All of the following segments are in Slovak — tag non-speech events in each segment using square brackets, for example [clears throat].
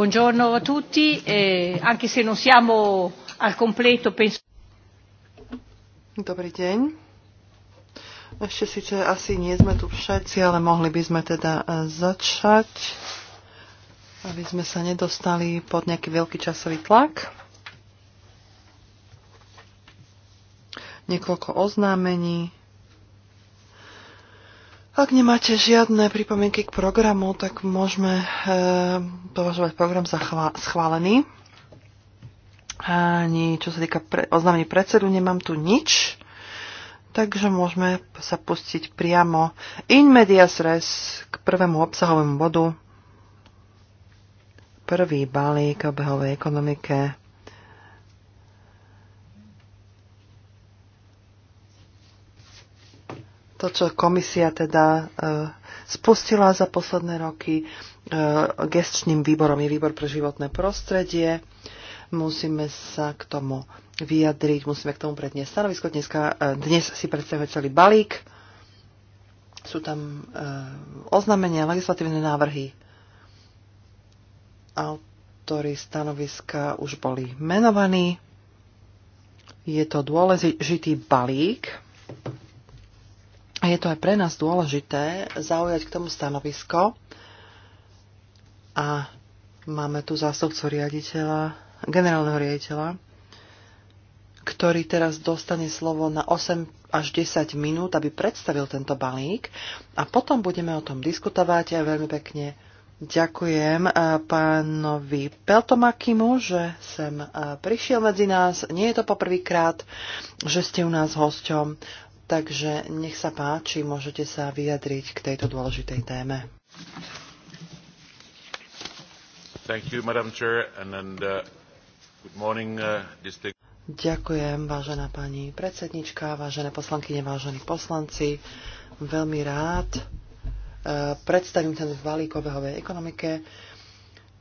Buongiorno a tutti, eh, anche se non siamo al completo, penso... Dobrý deň. Ešte síce asi nie sme tu všetci, ale mohli by sme teda e, začať, aby sme sa nedostali pod nejaký veľký časový tlak. Niekoľko oznámení. Ak nemáte žiadne pripomienky k programu, tak môžeme e, považovať program za schválený. Ani čo sa týka pre, oznámení predsedu, nemám tu nič. Takže môžeme sa pustiť priamo in medias res k prvému obsahovému bodu. Prvý balík obehovej ekonomike to, čo komisia teda e, spustila za posledné roky. E, gestčným výborom je výbor pre životné prostredie. Musíme sa k tomu vyjadriť, musíme k tomu predniesť stanovisko. Dneska, e, dnes si predstavuje celý balík. Sú tam oznámenia, legislatívne návrhy. Autory stanoviska už boli menovaní. Je to dôležitý balík a je to aj pre nás dôležité zaujať k tomu stanovisko. A máme tu zástupcu riaditeľa, generálneho riaditeľa, ktorý teraz dostane slovo na 8 až 10 minút, aby predstavil tento balík a potom budeme o tom diskutovať a veľmi pekne Ďakujem eh, pánovi Peltomakimu, že sem eh, prišiel medzi nás. Nie je to poprvýkrát, že ste u nás hosťom. Takže nech sa páči, môžete sa vyjadriť k tejto dôležitej téme. Thank you, Madam Chair, and, and uh, good morning, uh, Ďakujem, vážená pani predsednička, vážené poslankyne, vážení poslanci. Veľmi rád uh, predstavím ten balík obehovej ekonomike.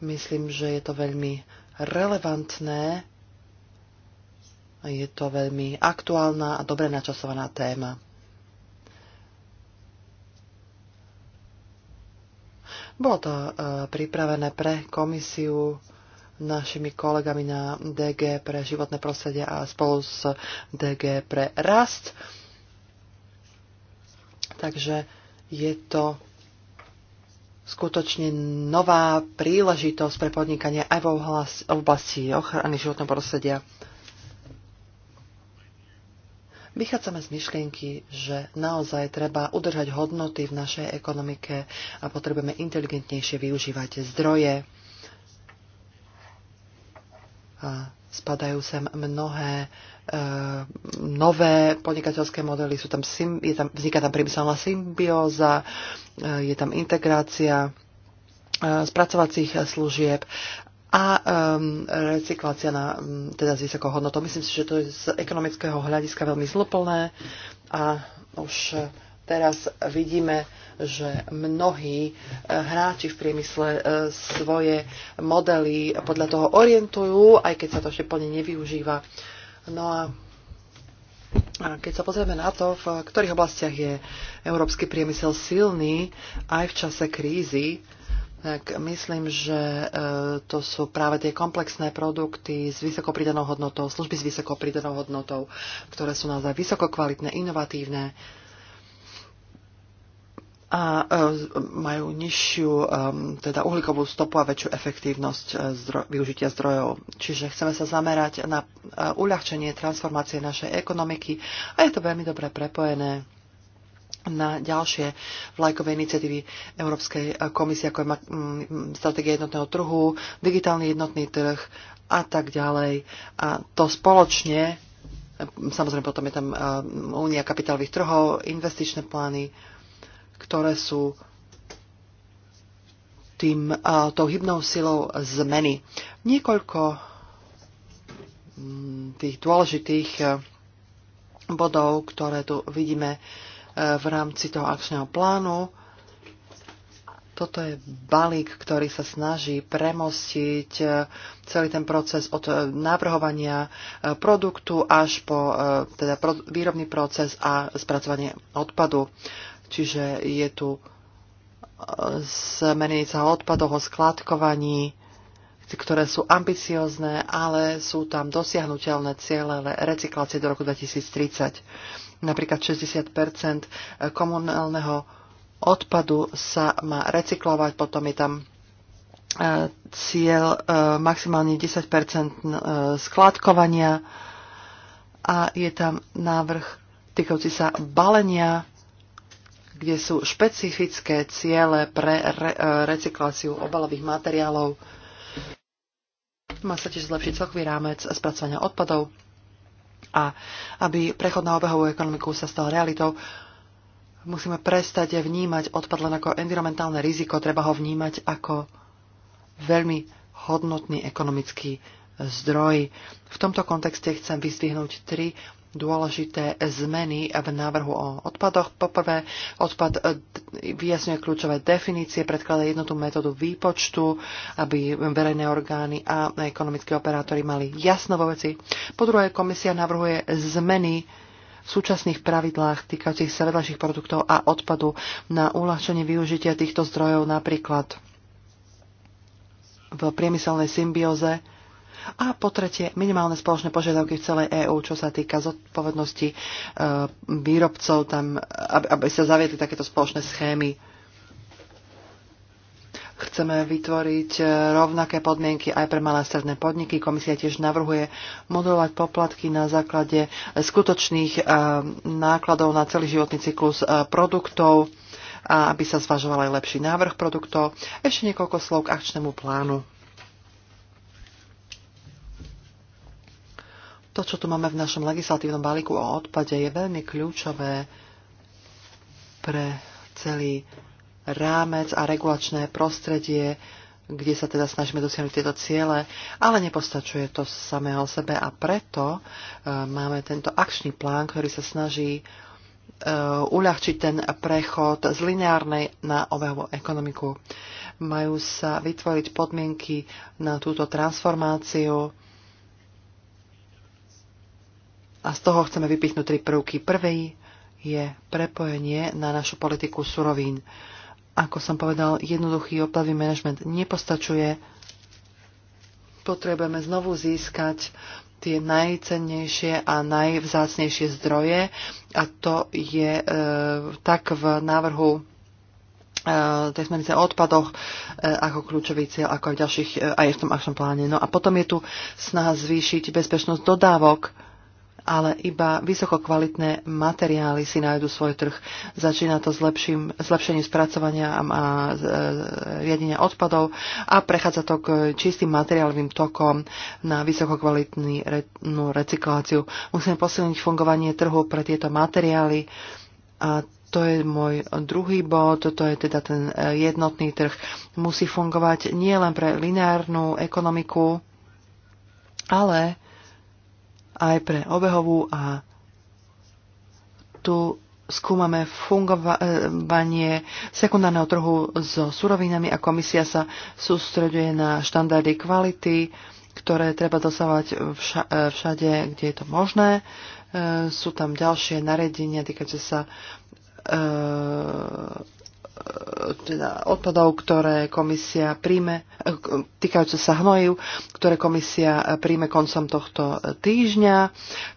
Myslím, že je to veľmi relevantné je to veľmi aktuálna a dobre načasovaná téma. Bolo to e, pripravené pre komisiu našimi kolegami na DG pre životné prostredie a spolu s DG pre rast. Takže je to skutočne nová príležitosť pre podnikanie aj v oblasti ochrany životného prostredia. Vychádzame z myšlienky, že naozaj treba udržať hodnoty v našej ekonomike a potrebujeme inteligentnejšie využívať zdroje. A spadajú sem mnohé e, nové podnikateľské modely, sú tam, sym, je tam vzniká tam priemyselná symbióza, e, je tam integrácia e, spracovacích služieb a um, recyklácia na, um, teda s vysokou hodnotou. Myslím si, že to je z ekonomického hľadiska veľmi zloplné a už teraz vidíme, že mnohí eh, hráči v priemysle eh, svoje modely podľa toho orientujú, aj keď sa to ešte plne nevyužíva. No a keď sa pozrieme na to, v ktorých oblastiach je európsky priemysel silný aj v čase krízy, tak myslím, že e, to sú práve tie komplexné produkty s vysokou pridanou hodnotou, služby s vysokou pridanou hodnotou, ktoré sú naozaj vysokokvalitné, inovatívne a e, majú nižšiu e, teda uhlíkovú stopu a väčšiu efektívnosť zdro- využitia zdrojov. Čiže chceme sa zamerať na uľahčenie transformácie našej ekonomiky a je to veľmi dobre prepojené na ďalšie vlajkové iniciatívy Európskej komisie, ako je mm, stratégia jednotného trhu, digitálny jednotný trh a tak ďalej. A to spoločne, samozrejme potom je tam e, únia kapitálových trhov, investičné plány, ktoré sú tým, e, tou hybnou silou zmeny. Niekoľko mm, tých dôležitých e, bodov, ktoré tu vidíme, v rámci toho akčného plánu. Toto je balík, ktorý sa snaží premostiť e, celý ten proces od e, návrhovania e, produktu až po teda výrobný proces a spracovanie odpadu. Čiže je tu zmenica o odpadov o skladkovaní, ktoré sú ambiciozne, ale sú tam dosiahnuteľné ciele recyklácie do roku 2030. Napríklad 60 eh, komunálneho odpadu sa má recyklovať, potom je tam eh, cieľ eh, maximálne 10 skladkovania a je tam návrh týkajúci sa balenia, kde sú špecifické ciele pre re- recykláciu obalových materiálov. Má sa tiež zlepšiť celkový rámec spracovania odpadov a aby prechod na obehovú ekonomiku sa stal realitou, musíme prestať vnímať odpad len ako environmentálne riziko, treba ho vnímať ako veľmi hodnotný ekonomický zdroj. V tomto kontexte chcem vyzdvihnúť tri dôležité zmeny v návrhu o odpadoch. Poprvé, odpad e, vyjasňuje kľúčové definície, predkladá jednotú metódu výpočtu, aby verejné orgány a ekonomické operátori mali jasno vo veci. Po druhé, komisia navrhuje zmeny v súčasných pravidlách týkajúcich sa vedľajších produktov a odpadu na uľahčenie využitia týchto zdrojov napríklad v priemyselnej symbióze a po tretie, minimálne spoločné požiadavky v celej EÚ, čo sa týka zodpovednosti e, výrobcov, tam, aby, aby sa zaviedli takéto spoločné schémy. Chceme vytvoriť e, rovnaké podmienky aj pre malé a stredné podniky. Komisia tiež navrhuje modulovať poplatky na základe skutočných e, nákladov na celý životný cyklus produktov a aby sa zvažoval aj lepší návrh produktov. Ešte niekoľko slov k akčnému plánu To, čo tu máme v našom legislatívnom balíku o odpade, je veľmi kľúčové pre celý rámec a regulačné prostredie, kde sa teda snažíme dosiahnuť tieto ciele, ale nepostačuje to samého sebe a preto e, máme tento akčný plán, ktorý sa snaží e, uľahčiť ten prechod z lineárnej na obehovú ekonomiku. Majú sa vytvoriť podmienky na túto transformáciu a z toho chceme vypichnúť tri prvky. Prvý je prepojenie na našu politiku surovín. Ako som povedal, jednoduchý oplavý manažment nepostačuje. Potrebujeme znovu získať tie najcennejšie a najvzácnejšie zdroje a to je e, tak v návrhu e, tej smernice o odpadoch e, ako kľúčový cieľ, ako aj v ďalších, e, aj v tom akčnom pláne. No a potom je tu snaha zvýšiť bezpečnosť dodávok ale iba vysokokvalitné materiály si nájdu svoj trh. Začína to s lepším, zlepšením spracovania a, a e, riadenia odpadov a prechádza to k čistým materiálovým tokom na vysokokvalitnú re, no, recykláciu. Musíme posilniť fungovanie trhu pre tieto materiály a to je môj druhý bod, to je teda ten e, jednotný trh. Musí fungovať nielen pre lineárnu ekonomiku, ale aj pre obehovú a tu skúmame fungovanie eh, sekundárneho trhu so surovinami a komisia sa sústreduje na štandardy kvality, ktoré treba dosávať eh, všade, kde je to možné. Eh, sú tam ďalšie naredenia týkajúce sa teda odpadov, ktoré komisia príjme, týkajúce sa hnojiv, ktoré komisia príjme koncom tohto týždňa,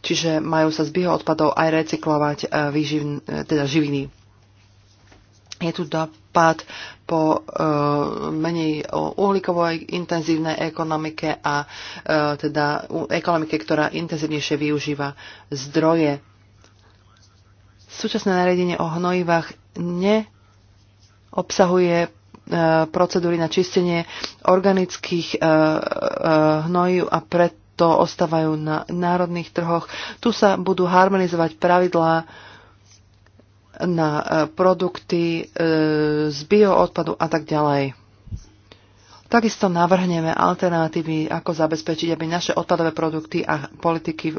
čiže majú sa z bioodpadov aj recyklovať e, výživ, e, teda živiny. Je tu dopad po e, menej uhlíkovej intenzívnej ekonomike a e, teda ekonomike, ktorá intenzívnejšie využíva zdroje. Súčasné nariadenie o hnojivách ne obsahuje e, procedúry na čistenie organických e, e, hnojív a preto ostávajú na národných trhoch. Tu sa budú harmonizovať pravidlá na produkty z bioodpadu a tak ďalej. Takisto navrhneme alternatívy, ako zabezpečiť, aby naše odpadové produkty a politiky e,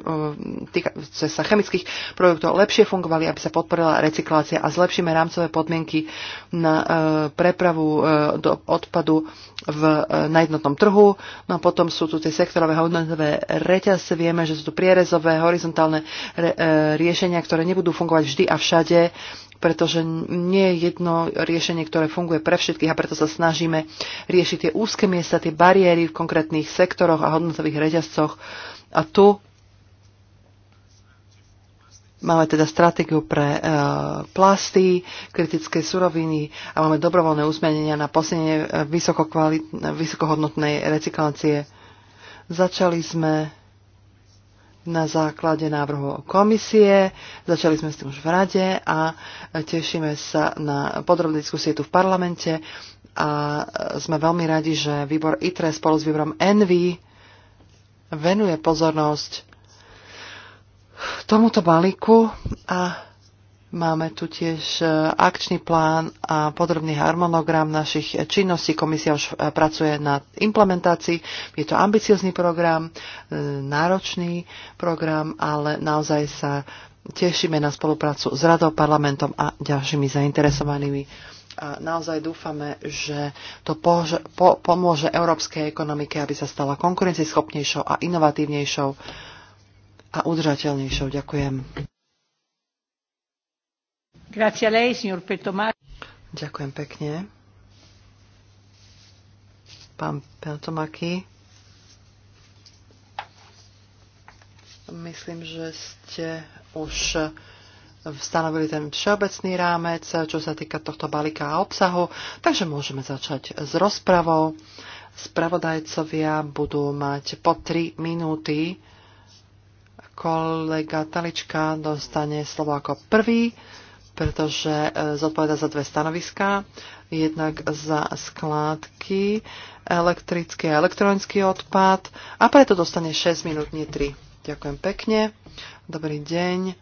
týkajúce sa chemických produktov lepšie fungovali, aby sa podporila recyklácia a zlepšíme rámcové podmienky na e, prepravu e, do odpadu v, na jednotnom trhu. No a potom sú tu tie sektorové hodnotové reťazce. Vieme, že sú tu prierezové, horizontálne re, riešenia, ktoré nebudú fungovať vždy a všade pretože nie je jedno riešenie, ktoré funguje pre všetkých a preto sa snažíme riešiť tie úzke miesta, tie bariéry v konkrétnych sektoroch a hodnotových reťazcoch. A tu Máme teda stratégiu pre e, plasty, kritické suroviny a máme dobrovoľné usmernenia na posilnenie vysokohodnotnej recyklácie. Začali sme na základe návrhu komisie. Začali sme s tým už v rade a tešíme sa na podrobnú diskusie tu v parlamente a sme veľmi radi, že výbor ITRE spolu s výborom ENVY venuje pozornosť tomuto balíku a Máme tu tiež e, akčný plán a podrobný harmonogram našich činností. Komisia už e, pracuje na implementácii. Je to ambiciozný program, e, náročný program, ale naozaj sa tešíme na spoluprácu s Radou, parlamentom a ďalšími zainteresovanými. A naozaj dúfame, že to pož- po- pomôže európskej ekonomike, aby sa stala konkurencieschopnejšou a inovatívnejšou a udržateľnejšou. Ďakujem. Ďakujem pekne. Pán Peltomaki. Myslím, že ste už stanovili ten všeobecný rámec, čo sa týka tohto balíka a obsahu, takže môžeme začať s rozpravou. Spravodajcovia budú mať po 3 minúty. Kolega Talička dostane slovo ako prvý pretože e, zodpoveda za dve stanoviská, jednak za skládky, elektrický a elektronický odpad a preto dostane 6 minút, nie 3. Ďakujem pekne. Dobrý deň.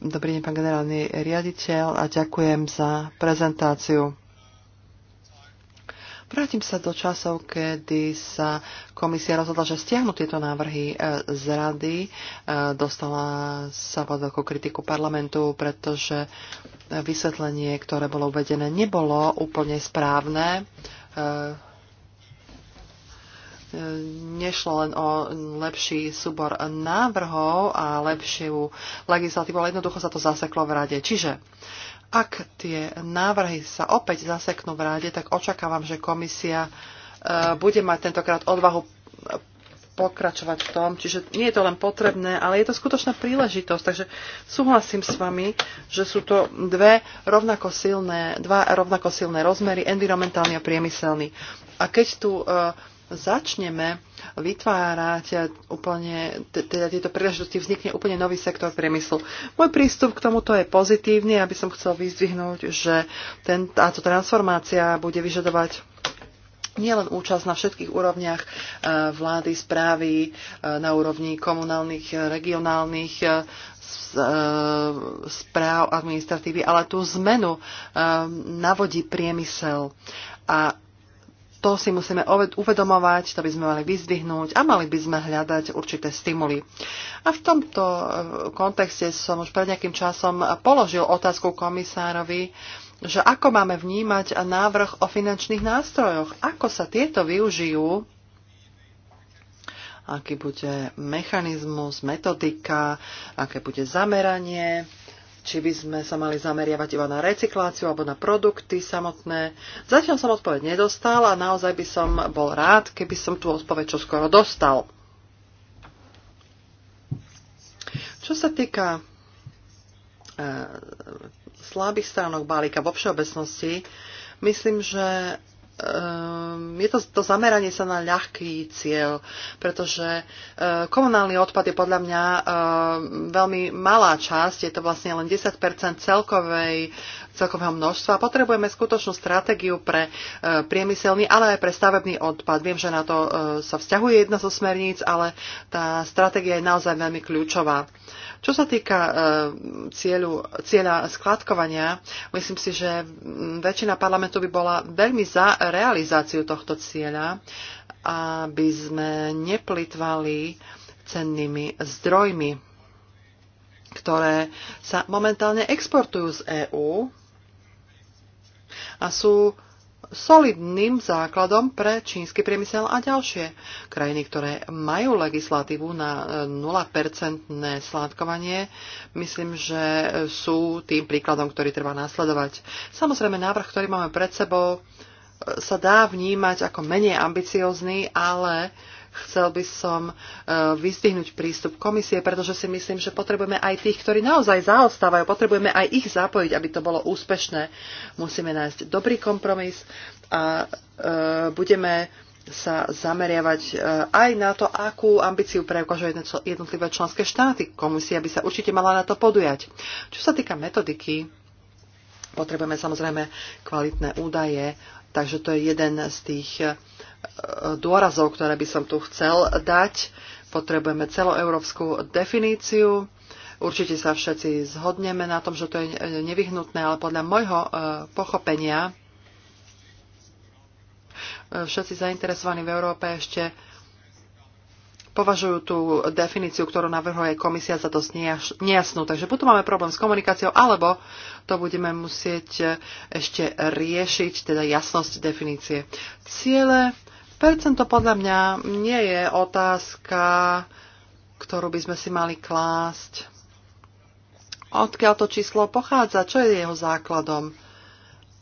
Dobrý deň, pán generálny riaditeľ a ďakujem za prezentáciu. Vrátim sa do časov, kedy sa komisia rozhodla, že stiahnu tieto návrhy e, z rady. E, dostala sa pod veľkú kritiku parlamentu, pretože vysvetlenie, ktoré bolo uvedené, nebolo úplne správne e, nešlo len o lepší súbor návrhov a lepšiu legislatívu, ale jednoducho sa to zaseklo v rade. Čiže ak tie návrhy sa opäť zaseknú v ráde, tak očakávam, že komisia e, bude mať tentokrát odvahu e, pokračovať v tom. Čiže nie je to len potrebné, ale je to skutočná príležitosť. Takže súhlasím s vami, že sú to dve rovnako silné, dva rovnako silné rozmery, environmentálny a priemyselný. A keď tu uh, začneme vytvárať úplne, teda tieto príležitosti, vznikne úplne nový sektor priemyslu. Môj prístup k tomuto je pozitívny, aby som chcel vyzdvihnúť, že ten, táto transformácia bude vyžadovať nielen účasť na všetkých úrovniach e, vlády, správy, e, na úrovni komunálnych, regionálnych e, správ, administratívy, ale tú zmenu navodí priemysel. A to si musíme uvedomovať, to by sme mali vyzdvihnúť a mali by sme hľadať určité stimuly. A v tomto eh, kontexte som už pred nejakým časom položil otázku komisárovi, že ako máme vnímať návrh o finančných nástrojoch, ako sa tieto využijú, aký bude mechanizmus, metodika, aké bude zameranie či by sme sa mali zameriavať iba na recykláciu alebo na produkty samotné. Zatiaľ som odpoveď nedostal a naozaj by som bol rád, keby som tú odpoveď čo skoro dostal. Čo sa týka e, slabých stránok balíka vo všeobecnosti, myslím, že Ehm, je to, to zameranie sa na ľahký cieľ, pretože e, komunálny odpad je podľa mňa e, veľmi malá časť, je to vlastne len 10 celkovej celkového množstva. Potrebujeme skutočnú stratégiu pre e, priemyselný, ale aj pre stavebný odpad. Viem, že na to e, sa vzťahuje jedna zo smerníc, ale tá stratégia je naozaj veľmi kľúčová. Čo sa týka e, cieľu, cieľa skladkovania, myslím si, že väčšina parlamentu by bola veľmi za realizáciu tohto cieľa, aby sme neplitvali cennými zdrojmi ktoré sa momentálne exportujú z EÚ a sú solidným základom pre čínsky priemysel a ďalšie krajiny, ktoré majú legislatívu na 0% e, sládkovanie. Myslím, že sú tým príkladom, ktorý treba následovať. Samozrejme, návrh, ktorý máme pred sebou, e, sa dá vnímať ako menej ambiciózny, ale Chcel by som e, vystihnúť prístup komisie, pretože si myslím, že potrebujeme aj tých, ktorí naozaj zaostávajú. Potrebujeme aj ich zapojiť, aby to bolo úspešné. Musíme nájsť dobrý kompromis a e, budeme sa zameriavať e, aj na to, akú ambíciu preukážu jednotlivé členské štáty. Komisia by sa určite mala na to podujať. Čo sa týka metodiky, potrebujeme samozrejme kvalitné údaje, takže to je jeden z tých dôrazov, ktoré by som tu chcel dať. Potrebujeme celoeurópsku definíciu. Určite sa všetci zhodneme na tom, že to je nevyhnutné, ale podľa môjho e, pochopenia e, všetci zainteresovaní v Európe ešte považujú tú definíciu, ktorú navrhuje komisia za dosť nejasnú. Takže buď tu máme problém s komunikáciou, alebo to budeme musieť ešte riešiť, teda jasnosť definície. Ciele Percento podľa mňa nie je otázka, ktorú by sme si mali klásť. Odkiaľ to číslo pochádza? Čo je jeho základom?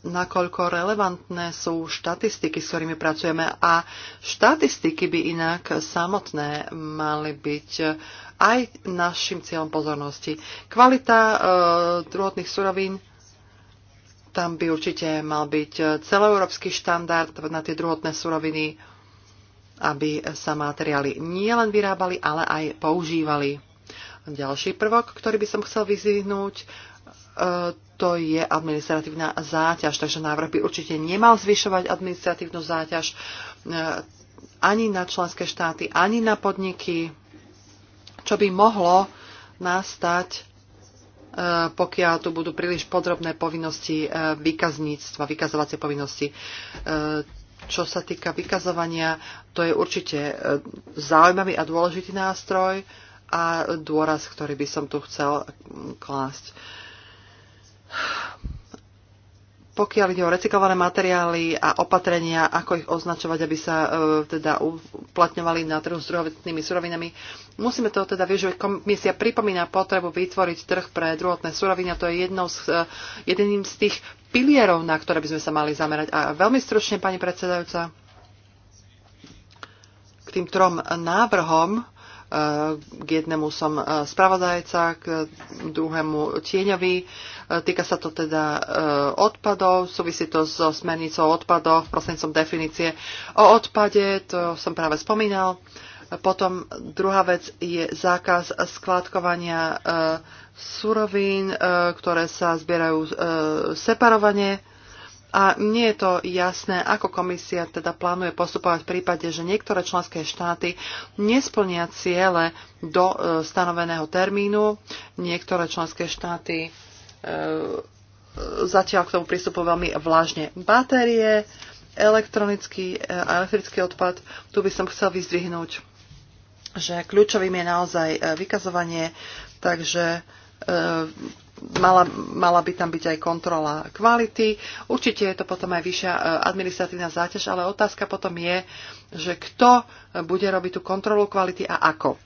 nakoľko relevantné sú štatistiky, s ktorými pracujeme. A štatistiky by inak samotné mali byť aj našim cieľom pozornosti. Kvalita e, druhotných surovín, tam by určite mal byť celoeurópsky štandard na tie druhotné suroviny aby sa materiály nielen vyrábali, ale aj používali. Ďalší prvok, ktorý by som chcel vyzvihnúť, e, to je administratívna záťaž, takže návrh by určite nemal zvyšovať administratívnu záťaž e, ani na členské štáty, ani na podniky, čo by mohlo nastať, e, pokiaľ tu budú príliš podrobné povinnosti výkazníctva, vykazovacie povinnosti čo sa týka vykazovania, to je určite e, zaujímavý a dôležitý nástroj a dôraz, ktorý by som tu chcel mm, klásť. Pokiaľ ide o recyklované materiály a opatrenia, ako ich označovať, aby sa e, teda uplatňovali na trhu s druhotnými surovinami, musíme to teda že Komisia pripomína potrebu vytvoriť trh pre druhotné suroviny a to je jednou z, e, jedným z tých pilierov, na ktoré by sme sa mali zamerať. A veľmi stručne, pani predsedajúca, k tým trom návrhom, e, k jednému som e, spravodajca, k druhému tieňovi. E, týka sa to teda odpadov, súvisí to so smernicou odpadov, prosím prostrednícom definície o odpade, to som práve spomínal. Potom druhá vec je zákaz skládkovania surovín, e, ktoré sa zbierajú e, separovane a nie je to jasné, ako komisia teda plánuje postupovať v prípade, že niektoré členské štáty nesplnia ciele do e, stanoveného termínu, niektoré členské štáty zatiaľ k tomu prístupujú veľmi vlážne. Batérie, elektronický a elektrický odpad, tu by som chcel vyzdvihnúť že kľúčovým je naozaj vykazovanie, takže E, mala, mala by tam byť aj kontrola kvality. Určite je to potom aj vyššia e, administratívna záťaž, ale otázka potom je, že kto bude robiť tú kontrolu kvality a ako.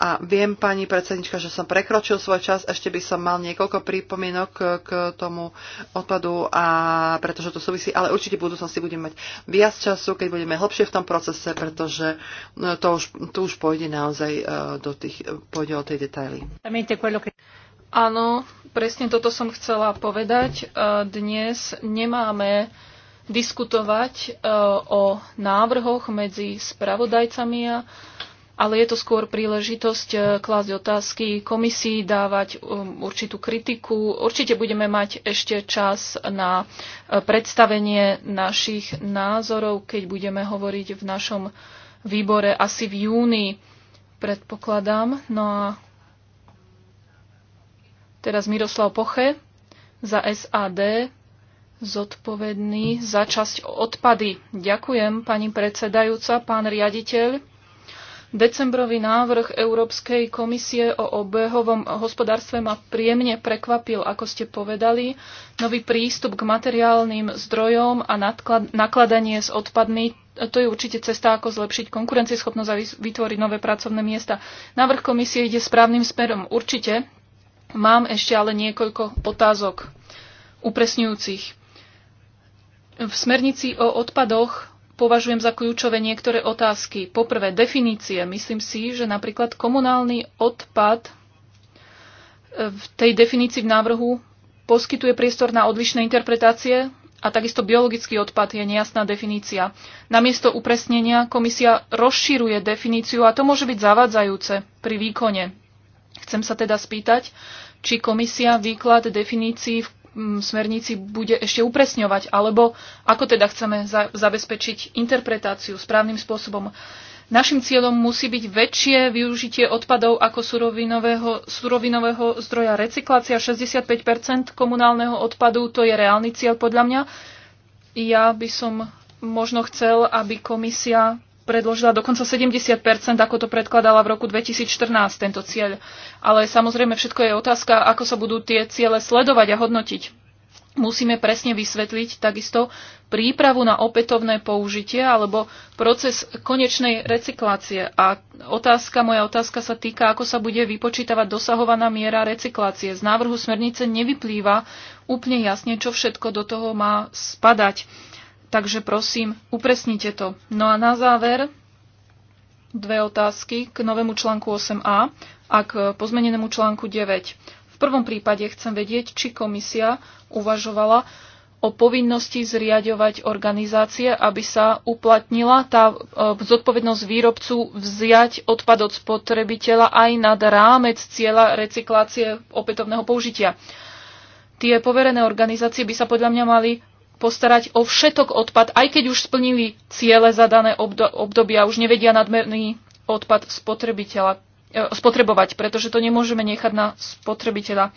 A viem, pani predsednička, že som prekročil svoj čas. Ešte by som mal niekoľko prípomienok k tomu odpadu, a, pretože to súvisí, ale určite v budúcnosti budeme mať viac času, keď budeme hlbšie v tom procese, pretože no, to už, tu už pôjde naozaj e, do tých, pôjde o tej detaily. Áno, presne toto som chcela povedať. E, dnes nemáme diskutovať e, o návrhoch medzi spravodajcami a ale je to skôr príležitosť eh, klásť otázky komisii, dávať um, určitú kritiku. Určite budeme mať ešte čas na eh, predstavenie našich názorov, keď budeme hovoriť v našom výbore asi v júni, predpokladám. No a teraz Miroslav Poche za SAD zodpovedný za časť odpady. Ďakujem, pani predsedajúca, pán riaditeľ. Decembrový návrh Európskej komisie o obehovom hospodárstve ma príjemne prekvapil, ako ste povedali. Nový prístup k materiálnym zdrojom a nakladanie s odpadmi, to je určite cesta, ako zlepšiť konkurencieschopnosť a vytvoriť nové pracovné miesta. Návrh komisie ide správnym smerom, určite. Mám ešte ale niekoľko otázok upresňujúcich. V smernici o odpadoch považujem za kľúčové niektoré otázky. Poprvé, definície. Myslím si, že napríklad komunálny odpad e, v tej definícii v návrhu poskytuje priestor na odlišné interpretácie a takisto biologický odpad je nejasná definícia. Namiesto upresnenia komisia rozširuje definíciu a to môže byť zavádzajúce pri výkone. Chcem sa teda spýtať, či komisia výklad definícií v Mm, smernici bude ešte upresňovať, alebo ako teda chceme za, zabezpečiť interpretáciu správnym spôsobom. Našim cieľom musí byť väčšie využitie odpadov ako surovinového, surovinového zdroja recyklácia. 65 komunálneho odpadu to je reálny cieľ podľa mňa. Ja by som možno chcel, aby komisia predložila dokonca 70 ako to predkladala v roku 2014 tento cieľ. Ale samozrejme všetko je otázka, ako sa budú tie ciele sledovať a hodnotiť. Musíme presne vysvetliť takisto prípravu na opätovné použitie alebo proces konečnej recyklácie. A otázka, moja otázka sa týka, ako sa bude vypočítavať dosahovaná miera recyklácie. Z návrhu smernice nevyplýva úplne jasne, čo všetko do toho má spadať Takže prosím, upresnite to. No a na záver dve otázky k novému článku 8a a k pozmenenému článku 9. V prvom prípade chcem vedieť, či komisia uvažovala o povinnosti zriadovať organizácie, aby sa uplatnila tá e, zodpovednosť výrobcu vziať odpad od spotrebiteľa aj nad rámec cieľa recyklácie opätovného použitia. Tie poverené organizácie by sa podľa mňa mali postarať o všetok odpad, aj keď už splnili ciele za dané obdobia, už nevedia nadmerný odpad spotrebiteľa, e, spotrebovať, pretože to nemôžeme nechať na spotrebiteľa.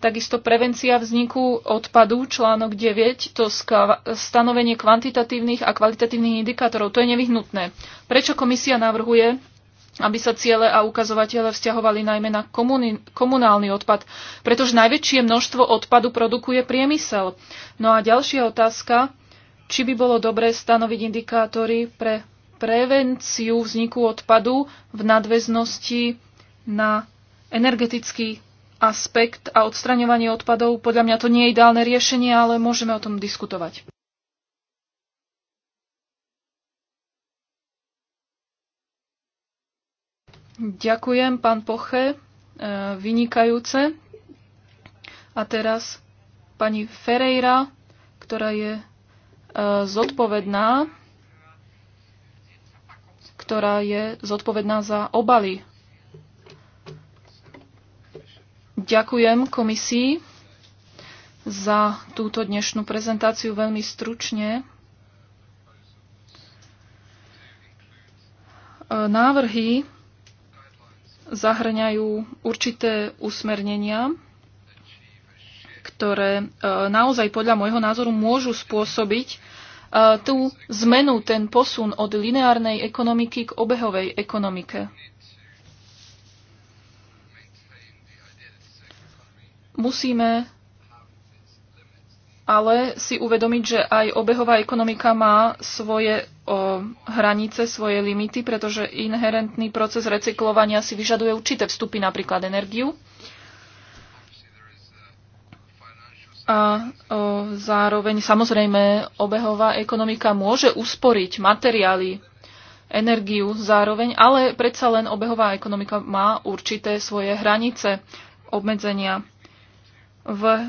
Takisto prevencia vzniku odpadu, článok 9, to stanovenie kvantitatívnych a kvalitatívnych indikátorov, to je nevyhnutné. Prečo komisia navrhuje aby sa ciele a ukazovatele vzťahovali najmä na komuni- komunálny odpad, pretože najväčšie množstvo odpadu produkuje priemysel. No a ďalšia otázka, či by bolo dobré stanoviť indikátory pre prevenciu vzniku odpadu v nadväznosti na energetický aspekt a odstraňovanie odpadov. Podľa mňa to nie je ideálne riešenie, ale môžeme o tom diskutovať. Ďakujem, pán Poche. E, vynikajúce. A teraz pani Ferreira, ktorá je e, zodpovedná ktorá je zodpovedná za obaly. Ďakujem komisii za túto dnešnú prezentáciu veľmi stručne. E, návrhy zahrňajú určité usmernenia, ktoré e, naozaj podľa môjho názoru môžu spôsobiť e, tú zmenu, ten posun od lineárnej ekonomiky k obehovej ekonomike. Musíme ale si uvedomiť, že aj obehová ekonomika má svoje o, hranice, svoje limity, pretože inherentný proces recyklovania si vyžaduje určité vstupy, napríklad energiu. A o, zároveň samozrejme obehová ekonomika môže usporiť materiály, energiu zároveň, ale predsa len obehová ekonomika má určité svoje hranice, obmedzenia. V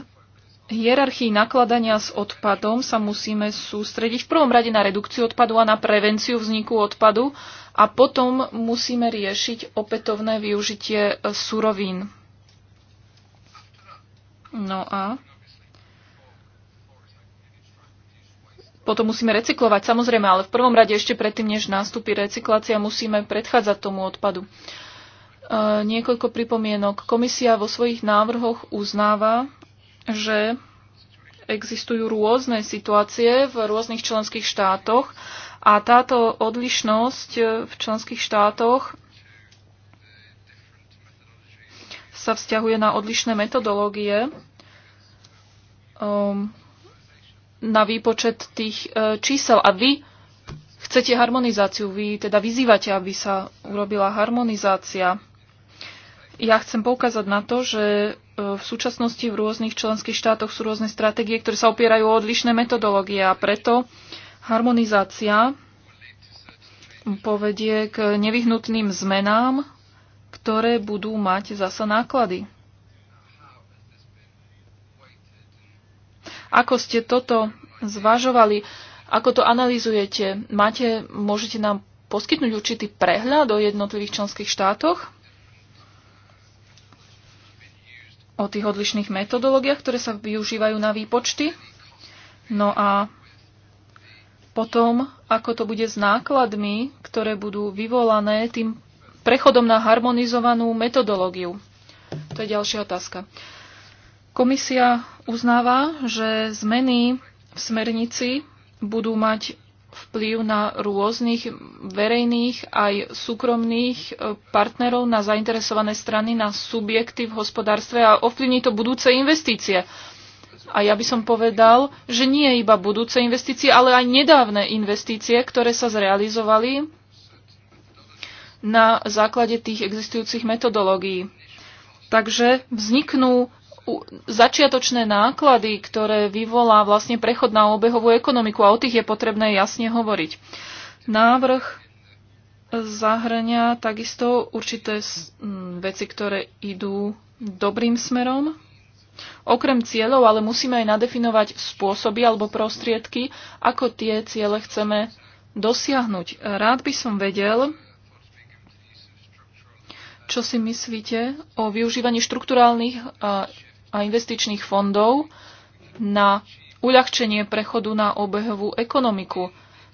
hierarchii nakladania s odpadom sa musíme sústrediť v prvom rade na redukciu odpadu a na prevenciu vzniku odpadu a potom musíme riešiť opätovné využitie e, surovín. No a potom musíme recyklovať, samozrejme, ale v prvom rade ešte predtým, než nástupí recyklácia, musíme predchádzať tomu odpadu. E, niekoľko pripomienok. Komisia vo svojich návrhoch uznáva, že existujú rôzne situácie v rôznych členských štátoch a táto odlišnosť v členských štátoch sa vzťahuje na odlišné metodológie um, na výpočet tých e, čísel. A vy chcete harmonizáciu, vy teda vyzývate, aby sa urobila harmonizácia. Ja chcem poukázať na to, že v súčasnosti v rôznych členských štátoch sú rôzne stratégie, ktoré sa opierajú o odlišné metodológie a preto harmonizácia povedie k nevyhnutným zmenám, ktoré budú mať zasa náklady. Ako ste toto zvažovali? Ako to analýzujete? Máte, môžete nám poskytnúť určitý prehľad o jednotlivých členských štátoch? o tých odlišných metodológiách, ktoré sa využívajú na výpočty. No a potom, ako to bude s nákladmi, ktoré budú vyvolané tým prechodom na harmonizovanú metodológiu. To je ďalšia otázka. Komisia uznáva, že zmeny v smernici budú mať vplyv na rôznych verejných aj súkromných e, partnerov, na zainteresované strany, na subjekty v hospodárstve a ovplyvní to budúce investície. A ja by som povedal, že nie iba budúce investície, ale aj nedávne investície, ktoré sa zrealizovali na základe tých existujúcich metodológií. Takže vzniknú začiatočné náklady, ktoré vyvolá vlastne prechod na obehovú ekonomiku a o tých je potrebné jasne hovoriť. Návrh zahrania takisto určité veci, ktoré idú dobrým smerom. Okrem cieľov ale musíme aj nadefinovať spôsoby alebo prostriedky, ako tie ciele chceme dosiahnuť. Rád by som vedel, čo si myslíte o využívaní štrukturálnych a investičných fondov na uľahčenie prechodu na obehovú ekonomiku,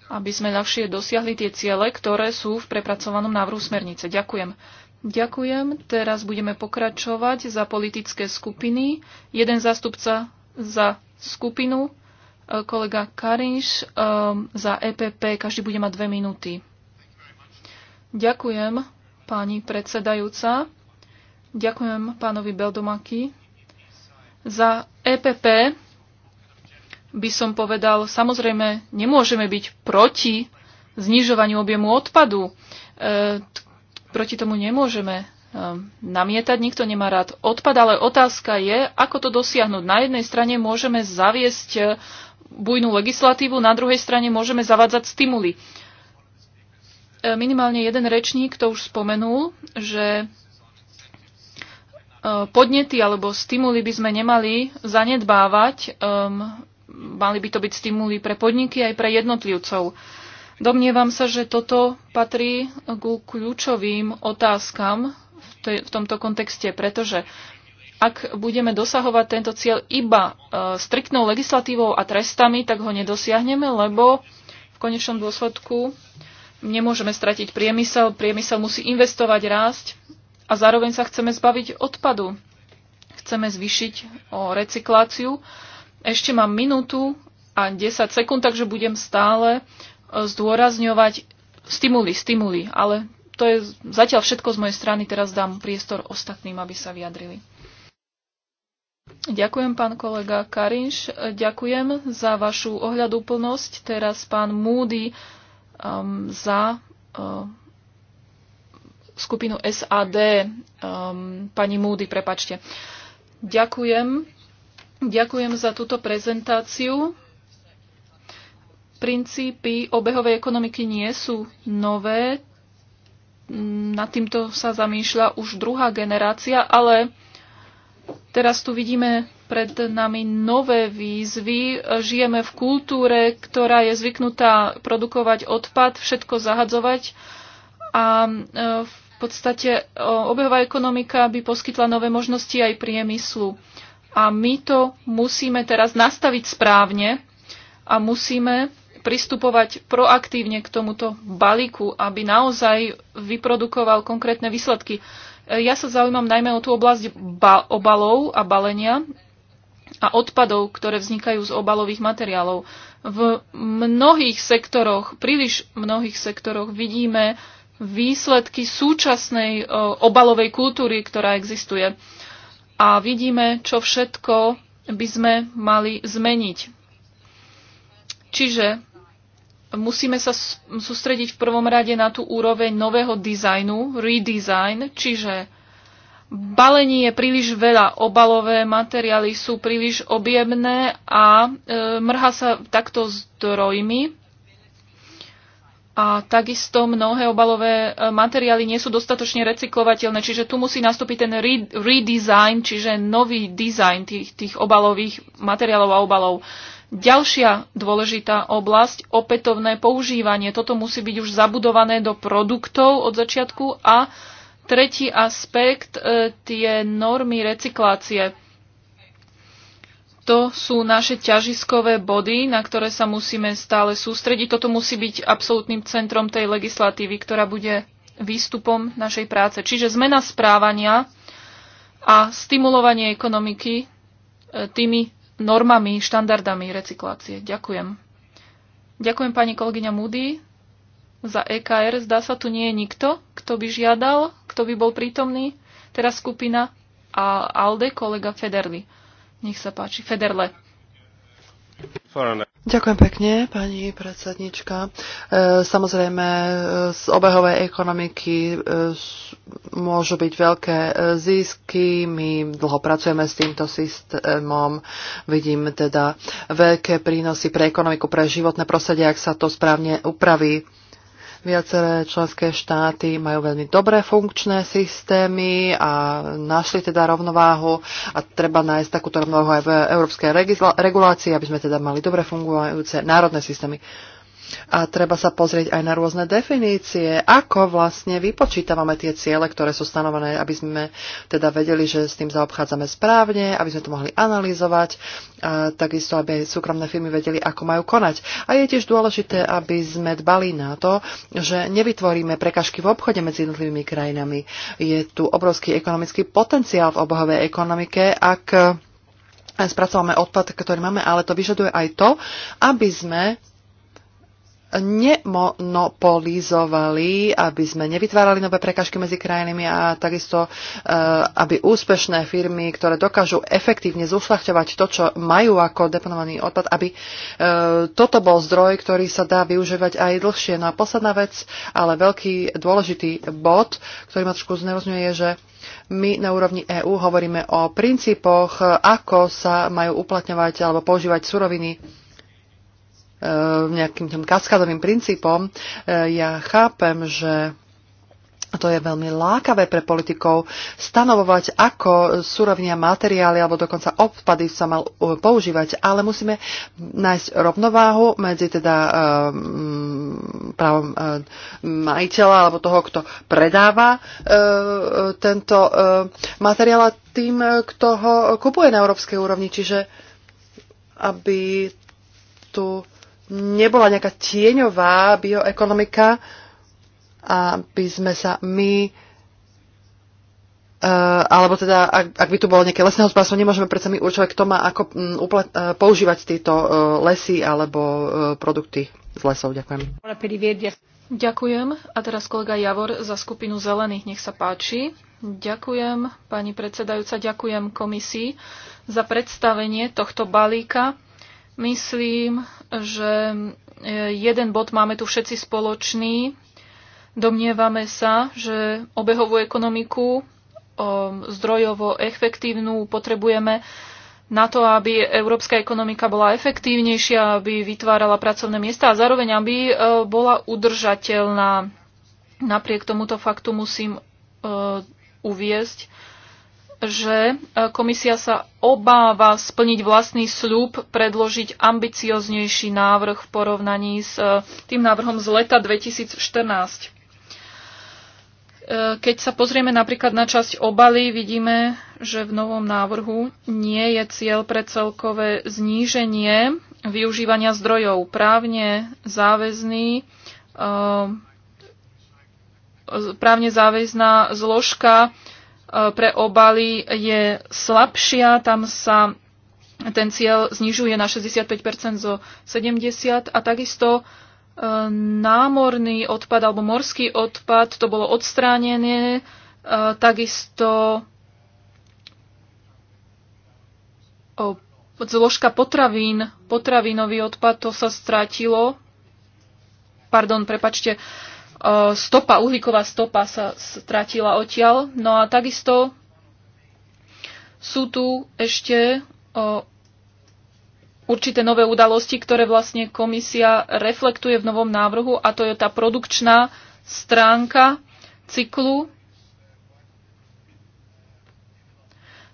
aby sme ľahšie dosiahli tie ciele, ktoré sú v prepracovanom návrhu smernice. Ďakujem. Ďakujem. Teraz budeme pokračovať za politické skupiny. Jeden zástupca za skupinu, e, kolega Karinš e, za EPP. Každý bude mať dve minúty. Ďakujem, pani predsedajúca. Ďakujem pánovi Beldomaki za EPP by som povedal, samozrejme, nemôžeme byť proti znižovaniu objemu odpadu. E, proti tomu nemôžeme e, namietať, nikto nemá rád odpad, ale otázka je, ako to dosiahnuť. Na jednej strane môžeme zaviesť e, bujnú legislatívu, na druhej strane môžeme zavádzať stimuly. E, minimálne jeden rečník to už spomenul, že podnety alebo stimuly by sme nemali zanedbávať. Um, mali by to byť stimuly pre podniky aj pre jednotlivcov. Domnievam sa, že toto patrí k kľúčovým otázkam v, te, v tomto kontexte, pretože ak budeme dosahovať tento cieľ iba uh, striktnou legislatívou a trestami, tak ho nedosiahneme, lebo v konečnom dôsledku nemôžeme stratiť priemysel. Priemysel musí investovať, rásť a zároveň sa chceme zbaviť odpadu. Chceme zvyšiť o recykláciu. Ešte mám minútu a 10 sekúnd, takže budem stále e, zdôrazňovať stimuly, stimuly, ale to je zatiaľ všetko z mojej strany. Teraz dám priestor ostatným, aby sa vyjadrili. Ďakujem, pán kolega Karinš. E, ďakujem za vašu ohľadúplnosť. Teraz pán múdy um, e, za um, skupinu SAD. Um, pani Múdy, prepačte. Ďakujem. Ďakujem za túto prezentáciu. Princípy obehovej ekonomiky nie sú nové. Nad týmto sa zamýšľa už druhá generácia, ale teraz tu vidíme pred nami nové výzvy. Žijeme v kultúre, ktorá je zvyknutá produkovať odpad, všetko zahadzovať a e, v podstate e, obehová ekonomika by poskytla nové možnosti aj priemyslu. A my to musíme teraz nastaviť správne a musíme pristupovať proaktívne k tomuto balíku, aby naozaj vyprodukoval konkrétne výsledky. E, ja sa zaujímam najmä o tú oblasť obalov a balenia a odpadov, ktoré vznikajú z obalových materiálov. V mnohých sektoroch, príliš mnohých sektoroch vidíme výsledky súčasnej e, obalovej kultúry, ktorá existuje. A vidíme, čo všetko by sme mali zmeniť. Čiže musíme sa sústrediť v prvom rade na tú úroveň nového dizajnu, redesign, čiže balení je príliš veľa, obalové materiály sú príliš objemné a e, mrha sa takto zdrojmi. A takisto mnohé obalové e, materiály nie sú dostatočne recyklovateľné, čiže tu musí nastúpiť ten re- redesign, čiže nový dizajn tých, tých obalových materiálov a obalov. Ďalšia dôležitá oblasť, opätovné používanie. Toto musí byť už zabudované do produktov od začiatku. A tretí aspekt, e, tie normy recyklácie to sú naše ťažiskové body, na ktoré sa musíme stále sústrediť. Toto musí byť absolútnym centrom tej legislatívy, ktorá bude výstupom našej práce. Čiže zmena správania a stimulovanie ekonomiky e, tými normami, štandardami recyklácie. Ďakujem. Ďakujem pani kolegyňa Moody za EKR. Zdá sa, tu nie je nikto, kto by žiadal, kto by bol prítomný. Teraz skupina a ALDE kolega Federli. Nech sa páči, Federle. Ďakujem pekne, pani predsednička. E, samozrejme, e, z obehovej ekonomiky e, môžu byť veľké zisky. My dlho pracujeme s týmto systémom. Vidím teda veľké prínosy pre ekonomiku, pre životné prostredie, ak sa to správne upraví. Viaceré členské štáty majú veľmi dobré funkčné systémy a našli teda rovnováhu a treba nájsť takúto rovnováhu aj v európskej regulácii, aby sme teda mali dobre fungujúce národné systémy. A treba sa pozrieť aj na rôzne definície, ako vlastne vypočítavame tie ciele, ktoré sú stanovené, aby sme teda vedeli, že s tým zaobchádzame správne, aby sme to mohli analyzovať, a takisto aby aj súkromné firmy vedeli, ako majú konať. A je tiež dôležité, aby sme dbali na to, že nevytvoríme prekažky v obchode medzi jednotlivými krajinami. Je tu obrovský ekonomický potenciál v obohovej ekonomike, ak eh, spracovame odpad, ktorý máme, ale to vyžaduje aj to, aby sme nemonopolizovali, aby sme nevytvárali nové prekažky medzi krajinami a takisto, e, aby úspešné firmy, ktoré dokážu efektívne zušľachťovať to, čo majú ako deponovaný odpad, aby e, toto bol zdroj, ktorý sa dá využívať aj dlhšie. No a posledná vec, ale veľký dôležitý bod, ktorý ma trošku znerozňuje, je, že my na úrovni EÚ hovoríme o princípoch, ako sa majú uplatňovať alebo používať suroviny E, nejakým tým kaskadovým princípom. E, ja chápem, že to je veľmi lákavé pre politikov stanovovať, ako súrovnia materiály alebo dokonca odpady sa mal e, používať, ale musíme nájsť rovnováhu medzi teda um, právom um, majiteľa alebo toho, kto predáva uh, tento uh, materiál a tým, kto ho kupuje na európskej úrovni, čiže aby tu nebola nejaká tieňová bioekonomika, aby sme sa my Uh, alebo teda, ak, ak by tu bolo nejaké lesné hospodárstvo, nemôžeme predsa my určovať, kto má ako um, uplat, uh, e, používať tieto uh, lesy alebo uh, produkty z lesov. Ďakujem. Ďakujem. A teraz kolega Javor za skupinu Zelených. Nech sa páči. Ďakujem, pani predsedajúca, ďakujem komisii za predstavenie tohto balíka Myslím, že e, jeden bod máme tu všetci spoločný. Domnievame sa, že obehovú ekonomiku, zdrojovo efektívnu potrebujeme na to, aby európska ekonomika bola efektívnejšia, aby vytvárala pracovné miesta a zároveň, aby e, bola udržateľná. Napriek tomuto faktu musím e, uviezť, že e, komisia sa obáva splniť vlastný sľub, predložiť ambicioznejší návrh v porovnaní s e, tým návrhom z leta 2014. E, keď sa pozrieme napríklad na časť obaly, vidíme, že v novom návrhu nie je cieľ pre celkové zníženie využívania zdrojov. Právne záväzný právne záväzná zložka E, pre obaly je slabšia, tam sa ten cieľ znižuje na 65% zo 70 a takisto e, námorný odpad alebo morský odpad, to bolo odstránené, e, takisto zložka potravín, potravinový odpad, to sa strátilo. Pardon, prepačte, E, stopa, uhlíková stopa sa stratila odtiaľ. No a takisto sú tu ešte e, určité nové udalosti, ktoré vlastne komisia reflektuje v novom návrhu a to je tá produkčná stránka cyklu.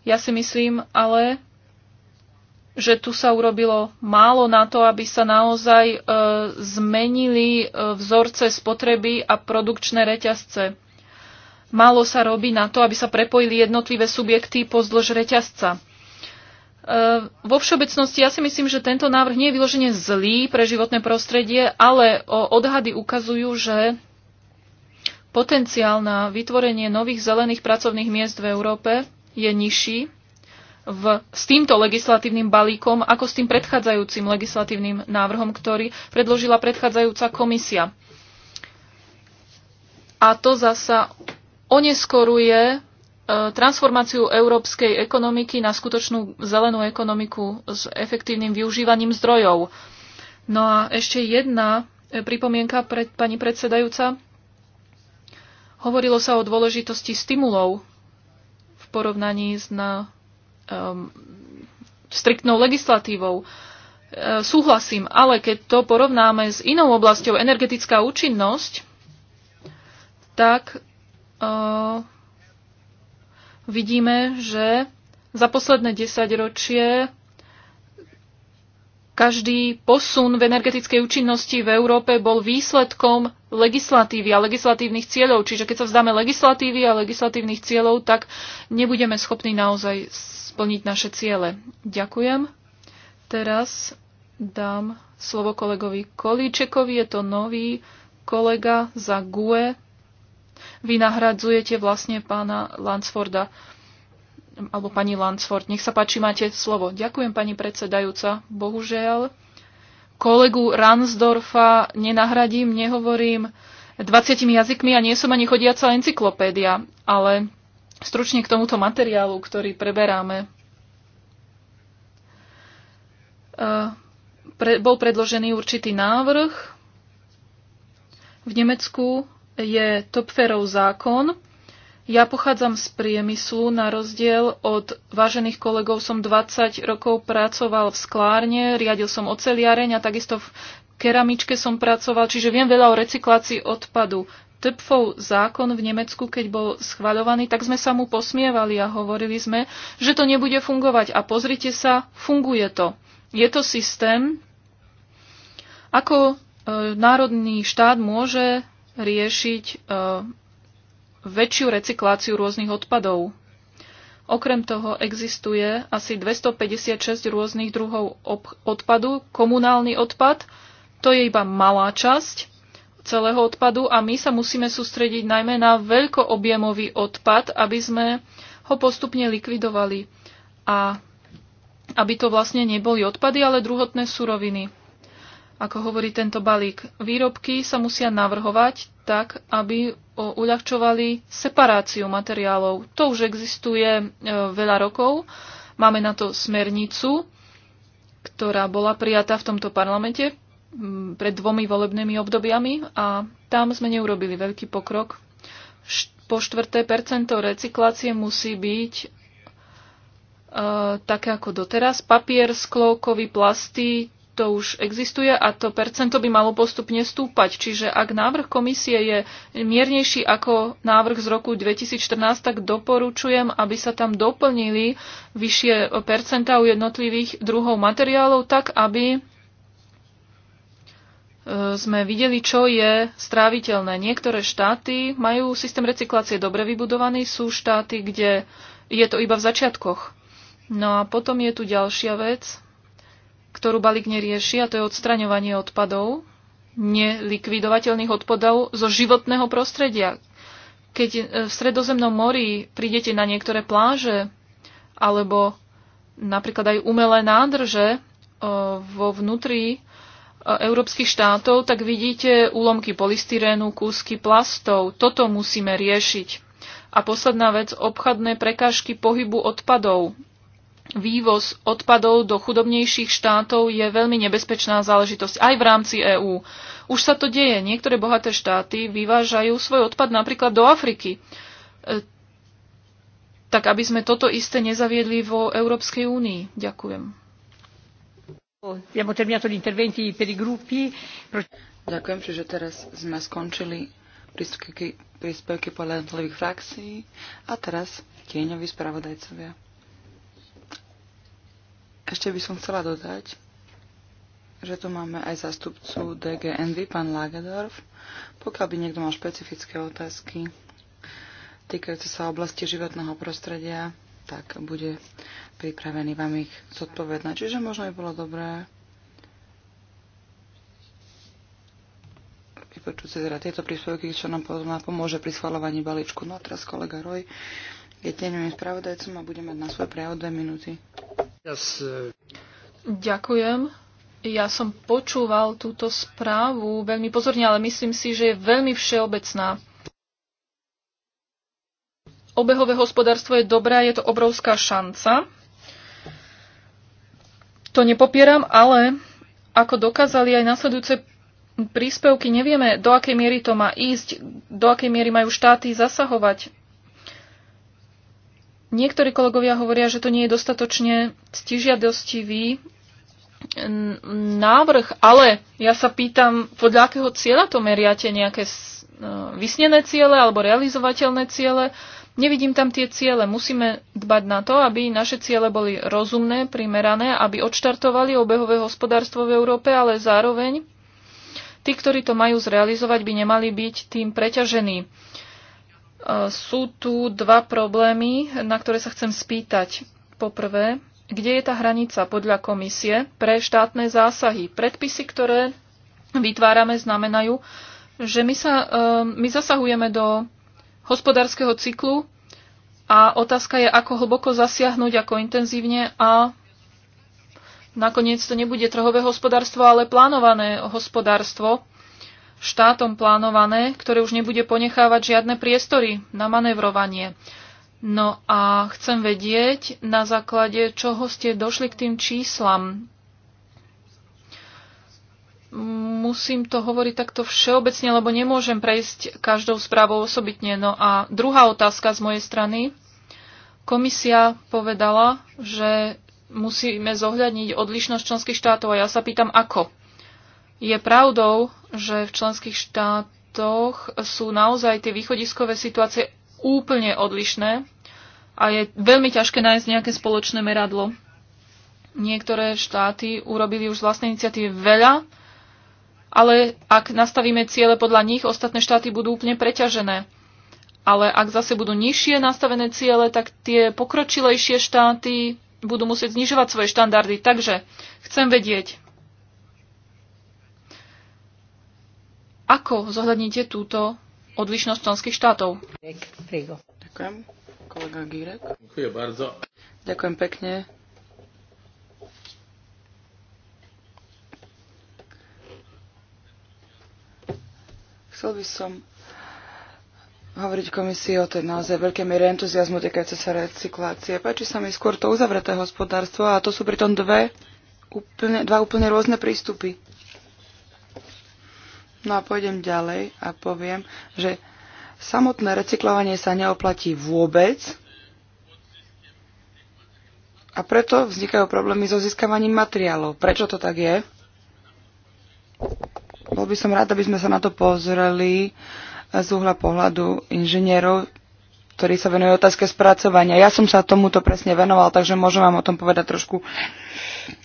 Ja si myslím ale, že tu sa urobilo málo na to, aby sa naozaj e, zmenili e, vzorce spotreby a produkčné reťazce. Málo sa robí na to, aby sa prepojili jednotlivé subjekty pozdĺž reťazca. E, vo všeobecnosti ja si myslím, že tento návrh nie je vyložene zlý pre životné prostredie, ale o, odhady ukazujú, že potenciál na vytvorenie nových zelených pracovných miest v Európe je nižší v, s týmto legislatívnym balíkom ako s tým predchádzajúcim legislatívnym návrhom, ktorý predložila predchádzajúca komisia. A to zasa oneskoruje e, transformáciu európskej ekonomiky na skutočnú zelenú ekonomiku s efektívnym využívaním zdrojov. No a ešte jedna e, pripomienka pre pani predsedajúca. Hovorilo sa o dôležitosti stimulov v porovnaní s na um, striktnou legislatívou. E, súhlasím, ale keď to porovnáme s inou oblasťou, energetická účinnosť, tak e, vidíme, že za posledné desaťročie každý posun v energetickej účinnosti v Európe bol výsledkom legislatívy a legislatívnych cieľov. Čiže keď sa vzdáme legislatívy a legislatívnych cieľov, tak nebudeme schopní naozaj splniť naše ciele. Ďakujem. Teraz dám slovo kolegovi Kolíčekovi. Je to nový kolega za GUE. Vy nahradzujete vlastne pána Lansforda alebo pani Lansford. Nech sa páči, máte slovo. Ďakujem, pani predsedajúca. Bohužiaľ, kolegu Ransdorfa nenahradím, nehovorím 20 jazykmi a nie som ani chodiaca encyklopédia, ale stručne k tomuto materiálu, ktorý preberáme. Eh, pre, bol predložený určitý návrh. V Nemecku je Topferov zákon, ja pochádzam z priemyslu, na rozdiel od vážených kolegov som 20 rokov pracoval v sklárne, riadil som oceliareň a takisto v keramičke som pracoval, čiže viem veľa o recyklácii odpadu. Töpfov zákon v Nemecku, keď bol schvaľovaný, tak sme sa mu posmievali a hovorili sme, že to nebude fungovať. A pozrite sa, funguje to. Je to systém, ako e, národný štát môže riešiť e, väčšiu recykláciu rôznych odpadov. Okrem toho existuje asi 256 rôznych druhov odpadu. Komunálny odpad, to je iba malá časť celého odpadu a my sa musíme sústrediť najmä na veľkoobjemový odpad, aby sme ho postupne likvidovali a aby to vlastne neboli odpady, ale druhotné suroviny. Ako hovorí tento balík, výrobky sa musia navrhovať tak, aby uľahčovali separáciu materiálov. To už existuje e, veľa rokov. Máme na to smernicu, ktorá bola prijatá v tomto parlamente pred dvomi volebnými obdobiami a tam sme neurobili veľký pokrok. Po štvrté percento recyklácie musí byť e, také ako doteraz. Papier, sklo, kovy, plasty, to už existuje a to percento by malo postupne stúpať. Čiže ak návrh komisie je miernejší ako návrh z roku 2014, tak doporučujem, aby sa tam doplnili vyššie percentá u jednotlivých druhov materiálov, tak aby e, sme videli, čo je stráviteľné. Niektoré štáty majú systém recyklácie dobre vybudovaný, sú štáty, kde je to iba v začiatkoch. No a potom je tu ďalšia vec, ktorú balík nerieši, a to je odstraňovanie odpadov, nelikvidovateľných odpadov zo životného prostredia. Keď e, v Stredozemnom mori prídete na niektoré pláže alebo napríklad aj umelé nádrže e, vo vnútri e, európskych štátov, tak vidíte úlomky polystyrénu, kúsky plastov. Toto musíme riešiť. A posledná vec, obchadné prekážky pohybu odpadov vývoz odpadov do chudobnejších štátov je veľmi nebezpečná záležitosť aj v rámci EÚ. Už sa to deje. Niektoré bohaté štáty vyvážajú svoj odpad napríklad do Afriky. E, tak aby sme toto isté nezaviedli vo Európskej únii. Ďakujem. Ďakujem, čiže teraz sme skončili príspevky podľa jednotlivých frakcií a teraz tieňoví spravodajcovia. Ešte by som chcela dodať, že tu máme aj zastupcu DGNV, pán Lagedorf. Pokiaľ by niekto mal špecifické otázky týkajúce sa oblasti životného prostredia, tak bude pripravený vám ich zodpovedať. Čiže možno by bolo dobré vypočuť si teda tieto príspevky, čo nám pomôže pri schvalovaní balíčku. No a teraz kolega Roj je spravodajcom a budem mať na svoj prejav dve minúty. Yes. Uh, Ďakujem. Ja som počúval túto správu veľmi pozorne, ale myslím si, že je veľmi všeobecná. Obehové hospodárstvo je dobré, je to obrovská šanca. To nepopieram, ale ako dokázali aj nasledujúce príspevky, nevieme, do akej miery to má ísť, do akej miery majú štáty zasahovať. Niektorí kolegovia hovoria, že to nie je dostatočne stižiadostivý návrh, ale ja sa pýtam, podľa akého cieľa to meriate, nejaké e, vysnené ciele alebo realizovateľné ciele. Nevidím tam tie ciele. Musíme dbať na to, aby naše ciele boli rozumné, primerané, aby odštartovali obehové hospodárstvo v Európe, ale zároveň tí, ktorí to majú zrealizovať, by nemali byť tým preťažení sú tu dva problémy, na ktoré sa chcem spýtať. Poprvé, kde je tá hranica podľa komisie pre štátne zásahy? Predpisy, ktoré vytvárame, znamenajú, že my, sa, e, my zasahujeme do hospodárskeho cyklu a otázka je, ako hlboko zasiahnuť, ako intenzívne a nakoniec to nebude trhové hospodárstvo, ale plánované hospodárstvo štátom plánované, ktoré už nebude ponechávať žiadne priestory na manevrovanie. No a chcem vedieť, na základe čoho ste došli k tým číslam. Musím to hovoriť takto všeobecne, lebo nemôžem prejsť každou správou osobitne. No a druhá otázka z mojej strany. Komisia povedala, že musíme zohľadniť odlišnosť členských štátov a ja sa pýtam ako. Je pravdou, že v členských štátoch sú naozaj tie východiskové situácie úplne odlišné a je veľmi ťažké nájsť nejaké spoločné meradlo. Niektoré štáty urobili už z vlastnej iniciatívy veľa, ale ak nastavíme ciele podľa nich, ostatné štáty budú úplne preťažené. Ale ak zase budú nižšie nastavené ciele, tak tie pokročilejšie štáty budú musieť znižovať svoje štandardy. Takže chcem vedieť, Ako zohľadníte túto odlišnosť členských štátov? Ďakujem. Kolega Gírek. Ďakujem bardzo. Ďakujem pekne. Chcel by som hovoriť komisii o tej naozaj veľkej miere entuziasmu týkajúce sa recyklácie. Páči sa mi skôr to uzavreté hospodárstvo a to sú pritom dve, úplne, dva úplne rôzne prístupy. No a pôjdem ďalej a poviem, že samotné recyklovanie sa neoplatí vôbec a preto vznikajú problémy so získavaním materiálov. Prečo to tak je? Bol by som rád, aby sme sa na to pozreli eh, z uhla pohľadu inžinierov, ktorí sa venujú otázke spracovania. Ja som sa tomuto presne venoval, takže môžem vám o tom povedať trošku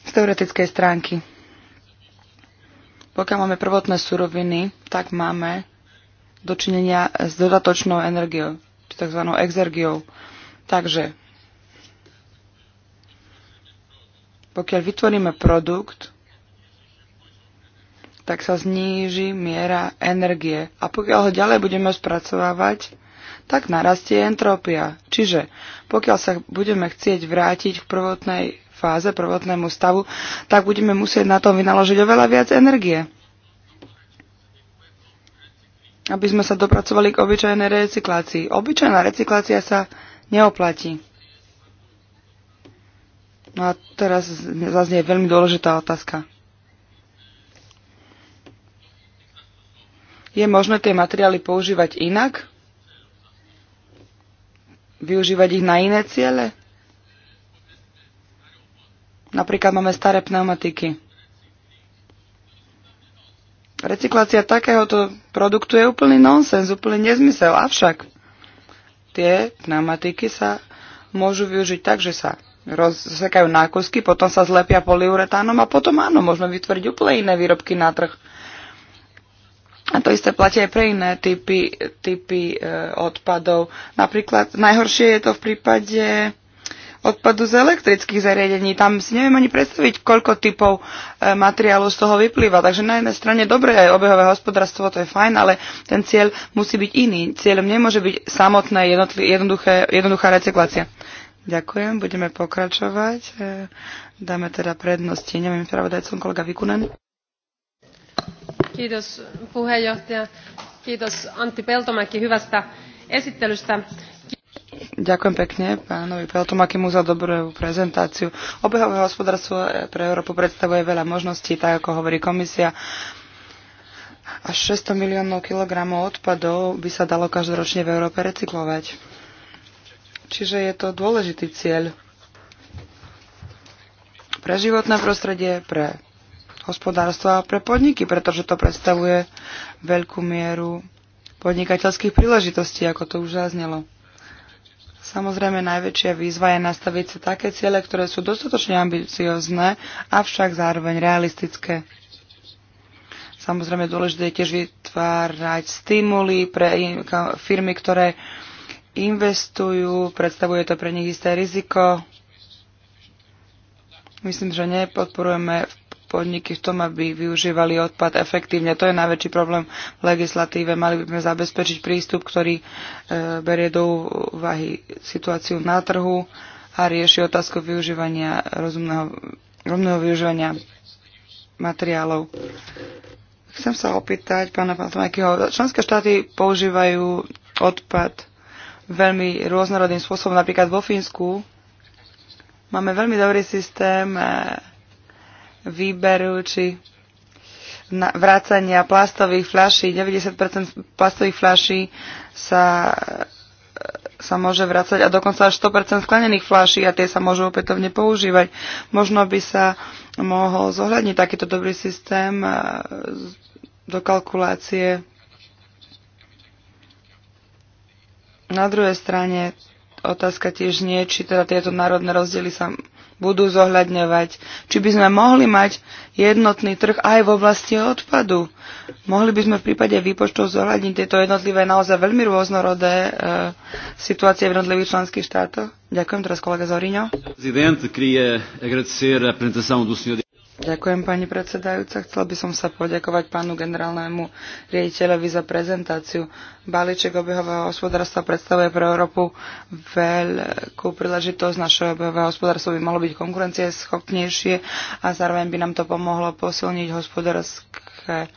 z teoretickej stránky. Pokiaľ máme prvotné suroviny, tak máme dočinenia s dodatočnou energiou, či tzv. exergiou. Takže, pokiaľ vytvoríme produkt, tak sa zníži miera energie. A pokiaľ ho ďalej budeme spracovávať, tak narastie entropia. Čiže pokiaľ sa budeme chcieť vrátiť k prvotnej fáze, prvotnému stavu, tak budeme musieť na tom vynaložiť oveľa viac energie. Aby sme sa dopracovali k obyčajnej recyklácii. Obyčajná recyklácia sa neoplatí. No a teraz zaznie veľmi dôležitá otázka. Je možné tie materiály používať inak? Využívať ich na iné ciele? Napríklad máme staré pneumatiky. Recyklácia takéhoto produktu je úplný nonsens, úplný nezmysel. Avšak tie pneumatiky sa môžu využiť tak, že sa rozsekajú na kusky, potom sa zlepia poliuretánom a potom áno, môžeme vytvoriť úplne iné výrobky na trh. A to isté platí aj pre iné typy, typy e, odpadov. Napríklad najhoršie je to v prípade odpadu z elektrických zariadení. Tam si neviem ani predstaviť, koľko typov e, materiálu z toho vyplýva. Takže na jednej strane dobre aj obehové hospodárstvo, to je fajn, ale ten cieľ musí byť iný. Cieľom nemôže byť samotná jednoduchá recyklácia. Ďakujem, budeme pokračovať. E, dáme teda prednosť tieňovým spravodajcom kolega Vikunen. Kiitos puheenjohtaja. Kiitos Antti Peltomäki hyvästä esittelystä. Ďakujem pekne pánovi Peltomakimu za dobrú prezentáciu. Obehové hospodárstvo pre Európu predstavuje veľa možností, tak ako hovorí komisia. Až 600 miliónov kilogramov odpadov by sa dalo každoročne v Európe recyklovať. Čiže je to dôležitý cieľ pre životné prostredie, pre hospodárstvo a pre podniky, pretože to predstavuje veľkú mieru podnikateľských príležitostí, ako to už zaznelo. Samozrejme, najväčšia výzva je nastaviť si také ciele, ktoré sú dostatočne ambiciozne, avšak zároveň realistické. Samozrejme, dôležité je tiež vytvárať stimuly pre firmy, ktoré investujú, predstavuje to pre nich isté riziko. Myslím, že nepodporujeme v podniky v tom, aby využívali odpad efektívne. To je najväčší problém v legislatíve. Mali by sme zabezpečiť prístup, ktorý e, berie do úvahy situáciu na trhu a rieši otázku využívania rozumného, rozumného využívania materiálov. Chcem sa opýtať pána Fatmakyho. Členské štáty používajú odpad veľmi rôznorodným spôsobom. Napríklad vo Fínsku máme veľmi dobrý systém e, výberu či vrácania plastových fľaší. 90% plastových fľaší sa, sa môže vrácať a dokonca až 100% sklenených fľaší a tie sa môžu opätovne používať. Možno by sa mohol zohľadniť takýto dobrý systém e, do kalkulácie. Na druhej strane otázka tiež nie, či teda tieto národné rozdiely sa budú zohľadňovať. Či by sme mohli mať jednotný trh aj v oblasti odpadu. Mohli by sme v prípade výpočtov zohľadniť tieto jednotlivé naozaj veľmi rôznorodé e, situácie v jednotlivých členských štátoch? Ďakujem teraz kolega Zoriňo. Ďakujem, pani predsedajúca. Chcela by som sa poďakovať pánu generálnemu riaditeľovi za prezentáciu. Balíček obehového hospodárstva predstavuje pre Európu veľkú príležitosť. Naše obehové hospodárstvo by malo byť konkurencieschopnejšie a zároveň by nám to pomohlo posilniť hospodárske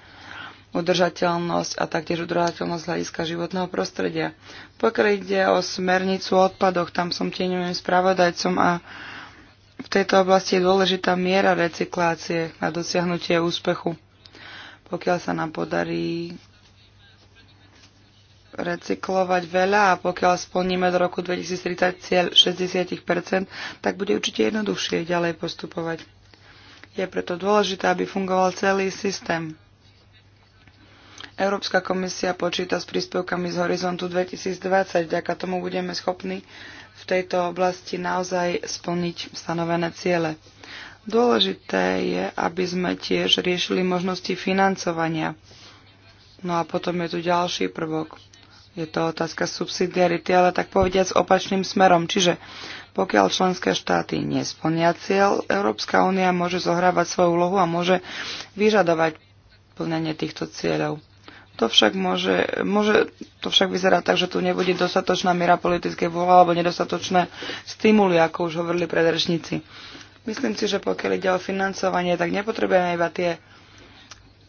udržateľnosť a taktiež udržateľnosť hľadiska životného prostredia. Pokiaľ ide o smernicu o odpadoch, tam som tieňovým spravodajcom a v tejto oblasti je dôležitá miera recyklácie na dosiahnutie úspechu. Pokiaľ sa nám podarí recyklovať veľa a pokiaľ splníme do roku 2030 cieľ 60%, tak bude určite jednoduchšie ďalej postupovať. Je preto dôležité, aby fungoval celý systém. Európska komisia počíta s príspevkami z horizontu 2020. Vďaka tomu budeme schopní v tejto oblasti naozaj splniť stanovené ciele. Dôležité je, aby sme tiež riešili možnosti financovania. No a potom je tu ďalší prvok. Je to otázka subsidiarity, ale tak povediať s opačným smerom. Čiže pokiaľ členské štáty nesplnia cieľ, Európska únia môže zohrávať svoju úlohu a môže vyžadovať plnenie týchto cieľov. To však môže, môže, to však vyzerá tak, že tu nebude dostatočná miera politickej vôle alebo nedostatočné stimuly, ako už hovorili predrečníci. Myslím si, že pokiaľ ide o financovanie, tak nepotrebujeme iba tie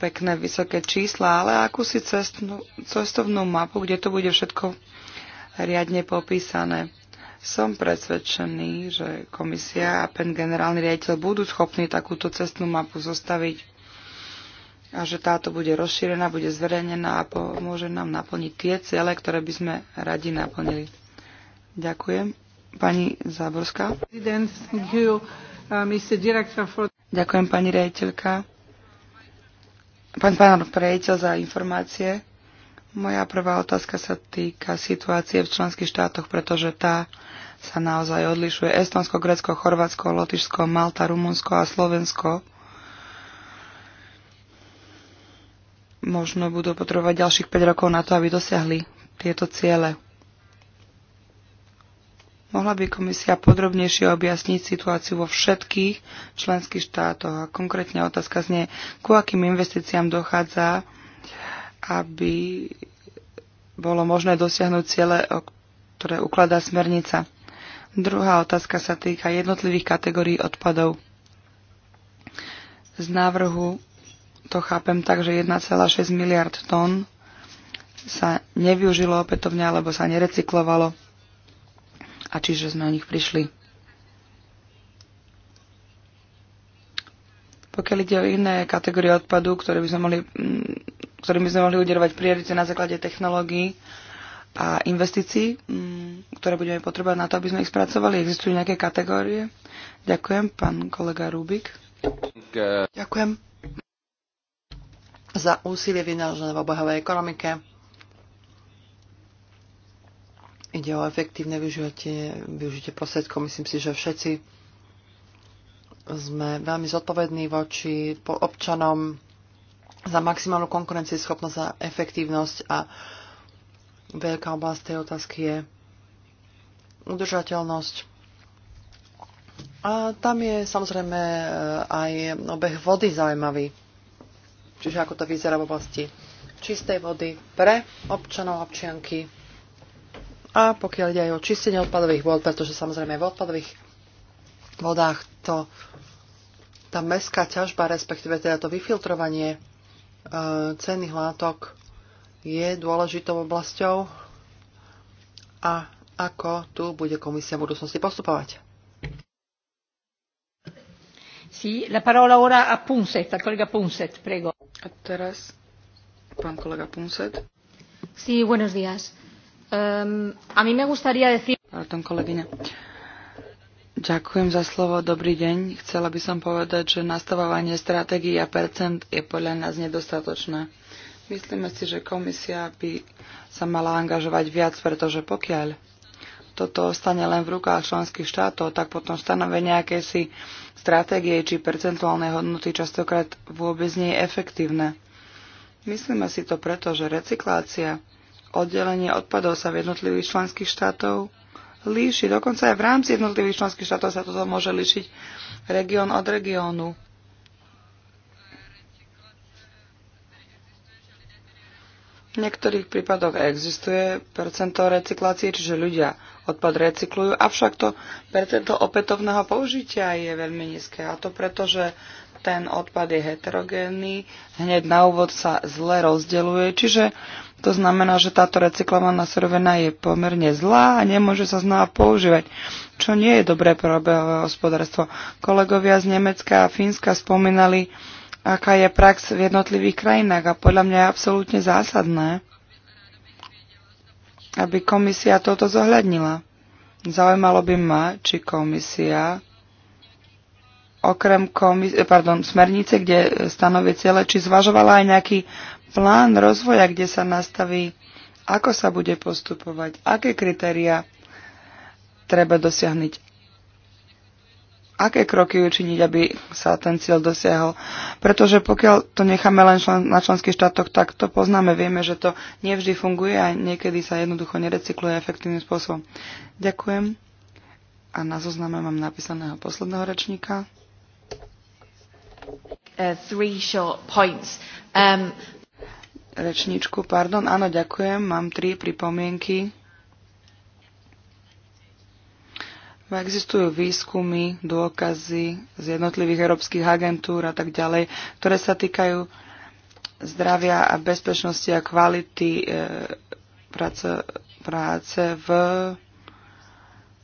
pekné vysoké čísla, ale akúsi cestnú, cestovnú mapu, kde to bude všetko riadne popísané. Som presvedčený, že komisia a pen generálny riaditeľ budú schopní takúto cestnú mapu zostaviť a že táto bude rozšírená, bude zverejnená a pomôže nám naplniť tie ciele, ktoré by sme radi naplnili. Ďakujem. Pani Záborská. Uh, Ďakujem pani rejiteľka. Pán pán rejiteľ za informácie. Moja prvá otázka sa týka situácie v členských štátoch, pretože tá sa naozaj odlišuje. Estonsko, Grécko, Chorvátsko, Lotyšsko, Malta, Rumunsko a Slovensko možno budú potrebovať ďalších 5 rokov na to, aby dosiahli tieto ciele. Mohla by komisia podrobnejšie objasniť situáciu vo všetkých členských štátoch a konkrétne otázka znie, ku akým investíciám dochádza, aby bolo možné dosiahnuť ciele, ktoré ukladá smernica. Druhá otázka sa týka jednotlivých kategórií odpadov. Z návrhu to chápem tak, že 1,6 miliard tón sa nevyužilo opätovne alebo sa nerecyklovalo a čiže sme o nich prišli. Pokiaľ ide o iné kategórie odpadu, ktoré by sme mohli, mm, ktorým by sme mohli udierovať priority na základe technológií a investícií, mm, ktoré budeme potrebovať na to, aby sme ich spracovali, existujú nejaké kategórie? Ďakujem, pán kolega Rubik. Ďakujem za úsilie vynaložené v obehovej ekonomike. Ide o efektívne využitie, využitie prostriedkov. Myslím si, že všetci sme veľmi zodpovední voči občanom za maximálnu schopnosť a efektívnosť a veľká oblasť tej otázky je udržateľnosť. A tam je samozrejme e, aj obeh vody zaujímavý. Čiže ako to vyzerá v oblasti čistej vody pre občanov občianky a pokiaľ ide aj o čistenie odpadových vod, pretože samozrejme v odpadových vodách to tá mestská ťažba, respektíve teda to vyfiltrovanie e, cenných látok je dôležitou oblasťou a ako tu bude komisia v budúcnosti postupovať. Sí, la parola ora a Punset, a kolega Punset, prego. A teraz pán kolega Punset. Sí, buenos días. Um, a mí me gustaría decir... Pardon, kolegyňa. Ďakujem za slovo, dobrý deň. Chcela by som povedať, že nastavovanie stratégií a percent je podľa nás nedostatočné. Myslíme si, že komisia by sa mala angažovať viac, pretože pokiaľ toto ostane len v rukách členských štátov, tak potom stanovenie si stratégie či percentuálne hodnoty častokrát vôbec nie je efektívne. Myslíme si to preto, že recyklácia, oddelenie odpadov sa v jednotlivých členských štátov líši. Dokonca aj v rámci jednotlivých členských štátov sa toto môže líšiť región od regiónu. V niektorých prípadoch existuje percento recyklácie, čiže ľudia odpad recyklujú, avšak to percento opätovného použitia je veľmi nízke. A to preto, že ten odpad je heterogénny, hneď na úvod sa zle rozdeluje, čiže to znamená, že táto recyklovaná surovina je pomerne zlá a nemôže sa znova používať, čo nie je dobré pre obehové hospodárstvo. Kolegovia z Nemecka a Fínska spomínali, aká je prax v jednotlivých krajinách a podľa mňa je absolútne zásadné, aby komisia toto zohľadnila. Zaujímalo by ma, či komisia okrem komis- eh, pardon, smernice, kde stanoví ciele, či zvažovala aj nejaký plán rozvoja, kde sa nastaví, ako sa bude postupovať, aké kritéria treba dosiahnuť, aké kroky učiniť, aby sa ten cieľ dosiahol. Pretože pokiaľ to necháme len člen, na členských štátoch, tak to poznáme, vieme, že to nevždy funguje a niekedy sa jednoducho nerecykluje efektívnym spôsobom. Ďakujem. A na zozname mám napísaného posledného rečníka. Uh, three short points. Um... Rečníčku, pardon, áno, ďakujem. Mám tri pripomienky Existujú výskumy, dôkazy z jednotlivých európskych agentúr a tak ďalej, ktoré sa týkajú zdravia a bezpečnosti a kvality e, práce, práce v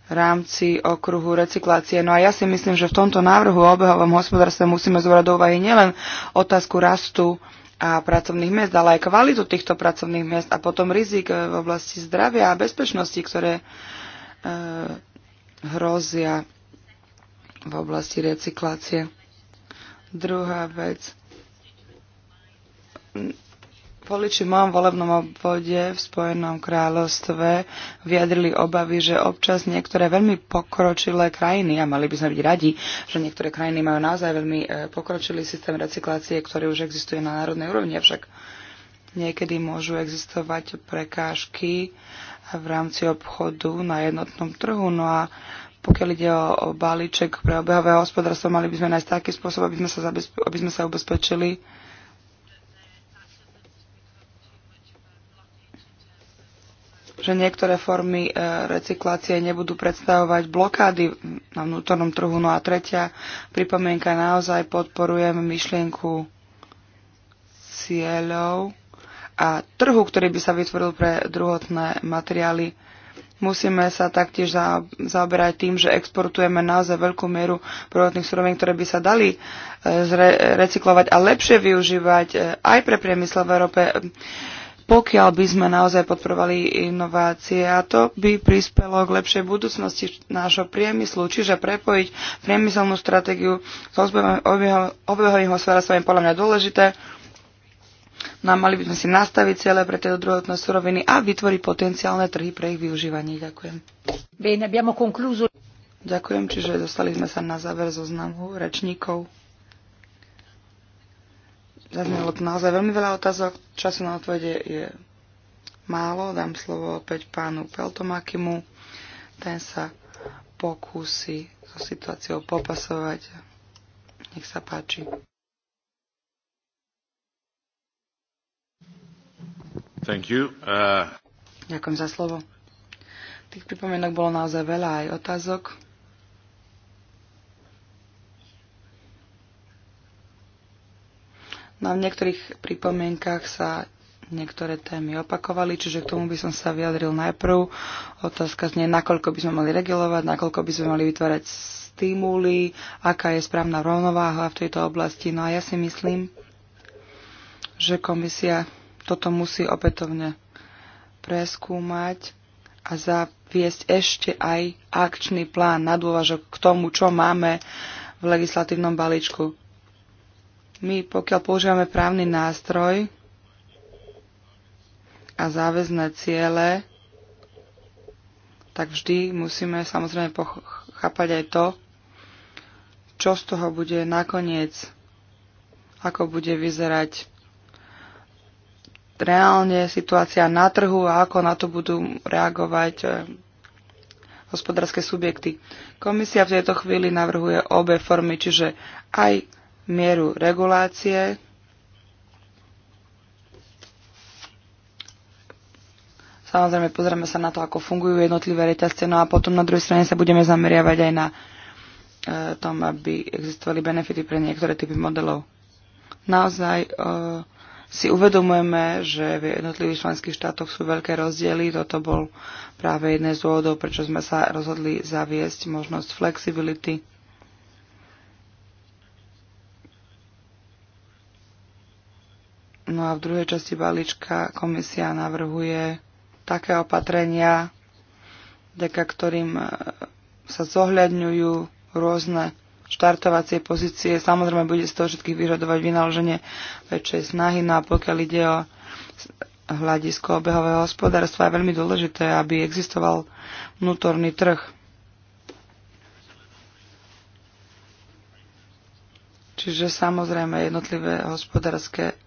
rámci okruhu recyklácie. No a ja si myslím, že v tomto návrhu o obehovom hospodárstve musíme zvorať do úvahy nielen otázku rastu a pracovných miest, ale aj kvalitu týchto pracovných miest a potom rizik e, v oblasti zdravia a bezpečnosti, ktoré e, hrozia v oblasti recyklácie. Druhá vec. Voliči v mojom volebnom obvode v Spojenom kráľovstve vyjadrili obavy, že občas niektoré veľmi pokročilé krajiny, a mali by sme byť radi, že niektoré krajiny majú naozaj veľmi e, pokročilý systém recyklácie, ktorý už existuje na národnej úrovni, avšak niekedy môžu existovať prekážky v rámci obchodu na jednotnom trhu. No a pokiaľ ide o, o balíček pre obehové hospodárstvo, mali by sme nájsť taký spôsob, aby sme sa, zabezpe- aby sme sa ubezpečili, že niektoré formy e, recyklácie nebudú predstavovať blokády na vnútornom trhu. No a tretia pripomienka, naozaj podporujem myšlienku cieľov a trhu, ktorý by sa vytvoril pre druhotné materiály. Musíme sa taktiež zaoberať tým, že exportujeme naozaj veľkú mieru prvotných surovín, ktoré by sa dali recyklovať a lepšie využívať aj pre priemysel v Európe, pokiaľ by sme naozaj podporovali inovácie. A to by prispelo k lepšej budúcnosti nášho priemyslu, čiže prepojiť priemyselnú stratégiu s obehovým hospodárstvom je podľa mňa dôležité No a mali by sme si nastaviť cieľe pre tieto druhotné suroviny a vytvoriť potenciálne trhy pre ich využívanie. Ďakujem. Bene, abbiamo concluso. Ďakujem, čiže dostali sme sa na záver zoznamu rečníkov. Zaznelo to naozaj veľmi veľa otázok. Času na odpovede je málo. Dám slovo opäť pánu Peltomakimu. Ten sa pokúsi so situáciou popasovať. Nech sa páči. Thank you. Uh... Ďakujem za slovo. Tých pripomienok bolo naozaj veľa aj otázok. No v niektorých pripomienkach sa niektoré témy opakovali, čiže k tomu by som sa vyjadril najprv. Otázka znie, nakoľko by sme mali regulovať, nakoľko by sme mali vytvárať stimuly, aká je správna rovnováha v tejto oblasti. No a ja si myslím, že komisia toto musí opätovne preskúmať a zaviesť ešte aj akčný plán na dôvažok k tomu, čo máme v legislatívnom balíčku. My, pokiaľ používame právny nástroj a záväzné ciele, tak vždy musíme samozrejme chápať aj to, čo z toho bude nakoniec, ako bude vyzerať reálne situácia na trhu a ako na to budú reagovať eh, hospodárske subjekty. Komisia v tejto chvíli navrhuje obe formy, čiže aj mieru regulácie, Samozrejme, pozrieme sa na to, ako fungujú jednotlivé reťazce, no a potom na druhej strane sa budeme zameriavať aj na e, tom, aby existovali benefity pre niektoré typy modelov. Naozaj e, si uvedomujeme, že v jednotlivých členských štátoch sú veľké rozdiely. Toto bol práve jeden z dôvodov, prečo sme sa rozhodli zaviesť možnosť flexibility. No a v druhej časti balíčka komisia navrhuje také opatrenia, ktorým eh, sa zohľadňujú rôzne štartovacie pozície. Samozrejme, bude z toho všetkých vyžadovať vynaloženie väčšej snahy, no a pokiaľ ide o hľadisko obehového hospodárstva, je veľmi dôležité, aby existoval vnútorný trh. Čiže samozrejme jednotlivé hospodárske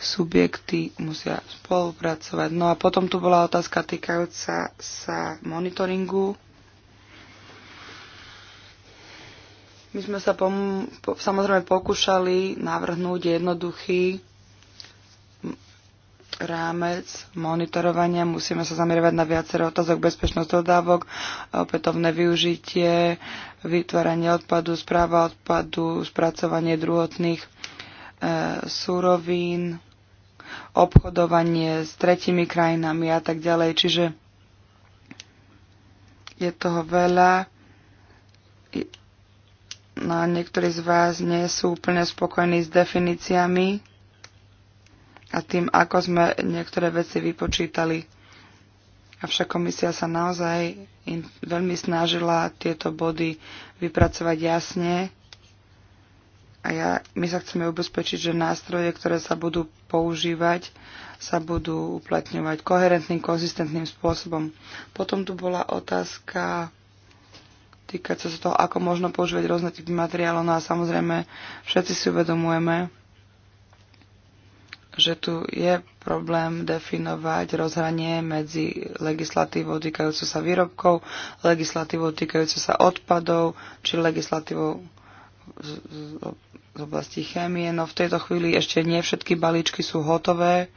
subjekty musia spolupracovať. No a potom tu bola otázka týkajúca sa monitoringu My sme sa pom- po- samozrejme pokúšali navrhnúť jednoduchý rámec monitorovania. Musíme sa zamerovať na viacero otázok, bezpečnosť dodávok, opätovné využitie, vytváranie odpadu, správa odpadu, spracovanie druhotných e, súrovín, obchodovanie s tretimi krajinami a tak ďalej. Čiže je toho veľa No a niektorí z vás nie sú úplne spokojní s definíciami a tým, ako sme niektoré veci vypočítali. Avšak komisia sa naozaj in, veľmi snažila tieto body vypracovať jasne a ja, my sa chceme ubezpečiť, že nástroje, ktoré sa budú používať, sa budú uplatňovať koherentným, konzistentným spôsobom. Potom tu bola otázka týkať sa toho, ako možno používať rôzne typy materiálov. No a samozrejme, všetci si uvedomujeme, že tu je problém definovať rozhranie medzi legislatívou týkajúcou sa výrobkov, legislatívou týkajúcou sa odpadov, či legislatívou z, z, z oblasti chémie. No v tejto chvíli ešte nie všetky balíčky sú hotové,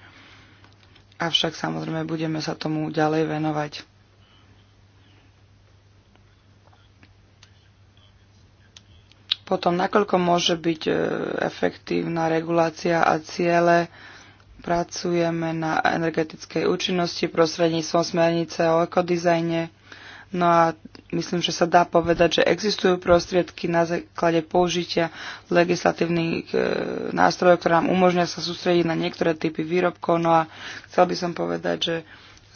avšak samozrejme budeme sa tomu ďalej venovať. Potom, nakoľko môže byť e, efektívna regulácia a ciele, pracujeme na energetickej účinnosti prostredníctvom smernice o ekodizajne. No a myslím, že sa dá povedať, že existujú prostriedky na základe použitia legislatívnych e, nástrojov, ktoré nám umožňujú sa sústrediť na niektoré typy výrobkov. No a chcel by som povedať, že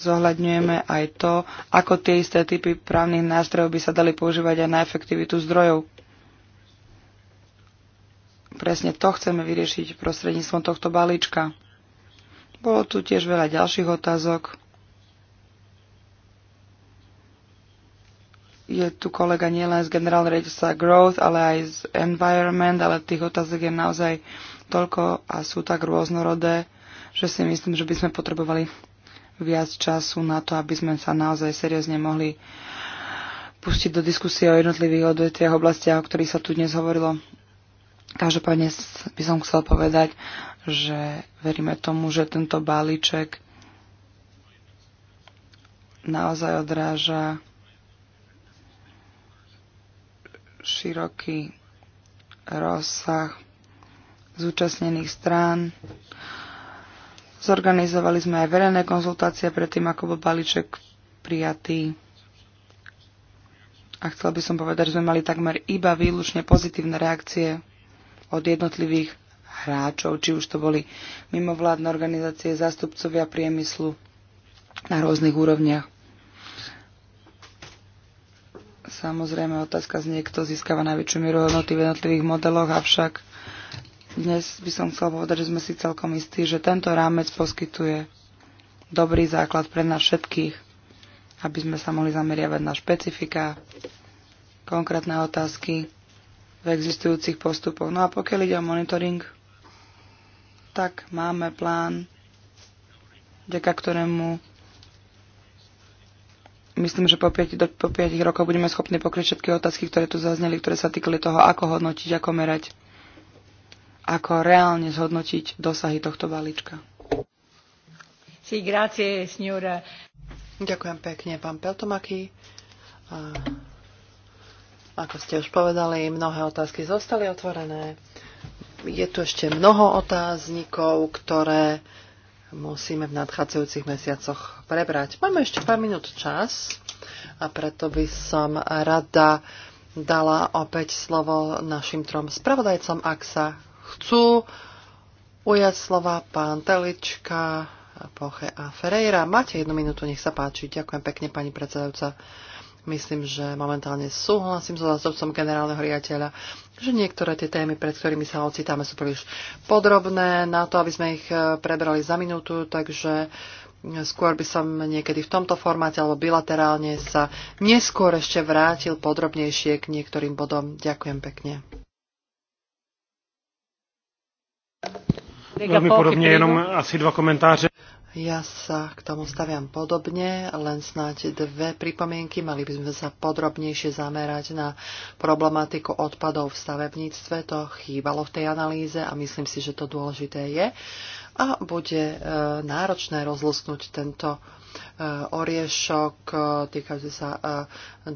zohľadňujeme aj to, ako tie isté typy právnych nástrojov by sa dali používať aj na efektivitu zdrojov. Presne to chceme vyriešiť prostredníctvom tohto balíčka. Bolo tu tiež veľa ďalších otázok. Je tu kolega nielen z General Register Growth, ale aj z Environment, ale tých otázok je naozaj toľko a sú tak rôznorodé, že si myslím, že by sme potrebovali viac času na to, aby sme sa naozaj seriózne mohli pustiť do diskusie o jednotlivých odvetviach oblastiach, o ktorých sa tu dnes hovorilo. Každopádne by som chcel povedať, že veríme tomu, že tento balíček naozaj odráža široký rozsah zúčastnených strán. Zorganizovali sme aj verejné konzultácie predtým, ako bol balíček prijatý. A chcel by som povedať, že sme mali takmer iba výlučne pozitívne reakcie od jednotlivých hráčov, či už to boli mimovládne organizácie, zástupcovia priemyslu na rôznych úrovniach. Samozrejme, otázka znie, kto získava najväčšiu mieru hodnoty v jednotlivých modeloch, avšak dnes by som chcel povedať, že sme si celkom istí, že tento rámec poskytuje dobrý základ pre nás všetkých, aby sme sa mohli zameriavať na špecifika, konkrétne otázky v existujúcich postupoch. No a pokiaľ ide o monitoring, tak máme plán, vďaka ktorému myslím, že po 5, do, po 5 rokov budeme schopní pokryť všetky otázky, ktoré tu zazneli, ktoré sa týkali toho, ako hodnotiť, ako merať, ako reálne zhodnotiť dosahy tohto balíčka. Sí, grazie, signora. Ďakujem pekne, pán Peltomaky. Ako ste už povedali, mnohé otázky zostali otvorené. Je tu ešte mnoho otáznikov, ktoré musíme v nadchádzajúcich mesiacoch prebrať. Máme ešte pár minút čas a preto by som rada dala opäť slovo našim trom spravodajcom, ak sa chcú ujať slova pán Telička, Poche a Ferreira. Máte jednu minútu, nech sa páči. Ďakujem pekne, pani predsedajúca. Myslím, že momentálne súhlasím so zástupcom generálneho riaditeľa, že niektoré tie témy, pred ktorými sa ocitáme, sú príliš podrobné na to, aby sme ich e, prebrali za minútu, takže skôr by som niekedy v tomto formáte alebo bilaterálne sa neskôr ešte vrátil podrobnejšie k niektorým bodom. Ďakujem pekne. Veľmi podobne, jenom asi dva komentáře. Ja sa k tomu staviam podobne, len snáď dve pripomienky. Mali by sme sa podrobnejšie zamerať na problematiku odpadov v stavebníctve. To chýbalo v tej analýze a myslím si, že to dôležité je. A bude e, náročné rozlusknúť tento e, oriešok e, týkajúci sa e,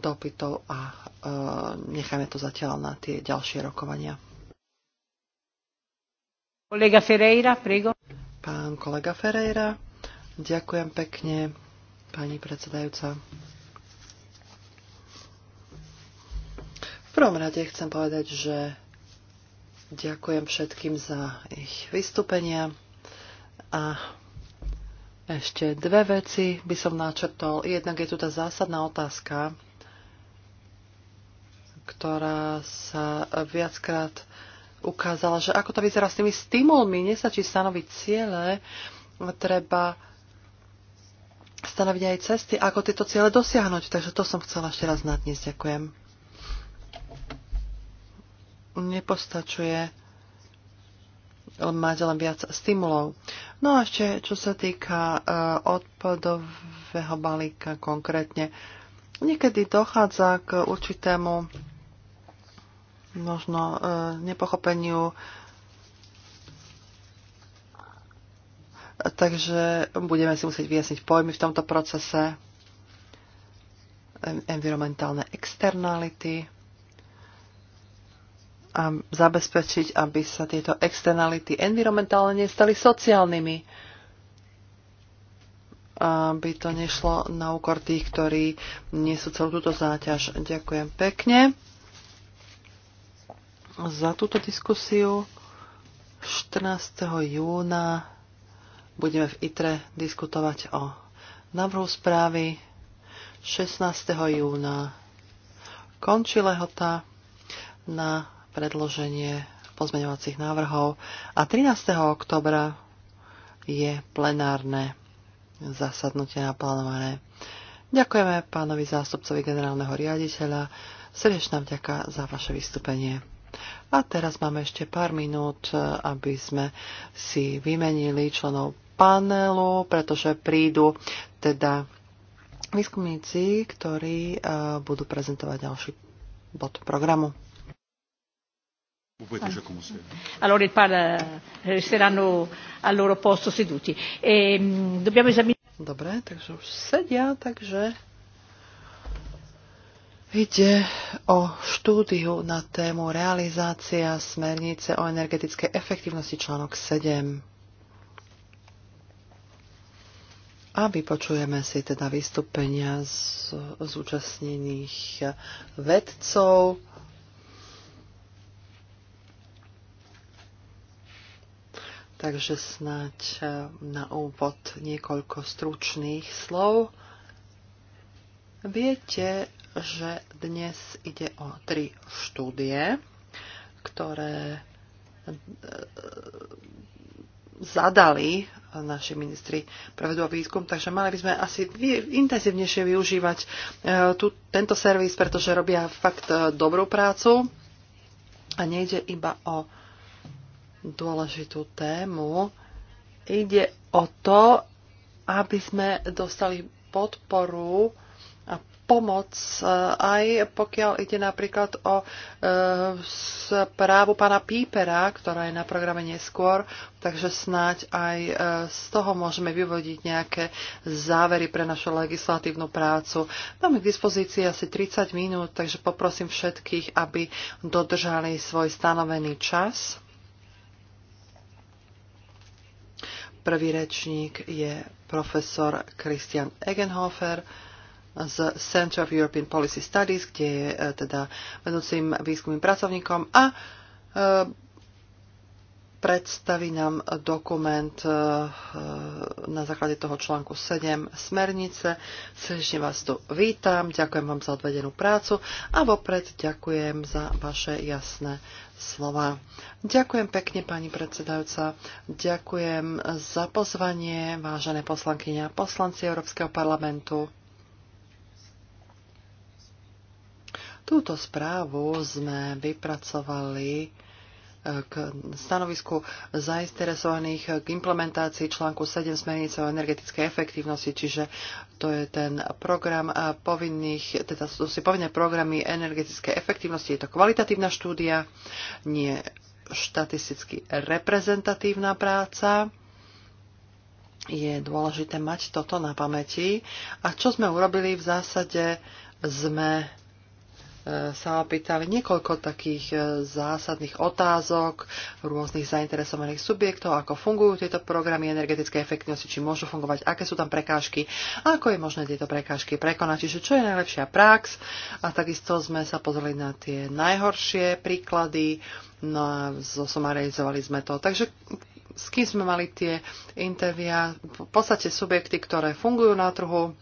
dopytov a e, nechajme to zatiaľ na tie ďalšie rokovania. Kolega Ferreira, prego. Pán kolega Ferreira. Ďakujem pekne, pani predsedajúca. V prvom rade chcem povedať, že ďakujem všetkým za ich vystúpenia a ešte dve veci by som načrtol. Jednak je tu tá zásadná otázka, ktorá sa viackrát ukázala, že ako to vyzerá s tými stimulmi, nestačí stanoviť ciele, treba stanoviť aj cesty, ako tieto ciele dosiahnuť. Takže to som chcela ešte raz nadniesť. Ďakujem. Nepostačuje mať len viac stimulov. No a ešte, čo sa týka uh, odpadového balíka konkrétne, niekedy dochádza k určitému možno uh, nepochopeniu uh, Takže budeme si musieť vyjasniť pojmy v tomto procese, environmentálne externality a zabezpečiť, aby sa tieto externality environmentálne nestali sociálnymi aby to nešlo na úkor tých, ktorí nie sú celú túto záťaž. Ďakujem pekne za túto diskusiu. 14. júna budeme v ITRE diskutovať o návrhu správy 16. júna. Končí lehota na predloženie pozmeňovacích návrhov a 13. oktobra je plenárne zasadnutie naplánované. Ďakujeme pánovi zástupcovi generálneho riaditeľa. Srdečná vďaka za vaše vystúpenie. A teraz máme ešte pár minút, aby sme si vymenili členov panelu, pretože prídu teda výskumníci, ktorí uh, budú prezentovať ďalší bod programu. Allora il par eh, resteranno al loro posto seduti. E, dobbiamo esaminare... Dobre, takže už sedia, takže ide o štúdiu na tému realizácia smernice o energetickej efektivnosti článok 7. A vypočujeme si teda vystúpenia z zúčastnených vedcov. Takže snáď eh, na úvod niekoľko stručných slov. Viete, že dnes ide o tri štúdie, ktoré eh, zadali naši ministri prevedú výskum, takže mali by sme asi intenzívnejšie využívať e, tu, tento servis, pretože robia fakt e, dobrú prácu a nejde iba o dôležitú tému. Ide o to, aby sme dostali podporu pomoc, eh, aj pokiaľ ide napríklad o eh, správu pána Pípera, ktorá je na programe neskôr, takže snáď aj eh, z toho môžeme vyvodiť nejaké závery pre našu legislatívnu prácu. Máme k dispozícii asi 30 minút, takže poprosím všetkých, aby dodržali svoj stanovený čas. Prvý rečník je profesor Christian Egenhofer, z Center of European Policy Studies, kde je e, teda vedúcim výskumným pracovníkom a e, predstaví nám dokument e, na základe toho článku 7 smernice. Srdečne vás tu vítam, ďakujem vám za odvedenú prácu a vopred ďakujem za vaše jasné slova. Ďakujem pekne, pani predsedajúca. Ďakujem za pozvanie, vážené poslankyne a poslanci Európskeho parlamentu. Túto správu sme vypracovali e, k stanovisku zainteresovaných k implementácii článku 7 smernice o energetickej efektívnosti, čiže to je ten program povinných, teda sú si povinné programy energetickej efektívnosti, je to kvalitatívna štúdia, nie štatisticky reprezentatívna práca je dôležité mať toto na pamäti. A čo sme urobili v zásade, sme Eh, sa opýtali niekoľko takých eh, zásadných otázok rôznych zainteresovaných subjektov, ako fungujú tieto programy energetické efektivnosti, či môžu fungovať, aké sú tam prekážky, ako je možné tieto prekážky prekonať, čiže čo je najlepšia prax. A takisto sme sa pozreli na tie najhoršie príklady, no a zosumarizovali sme to. Takže s kým sme mali tie intervia? V podstate subjekty, ktoré fungujú na trhu,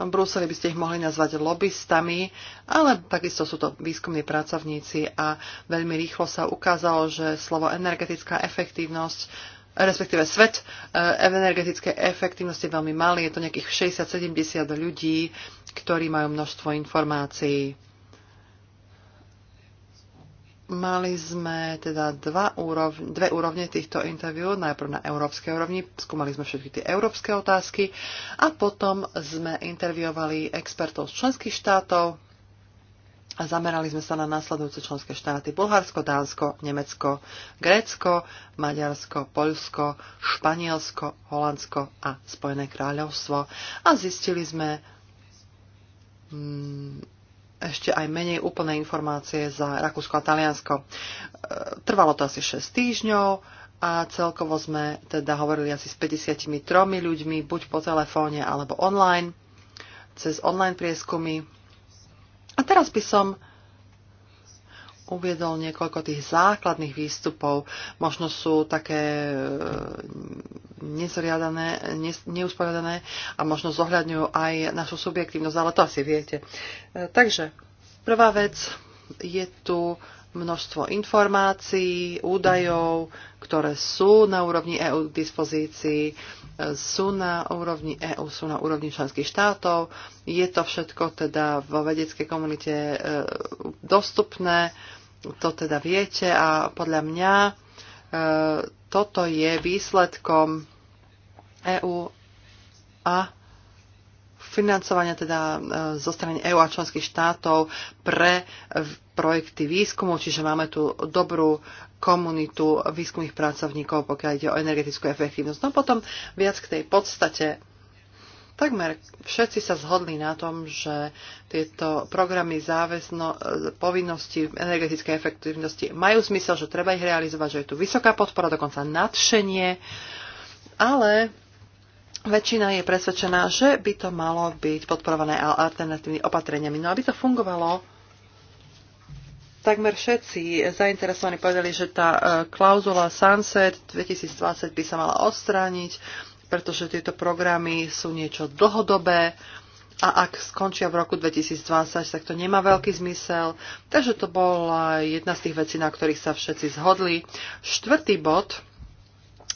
v Bruseli by ste ich mohli nazvať lobbystami, ale takisto sú to výskumní pracovníci a veľmi rýchlo sa ukázalo, že slovo energetická efektívnosť respektíve svet eh, v energetickej efektivnosti je veľmi malý, je to nejakých 60-70 ľudí, ktorí majú množstvo informácií Mali sme teda dva úrovne, dve úrovne týchto interviú, najprv na európskej úrovni, skúmali sme všetky tie európske otázky a potom sme interviovali expertov z členských štátov a zamerali sme sa na následujúce členské štáty Bulharsko, Dánsko, Nemecko, Grécko, Maďarsko, Poľsko, Španielsko, Holandsko a Spojené kráľovstvo a zistili sme, mm, ešte aj menej úplné informácie za Rakúsko a Taliansko. E, trvalo to asi 6 týždňov a celkovo sme teda hovorili asi s 53 ľuďmi, buď po telefóne alebo online, cez online prieskumy. A teraz by som uviedol niekoľko tých základných výstupov. Možno sú také e, nezriadané, neusporiadané a možno zohľadňujú aj našu subjektívnosť, ale to asi viete. E, takže prvá vec je tu množstvo informácií, údajov, ktoré sú na úrovni EU k dispozícii, e, sú na úrovni EU, sú na úrovni členských štátov. Je to všetko teda vo vedeckej komunite dostupné to teda viete a podľa mňa e, toto je výsledkom EÚ a financovania teda e, zo strany EU a členských štátov pre projekty výskumu, čiže máme tu dobrú komunitu výskumných pracovníkov, pokiaľ ide o energetickú efektívnosť. No potom viac k tej podstate Takmer všetci sa zhodli na tom, že tieto programy záväzno, e, povinnosti energetickej efektivnosti majú zmysel, že treba ich realizovať, že je tu vysoká podpora, dokonca nadšenie, ale väčšina je presvedčená, že by to malo byť podporované alternatívnymi opatreniami. No aby to fungovalo, takmer všetci zainteresovaní povedali, že tá e, klauzula Sunset 2020 by sa mala odstrániť pretože tieto programy sú niečo dlhodobé a ak skončia v roku 2020, tak to nemá veľký zmysel. Takže to bola jedna z tých vecí, na ktorých sa všetci zhodli. Štvrtý bod,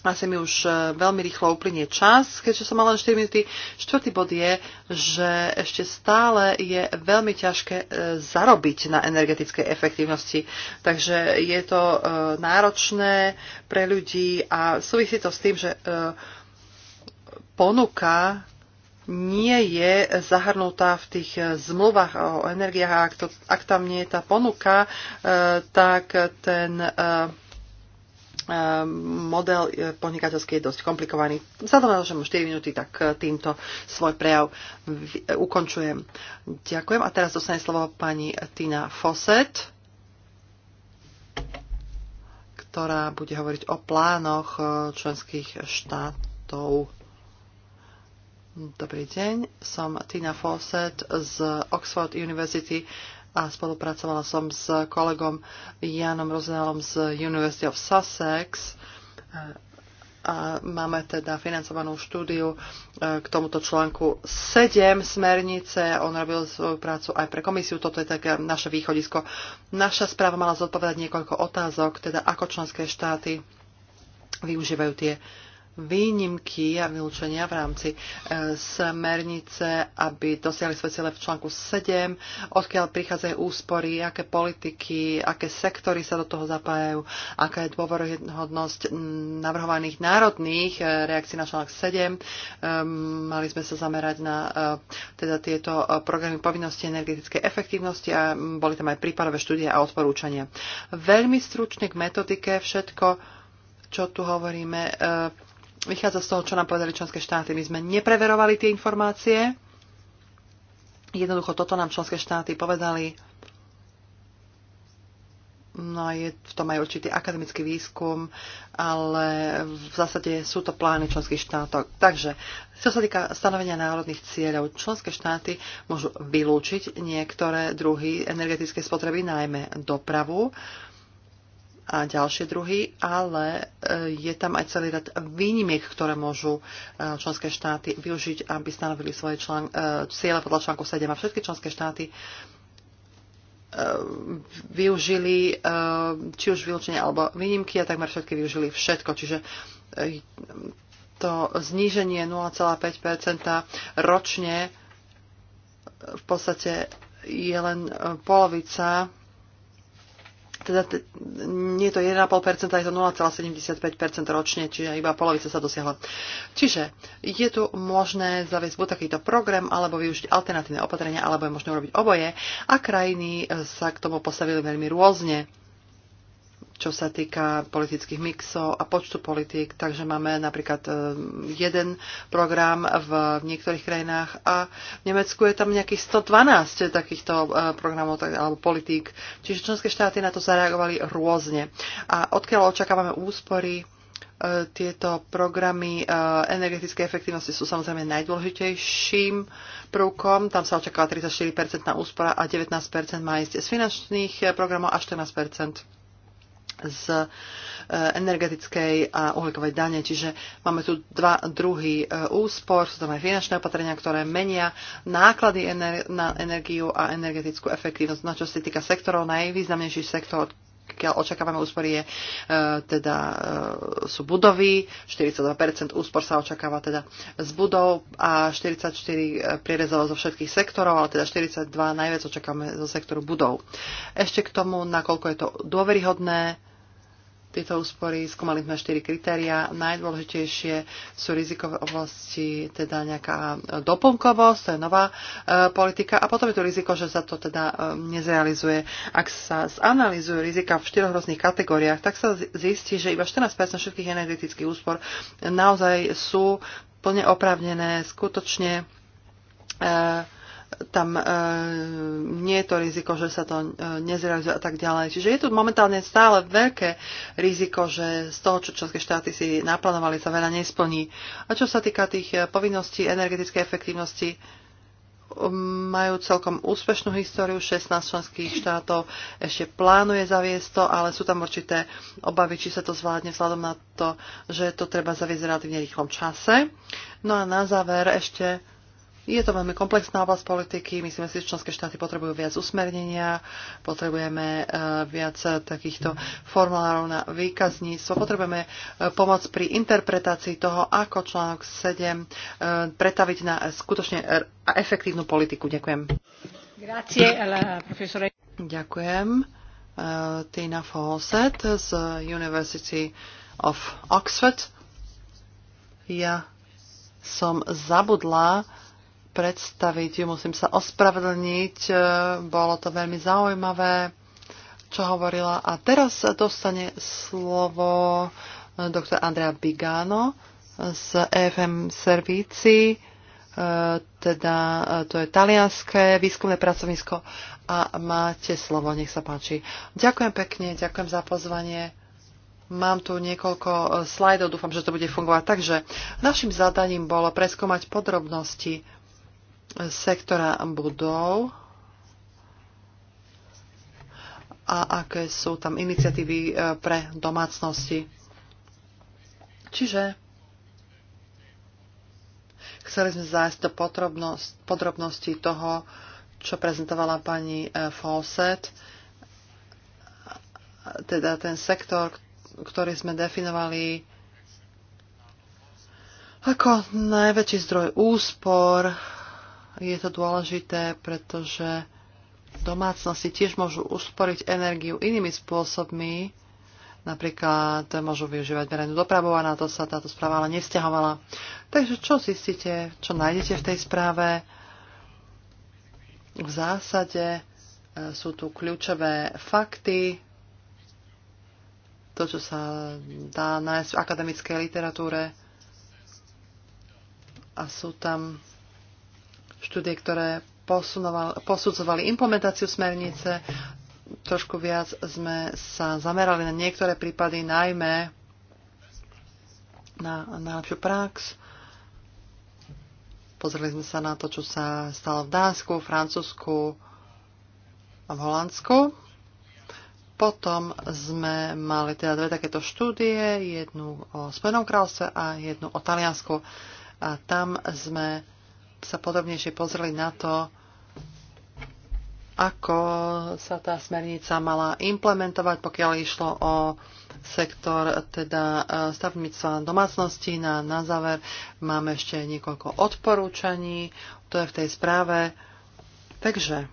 asi mi už e, veľmi rýchlo uplynie čas, keďže som mala len 4 minúty. Štvrtý bod je, že ešte stále je veľmi ťažké e, zarobiť na energetickej efektívnosti. Takže je to e, náročné pre ľudí a súvisí to s tým, že ponuka nie je zahrnutá v tých zmluvách o energiách a ak, to, ak tam nie je tá ponuka, e, tak ten e, e, model podnikateľský je dosť komplikovaný. Vzhľadom na to, že mám 4 minúty, tak týmto svoj prejav ukončujem. Ďakujem a teraz dostane slovo pani Tina Fosset, ktorá bude hovoriť o plánoch členských štátov Dobrý deň, som Tina Fawcett z Oxford University a spolupracovala som s kolegom Janom Rozenálom z University of Sussex a máme teda financovanú štúdiu e, k tomuto článku 7 smernice. On robil svoju prácu aj pre komisiu, toto je také naše východisko. Naša správa mala zodpovedať niekoľko otázok, teda ako členské štáty využívajú tie uh, výnimky a vylúčenia v rámci e, smernice, aby dosiahli svoje cieľe v článku 7, odkiaľ prichádzajú úspory, aké politiky, aké sektory sa do toho zapájajú, aká je dôveryhodnosť navrhovaných národných e, reakcií na článok 7. E, mali sme sa zamerať na e, teda tieto e, programy povinnosti energetickej efektívnosti a boli tam aj prípadové štúdie a odporúčania. Veľmi stručne k metodike všetko, čo tu hovoríme, e, vychádza z toho, čo nám povedali členské štáty. My sme nepreverovali tie informácie. Jednoducho toto nám členské štáty povedali. No a je v tom aj určitý akademický výskum, ale v zásade sú to plány členských štátov. Takže, čo sa týka stanovenia národných cieľov, členské štáty môžu vylúčiť niektoré druhy energetické spotreby, najmä dopravu. Um, a ďalšie druhy, ale e, je tam aj celý rad výnimiek, ktoré môžu e, členské štáty využiť, aby stanovili svoje člán, e, ciele podľa článku 7 a všetky členské štáty využili či už vylúčenie alebo výnimky a takmer všetky využili všetko. Čiže to zníženie 0,5 ročne v podstate je len polovica teda nie je to 1,5%, je to 0,75% ročne, čiže iba polovica sa dosiahla. Čiže je tu možné zaviesť buď takýto program, alebo využiť alternatívne opatrenia, alebo je možné urobiť oboje a krajiny sa k tomu postavili veľmi rôzne čo sa týka politických mixov a počtu politík. Takže máme napríklad e, jeden program v niektorých krajinách a v Nemecku je tam nejakých 112 takýchto e, programov alebo politík. Čiže členské štáty na to zareagovali rôzne. A odkiaľ očakávame úspory, e, tieto programy energetickej efektivnosti sú samozrejme najdôležitejším prvkom. Tam sa očakáva 34% na úspora a 19% má ísť z finančných programov a 14% z e, energetickej a uhlíkovej dane. Čiže máme tu dva druhy e, úspor, sú tam aj finančné opatrenia, ktoré menia náklady na energiu a energetickú efektívnosť. Na no, čo sa týka sektorov, najvýznamnejší sektor keď očakávame úspory, je, e, teda, e, sú budovy, 42% úspor sa očakáva teda z budov a 44 e, prierezovo zo všetkých sektorov, ale teda 42 najviac očakávame zo sektoru budov. Ešte k tomu, nakoľko je to dôveryhodné, tieto úspory skúmali sme štyri kritéria. Najdôležitejšie sú rizikové oblasti, teda nejaká doplnkovosť, to je nová e, politika. A potom je tu riziko, že sa to teda e, nezrealizuje. Ak sa zanalizujú rizika v štyroch rôznych kategóriách, tak sa zistí, že iba 14% všetkých energetických úspor naozaj sú plne oprávnené, skutočne e, tam e, nie je to riziko, že sa to e, nezrealizuje a tak ďalej. Čiže je tu momentálne stále veľké riziko, že z toho, čo členské štáty si naplánovali, sa veľa nesplní. A čo sa týka tých e, povinností energetickej efektívnosti, um, majú celkom úspešnú históriu, 16 členských štátov ešte plánuje zaviesť to, ale sú tam určité obavy, či sa to zvládne vzhľadom na to, že to treba zaviesť v relatívne rýchlom čase. No a na záver ešte je to veľmi komplexná oblasť politiky, myslíme si, že členské štáty potrebujú viac usmernenia, potrebujeme e, viac takýchto formulárov na výkazníctvo, potrebujeme e, pomoc pri interpretácii toho, ako článok 7 e, pretaviť na skutočne efektívnu politiku. Ďakujem. Grazie, Ďakujem. Tina Fawcett z University of Oxford. Ja som zabudla predstaviť. Musím sa ospravedlniť, e, bolo to veľmi zaujímavé, čo hovorila. A teraz dostane slovo e, doktor Andrea Bigano z EFM Servíci, e, teda to je talianské výskumné pracovisko a máte slovo, nech sa páči. Ďakujem pekne, ďakujem za pozvanie. Mám tu niekoľko slajdov, dúfam, že to bude fungovať. Takže našim zadaním bolo preskúmať podrobnosti sektora budov a aké sú tam iniciatívy e, pre domácnosti. Čiže chceli sme zájsť do podrobností toho, čo prezentovala pani e, Fawcett, teda ten sektor, ktorý sme definovali ako najväčší zdroj úspor, je to dôležité, pretože domácnosti tiež môžu usporiť energiu inými spôsobmi. Napríklad môžu využívať verejnú dopravu a na to sa táto správa ale nevzťahovala. Takže čo zistíte, čo nájdete v tej správe? V zásade e, sú tu kľúčové fakty, to, čo sa dá nájsť v akademickej literatúre a sú tam štúdie, ktoré posudzovali implementáciu smernice. Trošku viac sme sa zamerali na niektoré prípady, najmä na najlepšiu prax. Pozreli sme sa na to, čo sa stalo v Dánsku, Francúzsku a v Holandsku. Potom sme mali teda dve takéto štúdie, jednu o Spojenom kráľstve a jednu o Taliansku. A tam sme sa podrobnejšie pozreli na to, ako sa tá smernica mala implementovať, pokiaľ išlo o sektor teda e, stavníctva domácnosti. Na, na záver máme ešte niekoľko odporúčaní, to je v tej správe. Takže,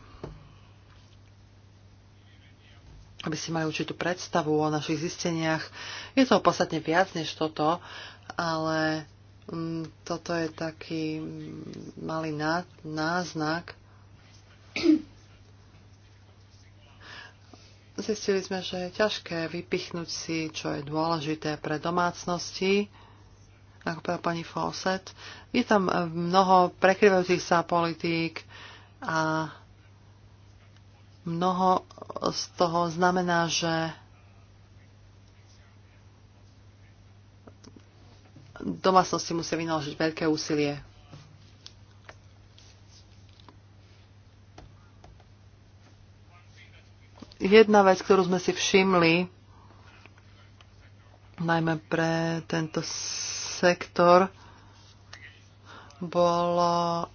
aby ste mali určitú predstavu o našich zisteniach, je to podstatne viac než toto, ale Mm, toto je taký malý náznak. Zistili sme, že je ťažké vypichnúť si, čo je dôležité pre domácnosti, ako pre pani Fawcett. Je tam mnoho prekryvajúcich sa politík a mnoho z toho znamená, že domácnosti musia vynaložiť veľké úsilie. Jedna vec, ktorú sme si všimli, najmä pre tento sektor, bolo,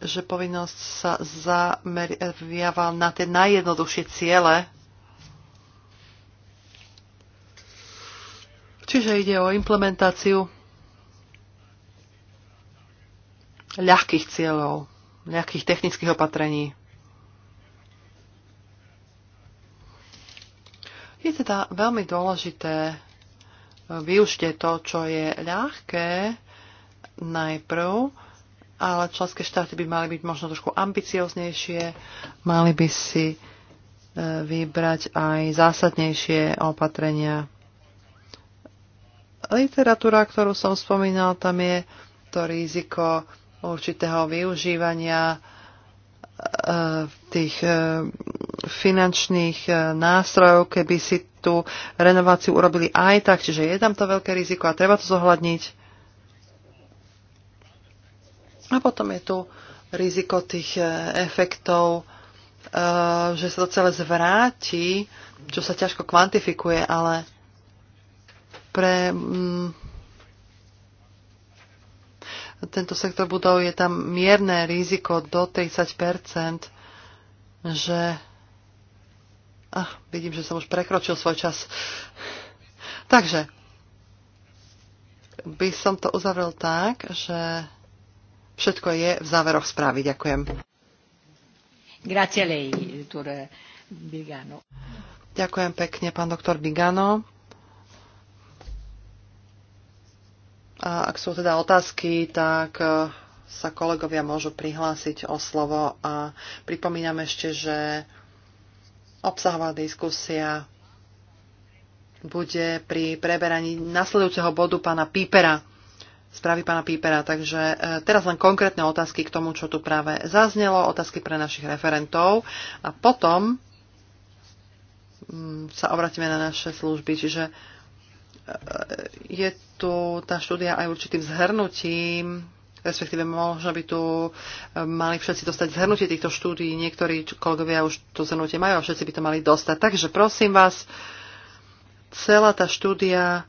že povinnosť sa zameriava na tie najjednoduchšie ciele, Čiže ide o implementáciu ľahkých cieľov, ľahkých technických opatrení. Je teda veľmi dôležité e, využite to, čo je ľahké najprv, ale členské štáty by mali byť možno trošku ambicioznejšie, mali by si e, vybrať aj zásadnejšie opatrenia literatúra, ktorú som spomínal, tam je to riziko určitého využívania e, tých e, finančných e, nástrojov, keby si tú renováciu urobili aj tak, čiže je tam to veľké riziko a treba to zohľadniť. A potom je tu riziko tých efektov, že sa to celé zvráti, čo sa ťažko kvantifikuje, ale pre mm, tento sektor budov je tam mierne riziko do 30%, že... Ach, vidím, že som už prekročil svoj čas. Takže, by som to uzavrel tak, že všetko je v záveroch správy. Ďakujem. Grazie lei, Bigano. Ďakujem pekne, pán doktor Bigano. A ak sú teda otázky, tak e, sa kolegovia môžu prihlásiť o slovo a pripomínam ešte, že obsahová diskusia bude pri preberaní nasledujúceho bodu pána Pípera, správy pána Pípera. Takže e, teraz len konkrétne otázky k tomu, čo tu práve zaznelo, otázky pre našich referentov a potom mm, sa obratíme na naše služby. Čiže je tu tá štúdia aj určitým zhrnutím, respektíve možno by tu e, mali všetci dostať zhrnutie týchto štúdií. Niektorí kolegovia už to zhrnutie majú a všetci by to mali dostať. Takže prosím vás, celá tá štúdia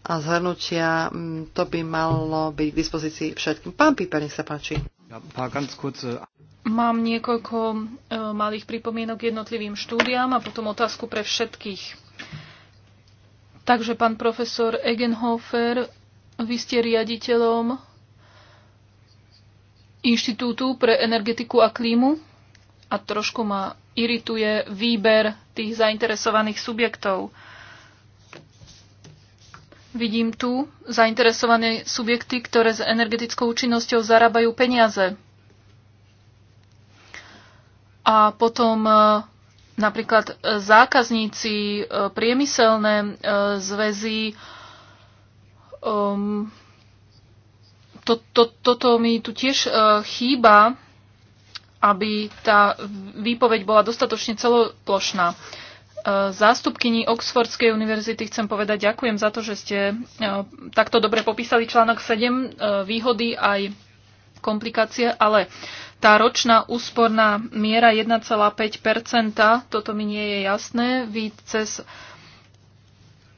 a zhrnutia, to by malo byť k dispozícii všetkým. Pán Píper, nech sa páči. E, Mám niekoľko e, malých pripomienok k jednotlivým štúdiám a potom otázku pre všetkých. Takže pán profesor Egenhofer, vy ste riaditeľom Inštitútu pre energetiku a klímu a trošku ma irituje výber tých zainteresovaných subjektov. Vidím tu zainteresované subjekty, ktoré s energetickou účinnosťou zarábajú peniaze. A potom Napríklad e, zákazníci, e, priemyselné e, zväzy, um, to, to, toto mi tu tiež uh, chýba, aby tá výpoveď bola dostatočne celoplošná. Uh, zástupkyni Oxfordskej univerzity chcem povedať ďakujem za to, že ste uh, takto dobre popísali článok 7, uh, výhody aj komplikácie, ale tá ročná úsporná miera 1,5%, toto mi nie je jasné, vy cez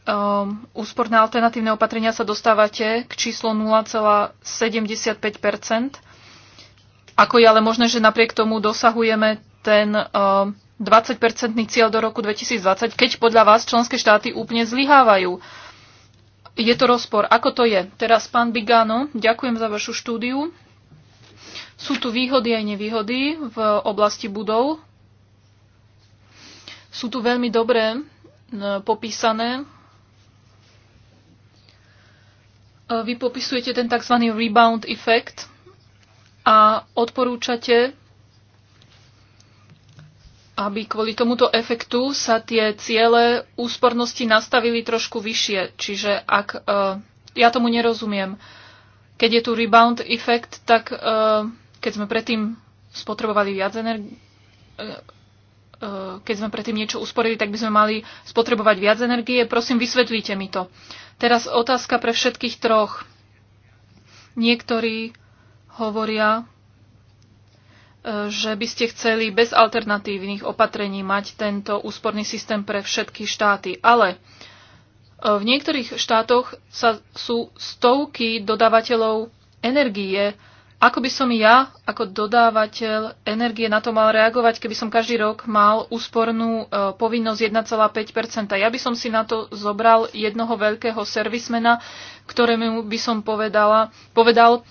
um, úsporné alternatívne opatrenia sa dostávate k číslo 0,75%. Ako je ale možné, že napriek tomu dosahujeme ten um, 20-percentný cieľ do roku 2020, keď podľa vás členské štáty úplne zlyhávajú? Je to rozpor. Ako to je? Teraz pán Bigano, ďakujem za vašu štúdiu. Sú tu výhody aj nevýhody v oblasti budov. Sú tu veľmi dobré popísané. E, vy popisujete ten tzv. rebound effect a odporúčate, aby kvôli tomuto efektu sa tie ciele úspornosti nastavili trošku vyššie. Čiže ak e, ja tomu nerozumiem. Keď je tu rebound effect, tak e, keď sme predtým spotrebovali viac energie, e, keď sme predtým niečo usporili, tak by sme mali spotrebovať viac energie. Prosím, vysvetlíte mi to. Teraz otázka pre všetkých troch. Niektorí hovoria, e, že by ste chceli bez alternatívnych opatrení mať tento úsporný systém pre všetky štáty. Ale e, v niektorých štátoch sa, sú stovky dodávateľov energie, ako by som ja, ako dodávateľ energie, na to mal reagovať, keby som každý rok mal úspornú e, povinnosť 1,5 Ja by som si na to zobral jednoho veľkého servismena, ktorému by som povedala, povedal,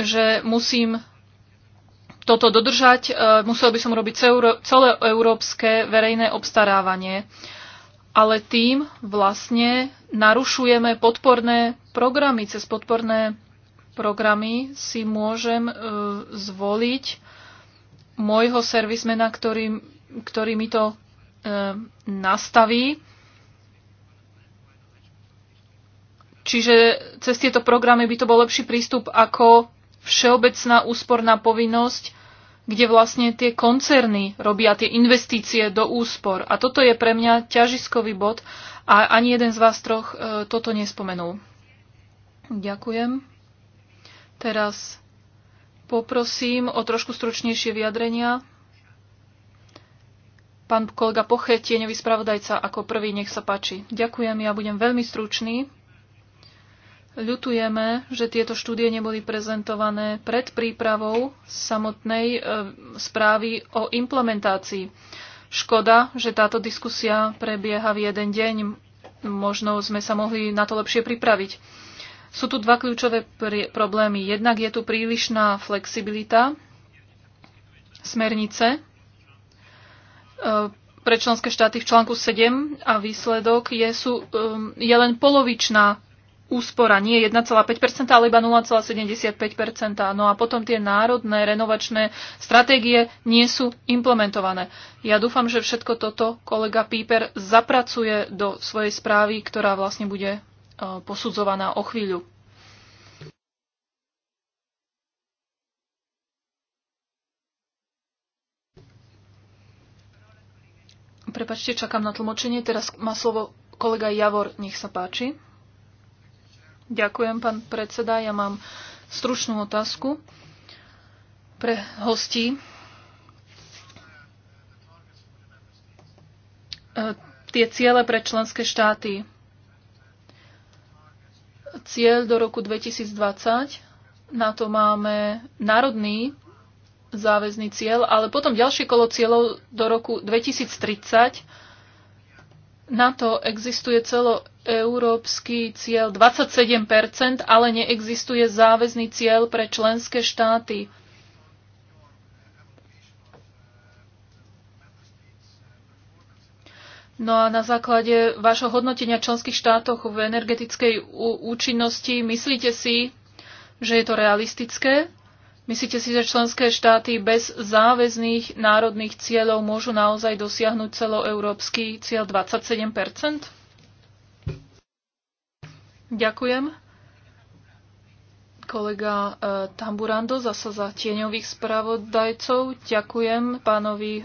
že musím toto dodržať, e, musel by som robiť celé európske verejné obstarávanie. Ale tým vlastne narušujeme podporné programy cez podporné programy si môžem e, zvoliť môjho servismena, ktorý, ktorý mi to e, nastaví. Čiže cez tieto programy by to bol lepší prístup ako všeobecná úsporná povinnosť, kde vlastne tie koncerny robia tie investície do úspor. A toto je pre mňa ťažiskový bod a ani jeden z vás troch e, toto nespomenul. Ďakujem. Teraz poprosím o trošku stručnejšie vyjadrenia. Pán kolega Poche, tieňový spravodajca, ako prvý, nech sa páči. Ďakujem, ja budem veľmi stručný. Ľutujeme, že tieto štúdie neboli prezentované pred prípravou samotnej e, správy o implementácii. Škoda, že táto diskusia prebieha v jeden deň. Možno sme sa mohli na to lepšie pripraviť. Sú tu dva kľúčové problémy. Jednak je tu prílišná flexibilita smernice e, pre členské štáty v článku 7 a výsledok je, sú, je len polovičná úspora, nie 1,5%, ale iba 0,75%. No a potom tie národné renovačné stratégie nie sú implementované. Ja dúfam, že všetko toto kolega Píper zapracuje do svojej správy, ktorá vlastne bude E, posudzovaná o chvíľu. Prepačte, čakám na tlmočenie. Teraz má slovo kolega Javor. Nech sa páči. Ďakujem, pán predseda. Ja mám stručnú otázku pre hostí. E, tie ciele pre členské štáty cieľ do roku 2020. Na to máme národný záväzný cieľ, ale potom ďalšie kolo cieľov do roku 2030. Na to existuje celoeurópsky cieľ 27%, ale neexistuje záväzný cieľ pre členské štáty. No a na základe vášho hodnotenia členských štátoch v energetickej účinnosti, myslíte si, že je to realistické? Myslíte si, že členské štáty bez záväzných národných cieľov môžu naozaj dosiahnuť celoeurópsky cieľ 27 Ďakujem. Kolega e, Tamburando, zasa za tieňových spravodajcov. Ďakujem pánovi e,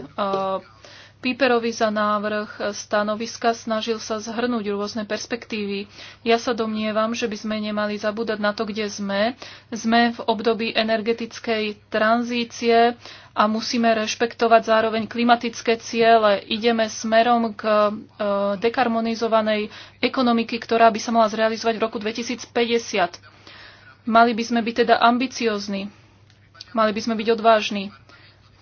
Píperovi za návrh stanoviska snažil sa zhrnúť rôzne perspektívy. Ja sa domnievam, že by sme nemali zabúdať na to, kde sme. Sme v období energetickej tranzície a musíme rešpektovať zároveň klimatické ciele. Ideme smerom k e, dekarmonizovanej ekonomiky, ktorá by sa mala zrealizovať v roku 2050. Mali by sme byť teda ambiciozni. Mali by sme byť odvážni.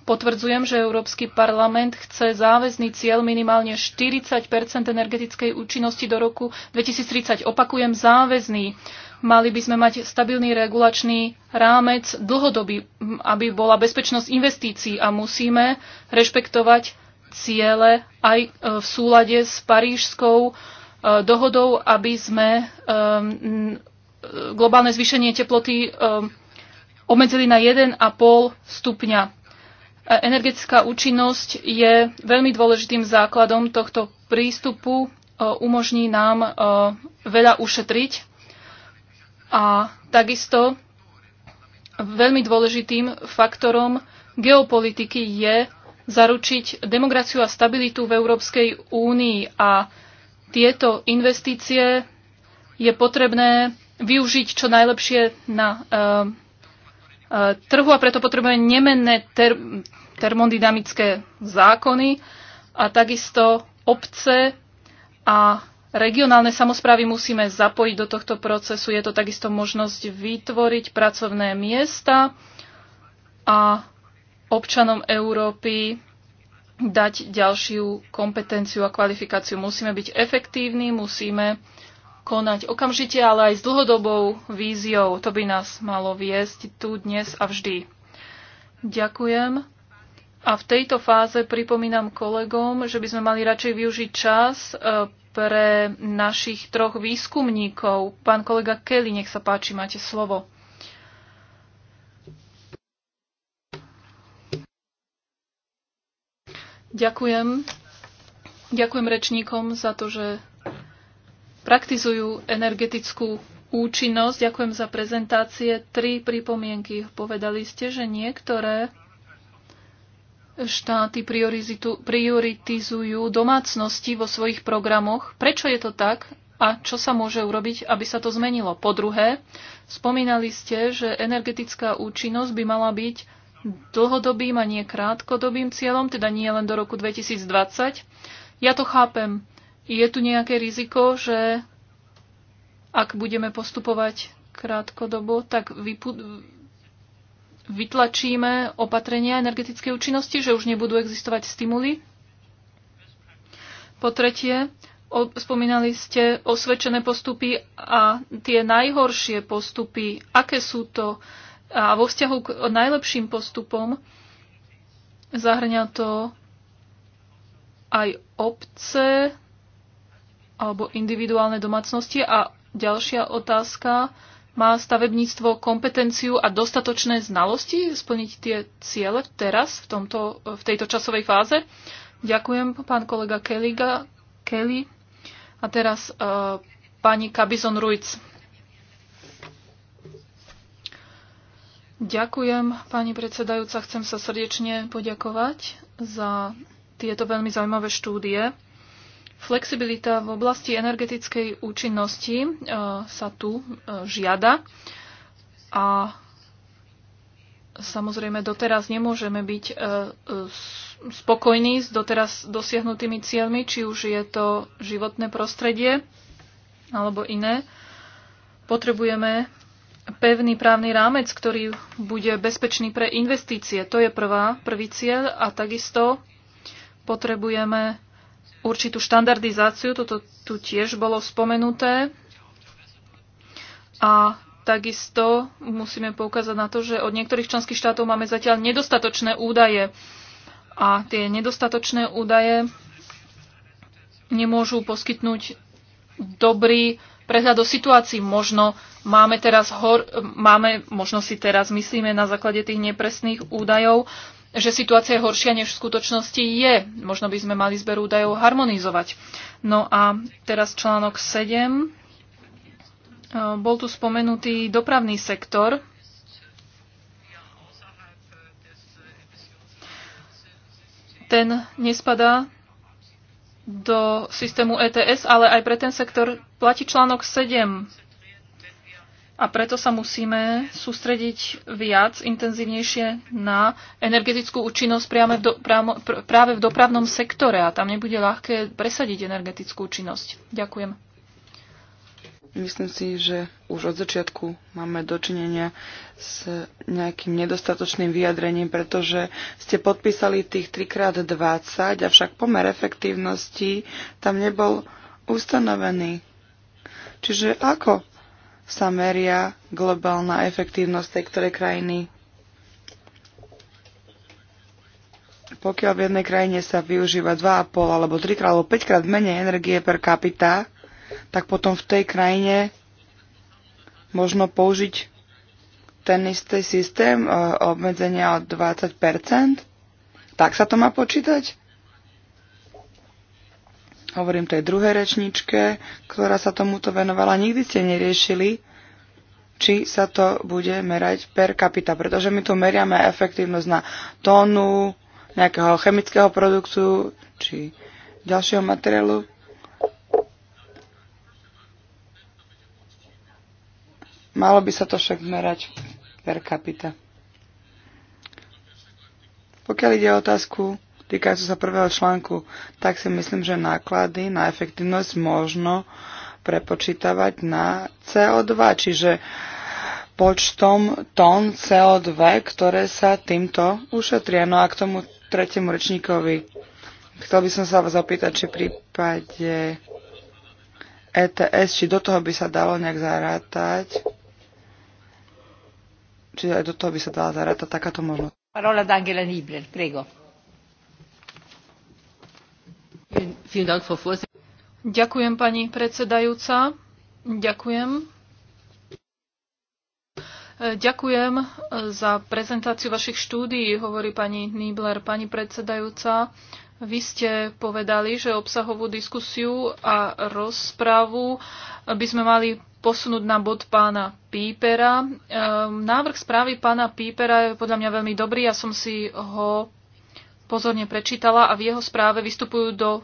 Potvrdzujem, že Európsky parlament chce záväzný cieľ minimálne 40 energetickej účinnosti do roku 2030. Opakujem, záväzný. Mali by sme mať stabilný regulačný rámec dlhodobý, aby bola bezpečnosť investícií a musíme rešpektovať ciele aj e, v súlade s parížskou e, dohodou, aby sme e, globálne zvýšenie teploty obmedzili na 1,5 stupňa E, energetická účinnosť je veľmi dôležitým základom tohto prístupu, e, umožní nám e, veľa ušetriť a takisto veľmi dôležitým faktorom geopolitiky je zaručiť demokraciu a stabilitu v Európskej únii a tieto investície je potrebné využiť čo najlepšie na E, trhu a preto potrebujeme nemenné ter- termodynamické zákony a takisto obce a regionálne samozprávy musíme zapojiť do tohto procesu. Je to takisto možnosť vytvoriť pracovné miesta a občanom Európy dať ďalšiu kompetenciu a kvalifikáciu. Musíme byť efektívni, musíme konať okamžite, ale aj s dlhodobou víziou. To by nás malo viesť tu dnes a vždy. Ďakujem. A v tejto fáze pripomínam kolegom, že by sme mali radšej využiť čas e, pre našich troch výskumníkov. Pán kolega Kelly, nech sa páči, máte slovo. Ďakujem. Ďakujem rečníkom za to, že praktizujú energetickú účinnosť. Ďakujem za prezentácie. Tri pripomienky. Povedali ste, že niektoré štáty prioritizujú domácnosti vo svojich programoch. Prečo je to tak a čo sa môže urobiť, aby sa to zmenilo? Po druhé, spomínali ste, že energetická účinnosť by mala byť dlhodobým a nie krátkodobým cieľom, teda nie len do roku 2020. Ja to chápem je tu nejaké riziko, že ak budeme postupovať krátkodobo, tak vypu- vytlačíme opatrenia energetickej účinnosti, že už nebudú existovať stimuly? Po tretie, o, spomínali ste osvedčené postupy a tie najhoršie postupy. Aké sú to? A vo vzťahu k najlepším postupom zahrňa to aj obce, alebo individuálne domácnosti. A ďalšia otázka, má stavebníctvo kompetenciu a dostatočné znalosti splniť tie ciele teraz, v, tomto, v tejto časovej fáze? Ďakujem, pán kolega Kellyga, Kelly. A teraz uh, pani Kabizon Ruiz. Ďakujem, pani predsedajúca. Chcem sa srdečne poďakovať za tieto veľmi zaujímavé štúdie. Flexibilita v oblasti energetickej účinnosti e, sa tu e, žiada a samozrejme doteraz nemôžeme byť e, spokojní s doteraz dosiahnutými cieľmi, či už je to životné prostredie alebo iné. Potrebujeme pevný právny rámec, ktorý bude bezpečný pre investície. To je prvá, prvý cieľ a takisto potrebujeme určitú štandardizáciu, toto tu tiež bolo spomenuté. A takisto musíme poukázať na to, že od niektorých členských štátov máme zatiaľ nedostatočné údaje. A tie nedostatočné údaje nemôžu poskytnúť dobrý prehľad o situácii. Možno máme teraz hor, máme, možno si teraz myslíme na základe tých nepresných údajov, že situácia je horšia, než v skutočnosti je. Možno by sme mali zber údajov harmonizovať. No a teraz článok 7. E, bol tu spomenutý dopravný sektor. Ten nespadá do systému ETS, ale aj pre ten sektor platí článok 7 a preto sa musíme sústrediť viac, intenzívnejšie na energetickú účinnosť priame v do, prámo, pr, práve v dopravnom sektore a tam nebude ľahké presadiť energetickú účinnosť. Ďakujem. Myslím si, že už od začiatku máme dočinenia s nejakým nedostatočným vyjadrením, pretože ste podpísali tých 3x20, avšak pomer efektívnosti tam nebol ustanovený. Čiže ako sa meria globálna efektívnosť tej ktorej krajiny. Pokiaľ v jednej krajine sa využíva 2,5 alebo 3 krát alebo 5 krát menej energie per capita, tak potom v tej krajine možno použiť ten istý systém e, obmedzenia o 20 Tak sa to má počítať? hovorím tej druhej rečničke, ktorá sa tomuto venovala, nikdy ste neriešili, či sa to bude merať per capita, pretože my tu meriame efektívnosť na tónu nejakého chemického produktu či ďalšieho materiálu. Malo by sa to však merať per capita. Pokiaľ ide o otázku týkajúce sa prvého článku, tak si myslím, že náklady na efektívnosť možno prepočítavať na CO2, čiže počtom tón CO2, ktoré sa týmto ušetria. No a k tomu tretiemu rečníkovi. Chcel by som sa vás opýtať, či v prípade ETS, či do toho by sa dalo nejak zarátať, či aj do toho by sa dala zarátať takáto možnosť. Parola d'Angela Nibler, prego. Ďakujem, pani predsedajúca. Ďakujem. E, ďakujem e, za prezentáciu vašich štúdií, hovorí pani Nibler. Pani predsedajúca, vy ste povedali, že obsahovú diskusiu a rozprávu e, by sme mali posunúť na bod pána Pípera. Návrh správy pána Pípera je podľa mňa veľmi dobrý, ja som si ho pozorne prečítala a v jeho správe vystupujú do o,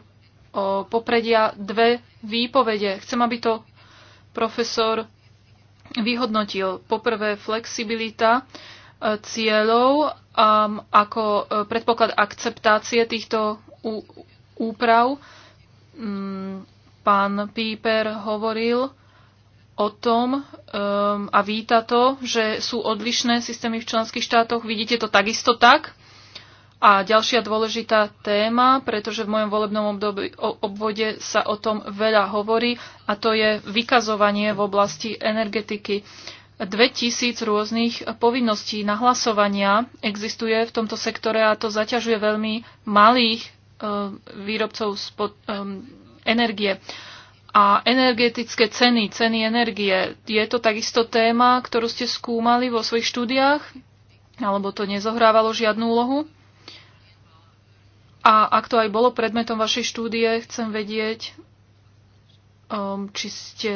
popredia dve výpovede. Chcem, aby to profesor vyhodnotil. Poprvé flexibilita e, cieľov um, ako e, predpoklad akceptácie týchto úprav. Um, pán Píper hovoril o tom um, a víta to, že sú odlišné systémy v členských štátoch. Vidíte to takisto tak? A ďalšia dôležitá téma, pretože v mojom volebnom období, obvode sa o tom veľa hovorí, a to je vykazovanie v oblasti energetiky. 2000 rôznych povinností nahlasovania existuje v tomto sektore a to zaťažuje veľmi malých e, výrobcov spod, e, energie. A energetické ceny, ceny energie, je to takisto téma, ktorú ste skúmali vo svojich štúdiách? Alebo to nezohrávalo žiadnu úlohu? A ak to aj bolo predmetom vašej štúdie, chcem vedieť, um, či ste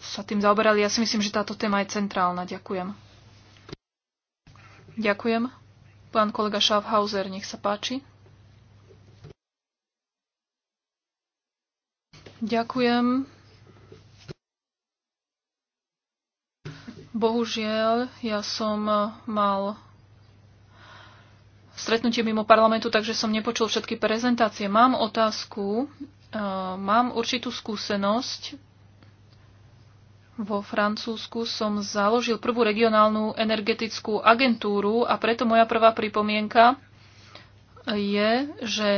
sa tým zaoberali. Ja si myslím, že táto téma je centrálna. Ďakujem. Ďakujem. Pán kolega Schaffhauser, nech sa páči. Ďakujem. Bohužiaľ, ja som mal stretnutie mimo parlamentu, takže som nepočul všetky prezentácie. Mám otázku, e, mám určitú skúsenosť. Vo Francúzsku som založil prvú regionálnu energetickú agentúru a preto moja prvá pripomienka je, že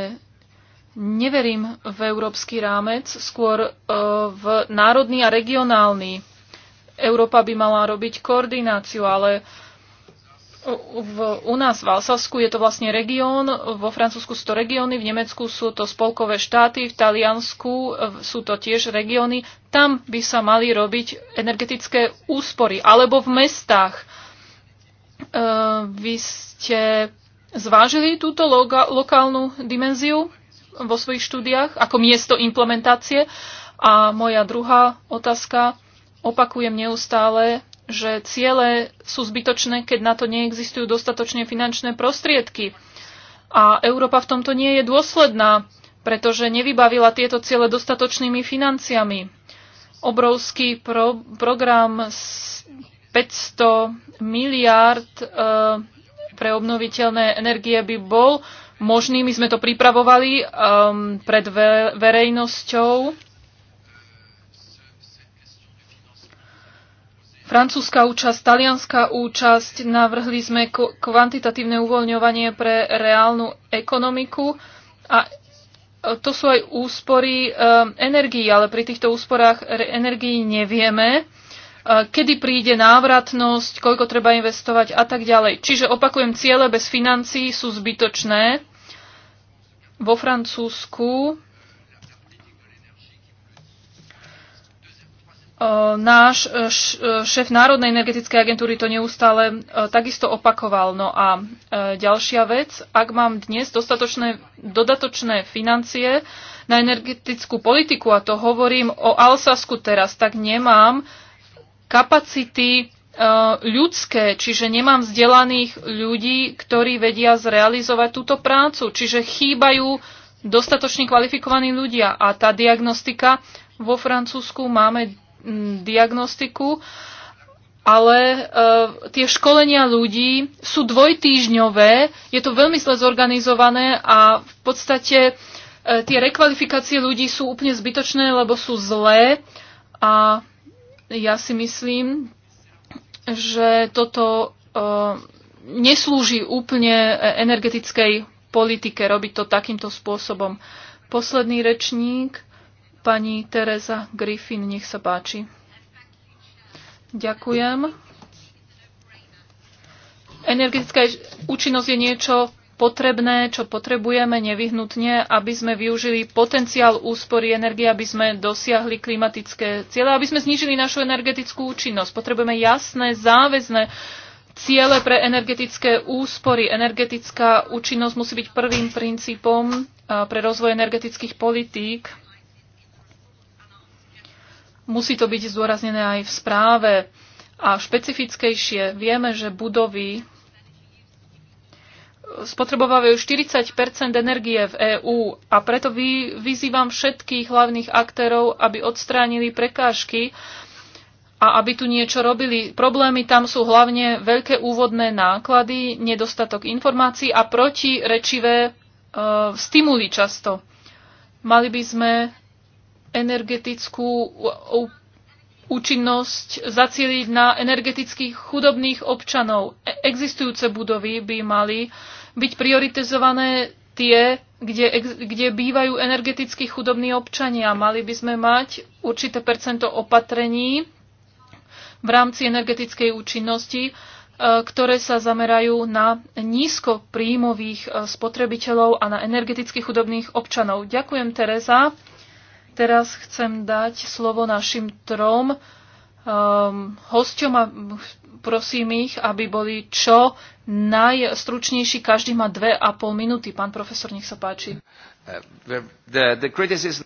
neverím v európsky rámec, skôr e, v národný a regionálny. Európa by mala robiť koordináciu, ale uh, v, u nás v Alsasku je to vlastne región, vo Francúzsku sú to regióny, v Nemecku sú to spolkové štáty, v Taliansku e, sú to tiež regióny. Tam by sa mali robiť energetické úspory. Alebo v mestách. E, vy ste zvážili túto loga, lokálnu dimenziu vo svojich štúdiách ako miesto implementácie? A moja druhá otázka, opakujem neustále, že ciele sú zbytočné, keď na to neexistujú dostatočne finančné prostriedky. A Európa v tomto nie je dôsledná, pretože nevybavila tieto ciele dostatočnými financiami. Obrovský pro- program s 500 miliárd e, pre obnoviteľné energie by bol možný. My sme to pripravovali e, pred ve- verejnosťou francúzska účasť, talianská účasť, navrhli sme kvantitatívne uvoľňovanie pre reálnu ekonomiku a e, to sú aj úspory e, energii, ale pri týchto úsporách energií nevieme, e, kedy príde návratnosť, koľko treba investovať a tak ďalej. Čiže opakujem, ciele bez financií sú zbytočné. Vo Francúzsku E, náš e, e, šéf Národnej energetickej agentúry to neustále takisto opakoval. No a ďalšia vec, ak mám dnes dostatočné dodatočné financie na energetickú politiku, a to hovorím o Alsasku teraz, tak nemám kapacity ľudské, čiže nemám vzdelaných ľudí, ktorí vedia zrealizovať túto prácu. Čiže chýbajú dostatočne kvalifikovaní ľudia a tá diagnostika vo Francúzsku máme Mm, diagnostiku, ale e, tie školenia ľudí sú dvojtýžňové, je to veľmi zle zorganizované a v podstate e, tie rekvalifikácie ľudí sú úplne zbytočné, lebo sú zlé a ja si myslím, že toto e, neslúži úplne energetickej politike robiť to takýmto spôsobom. Posledný rečník. Pani Teresa Griffin, nech sa páči. Ďakujem. Energetická účinnosť je niečo potrebné, čo potrebujeme nevyhnutne, aby sme využili potenciál úspory energie, aby sme dosiahli klimatické ciele, aby sme znížili našu energetickú účinnosť. Potrebujeme jasné, záväzné ciele pre energetické úspory. Energetická účinnosť musí byť prvým princípom pre rozvoj energetických politík Musí to byť zdôraznené aj v správe a špecifickejšie. Vieme, že budovy spotrebovávajú 40 energie v EÚ a preto vy, vyzývam všetkých hlavných aktérov, aby odstránili prekážky a aby tu niečo robili. Problémy tam sú hlavne veľké úvodné náklady, nedostatok informácií a protirečivé e, stimuly často. Mali by sme energetickú účinnosť zacieliť na energetických chudobných občanov. E- existujúce budovy by mali byť prioritizované tie, kde, kde bývajú energeticky chudobní občania. Mali by sme mať určité percento opatrení v rámci energetickej účinnosti, e, ktoré sa zamerajú na nízko príjmových e, spotrebiteľov a na energeticky chudobných občanov. Ďakujem, Teresa teraz chcem dať slovo našim trom um, hosťom a prosím ich, aby boli čo najstručnejší. Každý má dve a pol minúty. Pán profesor, nech sa páči. Uh, the, the criticism...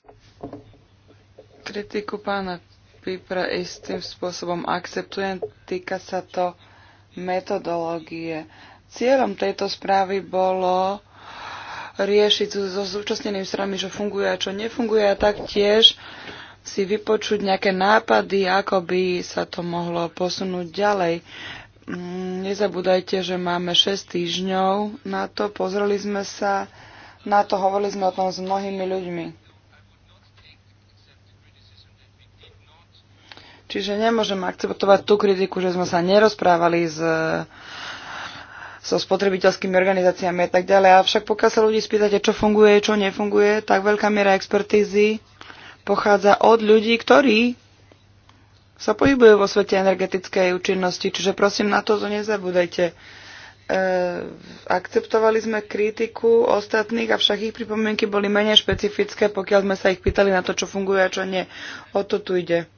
Kritiku pána Pipra istým spôsobom akceptujem. Týka sa to metodológie. Cieľom tejto správy bolo riešiť so zúčastnenými stranami, čo funguje a čo nefunguje a taktiež si vypočuť nejaké nápady, ako by sa to mohlo posunúť ďalej. Mm, nezabúdajte, že máme 6 týždňov na to, pozreli sme sa na to, hovorili sme o tom s mnohými ľuďmi. Čiže nemôžem akceptovať tú kritiku, že sme sa nerozprávali s so spotrebiteľskými organizáciami a tak ďalej. Avšak pokiaľ sa ľudí spýtate, čo funguje, čo nefunguje, tak veľká miera expertízy pochádza od ľudí, ktorí sa pohybujú vo svete energetickej účinnosti. Čiže prosím, na to nezabúdajte. E, akceptovali sme kritiku ostatných, avšak ich pripomienky boli menej špecifické, pokiaľ sme sa ich pýtali na to, čo funguje a čo nie. O to tu ide.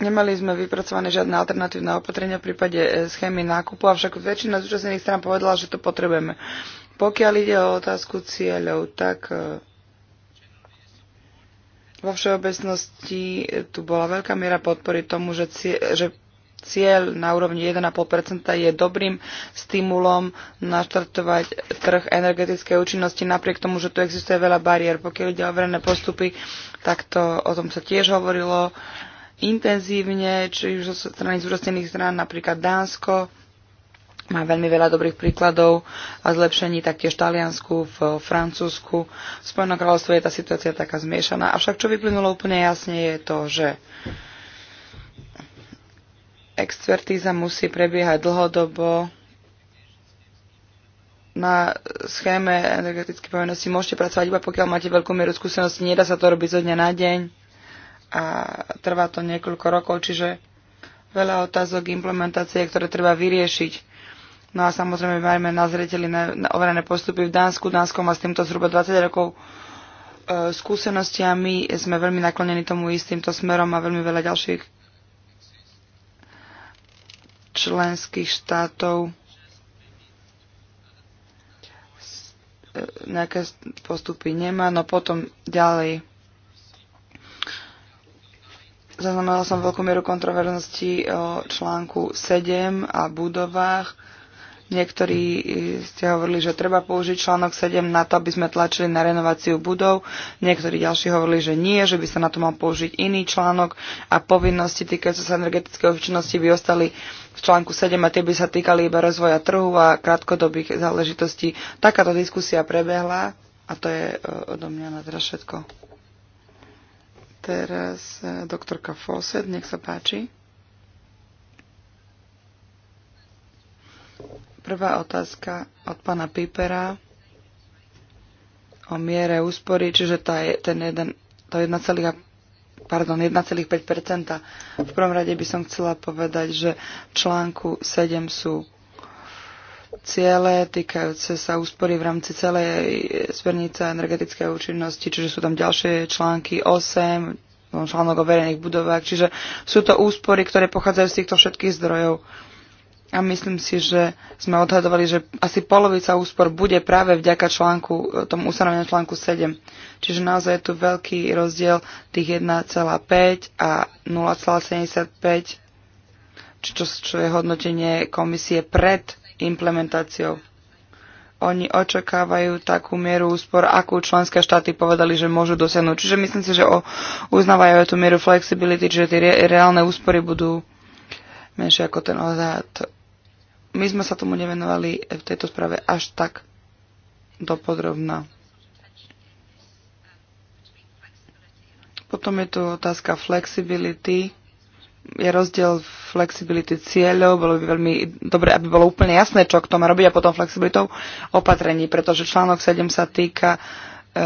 Nemali sme vypracované žiadne alternatívne opatrenia v prípade e, schémy nákupu, avšak väčšina zúčastnených strán povedala, že to potrebujeme. Pokiaľ ide o otázku cieľov, tak e, vo všeobecnosti e, tu bola veľká miera podpory tomu, že, cieľ, že cieľ na úrovni 1,5 je dobrým stimulom naštartovať trh energetickej účinnosti, napriek tomu, že tu existuje veľa bariér. Pokiaľ ide o verejné postupy, tak to, o tom sa tiež hovorilo intenzívne, či už zo strany zúrostených strán, napríklad Dánsko, má veľmi veľa dobrých príkladov a zlepšení taktiež v Taliansku, v Francúzsku. V Spojenom kráľovstve je tá situácia taká zmiešaná. Avšak čo vyplynulo úplne jasne je to, že expertíza musí prebiehať dlhodobo na schéme energetické povinnosti môžete pracovať iba pokiaľ máte veľkú mieru skúsenosti, nedá sa to robiť zo dňa na deň a trvá to niekoľko rokov, čiže veľa otázok implementácie, ktoré treba vyriešiť. No a samozrejme máme na zreteli na, na overené postupy v Dánsku. Dánsko má s týmto zhruba 20 rokov e, skúsenosti a my sme veľmi naklonení tomu istýmto smerom a veľmi veľa ďalších členských štátov e, nejaké postupy nemá. No potom ďalej Zaznamenala som veľkú mieru kontroverznosti o eh, článku 7 a budovách. Niektorí eh, ste hovorili, že treba použiť článok 7 na to, aby sme tlačili na renováciu budov. Niektorí ďalší hovorili, že nie, že by sa na to mal použiť iný článok a povinnosti týkajúce sa energetickej účinnosti by ostali v článku 7 a tie by sa týkali iba rozvoja trhu a krátkodobých záležitostí. Takáto diskusia prebehla a to je eh, odo mňa na teraz všetko. Teraz e, doktorka Fawcett, nech sa páči. Prvá otázka od pána Pipera o miere úspory, čiže tá je, ten jeden, to 1, pardon, 1,5%. V prvom rade by som chcela povedať, že v článku 7 sú ciele týkajúce sa úspory v rámci celej smernice energetickej účinnosti, čiže sú tam ďalšie články 8, no, článok o verejných budovách, čiže sú to úspory, ktoré pochádzajú z týchto všetkých zdrojov. A myslím si, že sme odhadovali, že asi polovica úspor bude práve vďaka článku, tomu ustanoveniu článku 7. Čiže naozaj je tu veľký rozdiel tých 1,5 a 0,75, čo, čo je hodnotenie komisie pred implementáciou. Oni očakávajú takú mieru úspor, akú členské štáty povedali, že môžu dosiahnuť. Čiže myslím si, že o, uznávajú tú mieru flexibility, že tie re, reálne úspory budú menšie ako ten odhad. My sme sa tomu nevenovali v tejto správe až tak dopodrobná. Potom je tu otázka flexibility je rozdiel flexibility cieľov, bolo by veľmi dobre, aby bolo úplne jasné, čo kto má robiť a potom flexibilitou opatrení, pretože článok 7 sa týka e,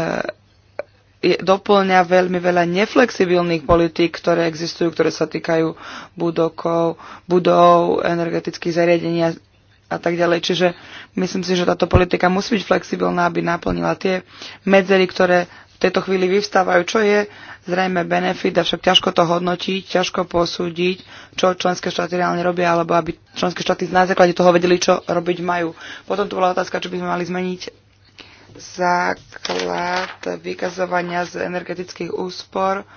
je, doplňa veľmi veľa neflexibilných politík, ktoré existujú, ktoré sa týkajú budokov, budov, energetických zariadení a, a tak ďalej. Čiže myslím si, že táto politika musí byť flexibilná, aby naplnila tie medzery, ktoré v tejto chvíli vyvstávajú, čo je zrejme benefit, avšak ťažko to hodnotiť, ťažko posúdiť, čo členské štáty reálne robia, alebo aby členské štáty na základe toho vedeli, čo robiť majú. Potom tu bola otázka, čo by sme mali zmeniť základ vykazovania z energetických úspor.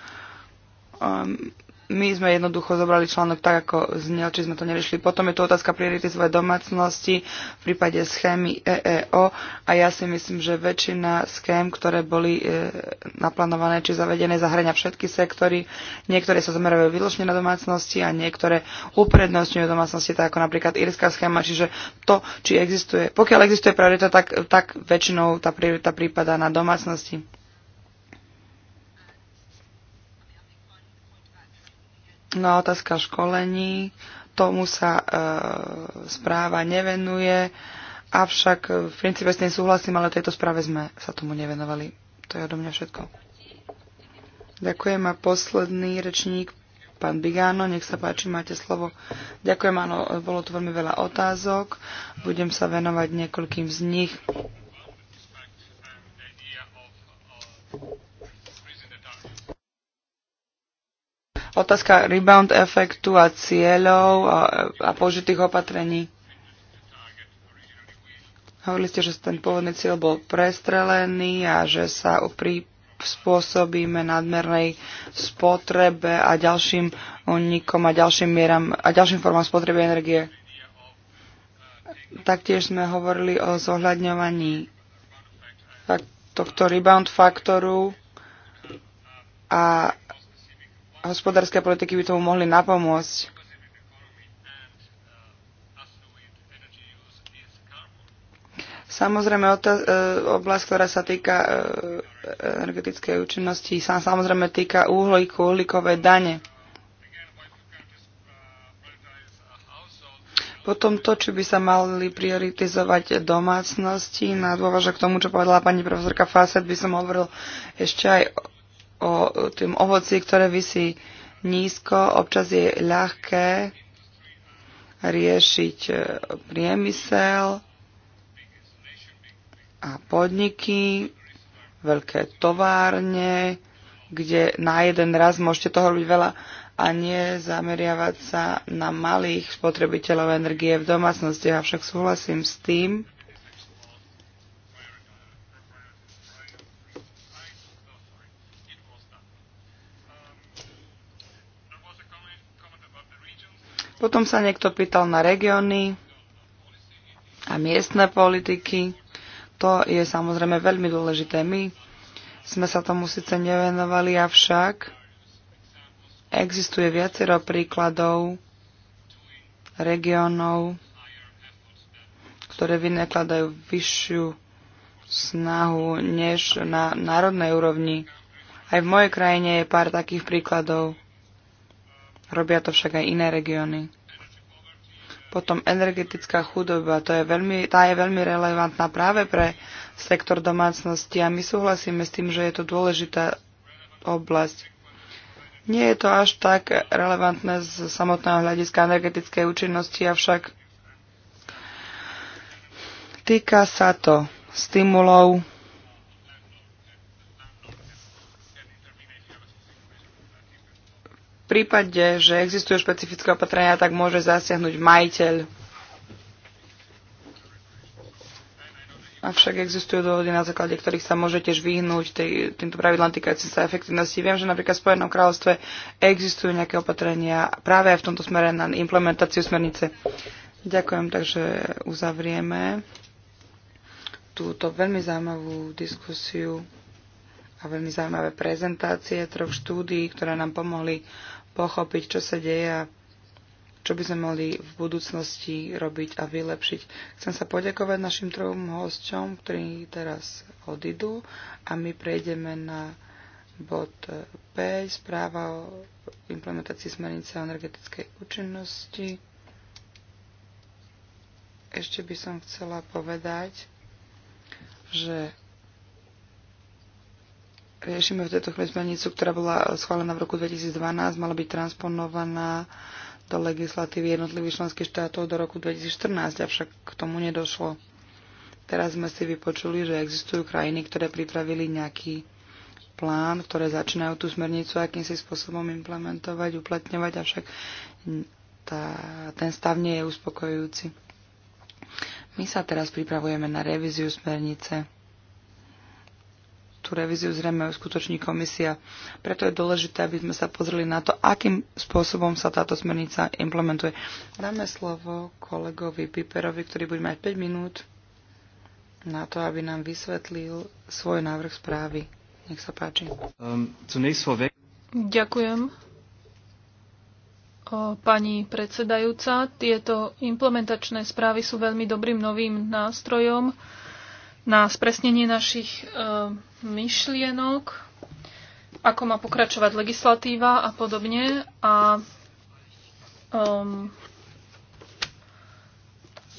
Um, my sme jednoducho zobrali článok tak, ako znel, či sme to neriešili. Potom je tu otázka svojej domácnosti v prípade schémy EEO a ja si myslím, že väčšina schém, ktoré boli e, naplánované či zavedené, zahrania všetky sektory. Niektoré sa zamerajú výločne na domácnosti a niektoré uprednostňujú domácnosti, tak ako napríklad írska schéma, čiže to, či existuje, pokiaľ existuje priorita, tak, tak väčšinou tá priorita prípada na domácnosti. No a otázka školení, tomu sa e, správa nevenuje, avšak v princípe s tým súhlasím, ale tejto správe sme sa tomu nevenovali. To je odo mňa všetko. Ďakujem a posledný rečník, pán Bigáno, nech sa páči, máte slovo. Ďakujem, áno, bolo tu veľmi veľa otázok, budem sa venovať niekoľkým z nich. Otázka rebound efektu a cieľov a, a použitých opatrení. Hovorili ste, že ten pôvodný cieľ bol prestrelený a že sa prispôsobíme nadmernej spotrebe a ďalším únikom a ďalším mieram a ďalším formám spotreby energie. Taktiež sme hovorili o zohľadňovaní tohto rebound faktoru a hospodárske politiky by tomu mohli napomôcť. Samozrejme, e, oblasť, ktorá sa týka e, energetickej účinnosti, sa samozrejme týka uhlíku, uhlíkovej dane. Potom to, či by sa mali prioritizovať domácnosti, na dôvažok k tomu, čo povedala pani profesorka Fasset, by som hovoril ešte aj o tým ovoci, ktoré vysí nízko. Občas je ľahké riešiť e, priemysel a podniky, veľké továrne, kde na jeden raz môžete toho robiť veľa a nie zameriavať sa na malých spotrebiteľov energie v domácnostiach. Avšak súhlasím s tým, Potom sa niekto pýtal na regióny a miestne politiky. To je samozrejme veľmi dôležité. My sme sa tomu síce nevenovali, avšak existuje viacero príkladov regiónov, ktoré vynakladajú vyššiu snahu než na národnej úrovni. Aj v mojej krajine je pár takých príkladov. Robia to však aj iné regióny. Potom energetická chudoba, to je veľmi, tá je veľmi relevantná práve pre sektor domácnosti a my súhlasíme s tým, že je to dôležitá oblasť. Nie je to až tak relevantné z samotného hľadiska energetickej účinnosti, avšak týka sa to stimulov prípade, že existujú špecifické opatrenia, tak môže zasiahnuť majiteľ. Avšak existujú dôvody, na základe ktorých sa môže tiež vyhnúť tý, týmto pravidlám týkajúcim sa efektivnosti. Viem, že napríklad v Spojenom kráľovstve existujú nejaké opatrenia práve aj v tomto smere na implementáciu smernice. Ďakujem, takže uzavrieme túto veľmi zaujímavú diskusiu a veľmi zaujímavé prezentácie troch štúdií, ktoré nám pomohli pochopiť, čo sa deje a čo by sme mohli v budúcnosti robiť a vylepšiť. Chcem sa poďakovať našim trom hosťom, ktorí teraz odídu a my prejdeme na bod 5, správa o implementácii smernice o energetickej účinnosti. Ešte by som chcela povedať, že riešime v tejto chvíli smernicu, ktorá bola schválená v roku 2012, mala byť transponovaná do legislatívy jednotlivých členských štátov do roku 2014, avšak k tomu nedošlo. Teraz sme si vypočuli, že existujú krajiny, ktoré pripravili nejaký plán, ktoré začínajú tú smernicu akýmsi spôsobom implementovať, uplatňovať, avšak tá, ten stav nie je uspokojujúci. My sa teraz pripravujeme na revíziu smernice tú revíziu zrejme uskutoční komisia. Preto je dôležité, aby sme sa pozreli na to, akým spôsobom sa táto smernica implementuje. Dáme slovo kolegovi Piperovi, ktorý bude mať 5 minút na to, aby nám vysvetlil svoj návrh správy. Nech sa páči. Um, Ďakujem. O, pani predsedajúca, tieto implementačné správy sú veľmi dobrým novým nástrojom, na spresnenie našich e, myšlienok, ako má pokračovať legislatíva a podobne. A um,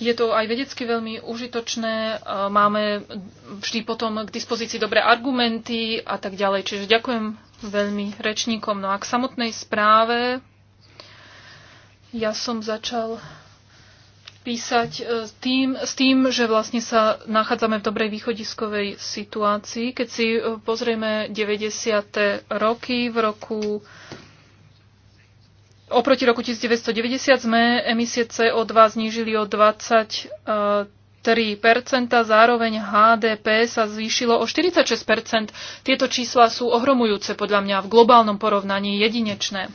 je to aj vedecky veľmi užitočné, e, máme vždy potom k dispozícii dobré argumenty a tak ďalej. Čiže ďakujem veľmi rečníkom. No a k samotnej správe ja som začal písať e, s tým, s tým, že vlastne sa nachádzame v dobrej východiskovej situácii. Keď si e, pozrieme 90. roky, v roku oproti roku 1990 sme emisie CO2 znížili o 23%, zároveň HDP sa zvýšilo o 46%. Tieto čísla sú ohromujúce podľa mňa v globálnom porovnaní jedinečné.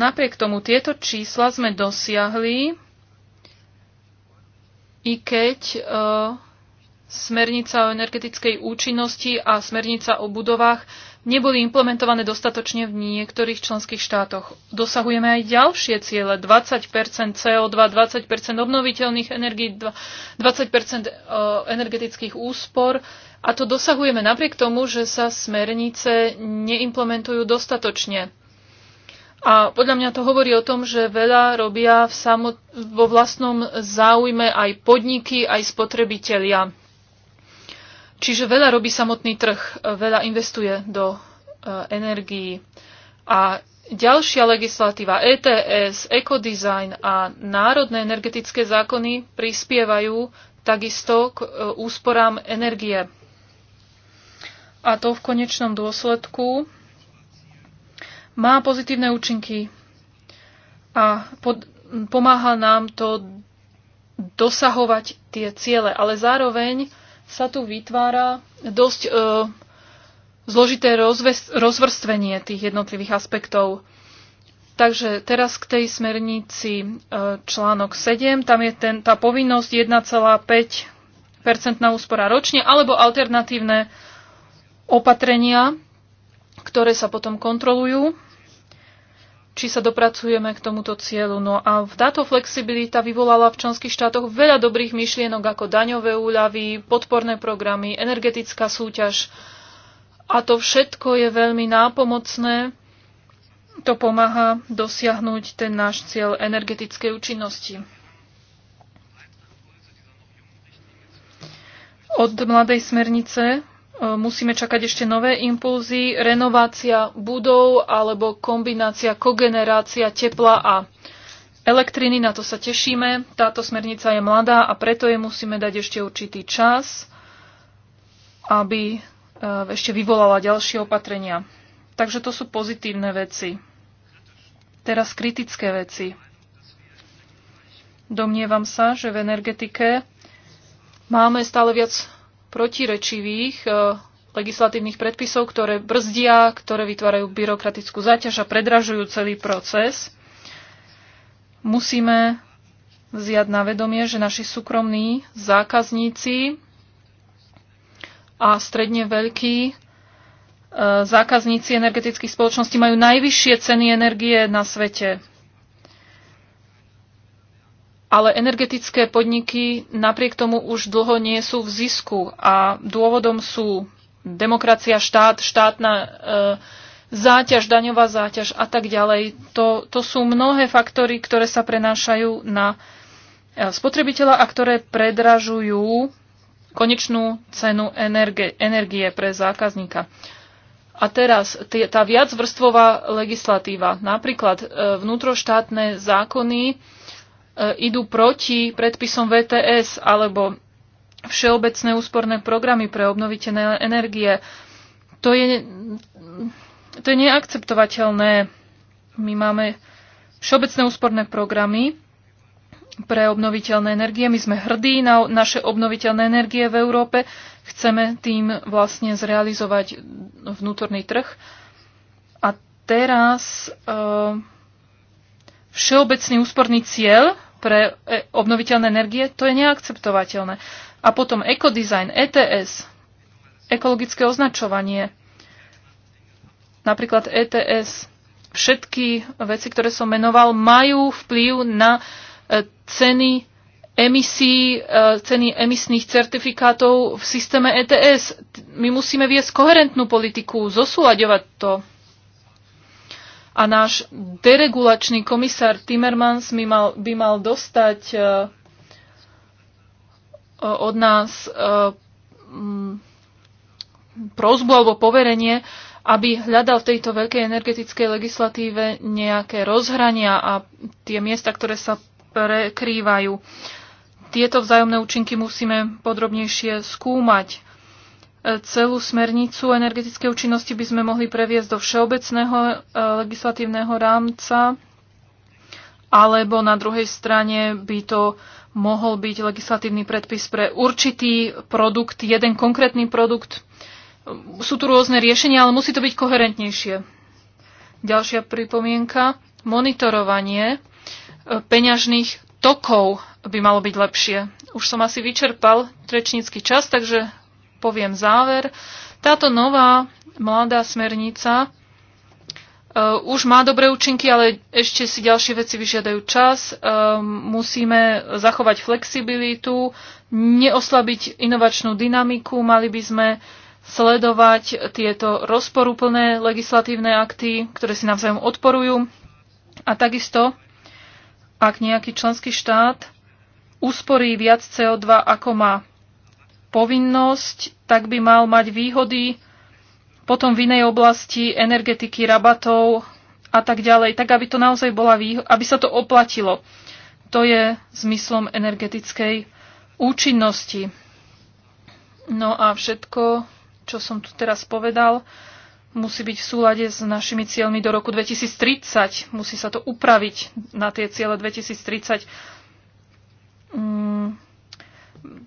Napriek tomu tieto čísla sme dosiahli, i keď e, smernica o energetickej účinnosti a smernica o budovách neboli implementované dostatočne v niektorých členských štátoch. Dosahujeme aj ďalšie ciele. 20 CO2, 20 obnoviteľných energií, 20 e, energetických úspor. A to dosahujeme napriek tomu, že sa smernice neimplementujú dostatočne. A podľa mňa to hovorí o tom, že veľa robia v samot- vo vlastnom záujme aj podniky, aj spotrebitelia. Čiže veľa robí samotný trh, veľa investuje do e, energií. A ďalšia legislatíva ETS, ekodizajn a národné energetické zákony prispievajú takisto k e, úsporám energie. A to v konečnom dôsledku má pozitívne účinky a pod, pomáha nám to dosahovať tie ciele, ale zároveň sa tu vytvára dosť e, zložité rozves, rozvrstvenie tých jednotlivých aspektov. Takže teraz k tej smernici e, článok 7, tam je ten, tá povinnosť 1,5 úspora ročne alebo alternatívne opatrenia, ktoré sa potom kontrolujú či sa dopracujeme k tomuto cieľu. No a táto flexibilita vyvolala v členských štátoch veľa dobrých myšlienok ako daňové úľavy, podporné programy, energetická súťaž. A to všetko je veľmi nápomocné. To pomáha dosiahnuť ten náš cieľ energetickej účinnosti. Od mladej smernice E, musíme čakať ešte nové impulzy, renovácia budov alebo kombinácia kogenerácia tepla a elektriny, na to sa tešíme. Táto smernica je mladá a preto je musíme dať ešte určitý čas, aby e, ešte vyvolala ďalšie opatrenia. Takže to sú pozitívne veci. Teraz kritické veci. Domnievam sa, že v energetike máme stále viac protirečivých eh, legislatívnych predpisov, ktoré brzdia, ktoré vytvárajú byrokratickú záťaž a predražujú celý proces. Musíme vziať na vedomie, že naši súkromní zákazníci a stredne veľkí eh, zákazníci energetických spoločností majú najvyššie ceny energie na svete ale energetické podniky napriek tomu už dlho nie sú v zisku a dôvodom sú demokracia, štát, štátna e, záťaž, daňová záťaž a tak ďalej. To, to sú mnohé faktory, ktoré sa prenášajú na e, spotrebiteľa a ktoré predražujú konečnú cenu energie, energie pre zákazníka. A teraz tá viacvrstvová legislatíva, napríklad e, vnútroštátne zákony, E, idú proti predpisom VTS alebo všeobecné úsporné programy pre obnoviteľné energie. To je, to je neakceptovateľné. My máme všeobecné úsporné programy pre obnoviteľné energie. My sme hrdí na naše obnoviteľné energie v Európe. Chceme tým vlastne zrealizovať vnútorný trh. A teraz e, všeobecný úsporný cieľ pre e, obnoviteľné energie, to je neakceptovateľné. A potom ekodizajn, ETS, ekologické označovanie, napríklad ETS, všetky veci, ktoré som menoval, majú vplyv na e, ceny emisí, e, ceny emisných certifikátov v systéme ETS. My musíme viesť koherentnú politiku, zosúľaďovať to. A náš deregulačný komisár Timmermans by mal, by mal dostať e, e, od nás e, prozbu alebo poverenie, aby hľadal v tejto veľkej energetickej legislatíve nejaké rozhrania a tie miesta, ktoré sa prekrývajú. Tieto vzájomné účinky musíme podrobnejšie skúmať celú smernicu energetickej účinnosti by sme mohli previesť do všeobecného e, legislatívneho rámca, alebo na druhej strane by to mohol byť legislatívny predpis pre určitý produkt, jeden konkrétny produkt. Sú tu rôzne riešenia, ale musí to byť koherentnejšie. Ďalšia pripomienka. Monitorovanie e, peňažných tokov by malo byť lepšie. Už som asi vyčerpal trečnícky čas, takže poviem záver. Táto nová mladá smernica Uh, už má dobré účinky, ale ešte si ďalšie veci vyžiadajú čas. Uh, musíme zachovať flexibilitu, neoslabiť inovačnú dynamiku, mali by sme sledovať tieto rozporúplné legislatívne akty, ktoré si navzájom odporujú. A takisto, ak nejaký členský štát usporí viac CO2, ako má povinnosť, tak by mal mať výhody potom v inej oblasti energetiky, rabatov a tak ďalej, tak aby to naozaj bola výhoda, aby sa to oplatilo. To je zmyslom energetickej účinnosti. No a všetko, čo som tu teraz povedal, musí byť v súlade s našimi cieľmi do roku 2030. Musí sa to upraviť na tie ciele 2030. Mm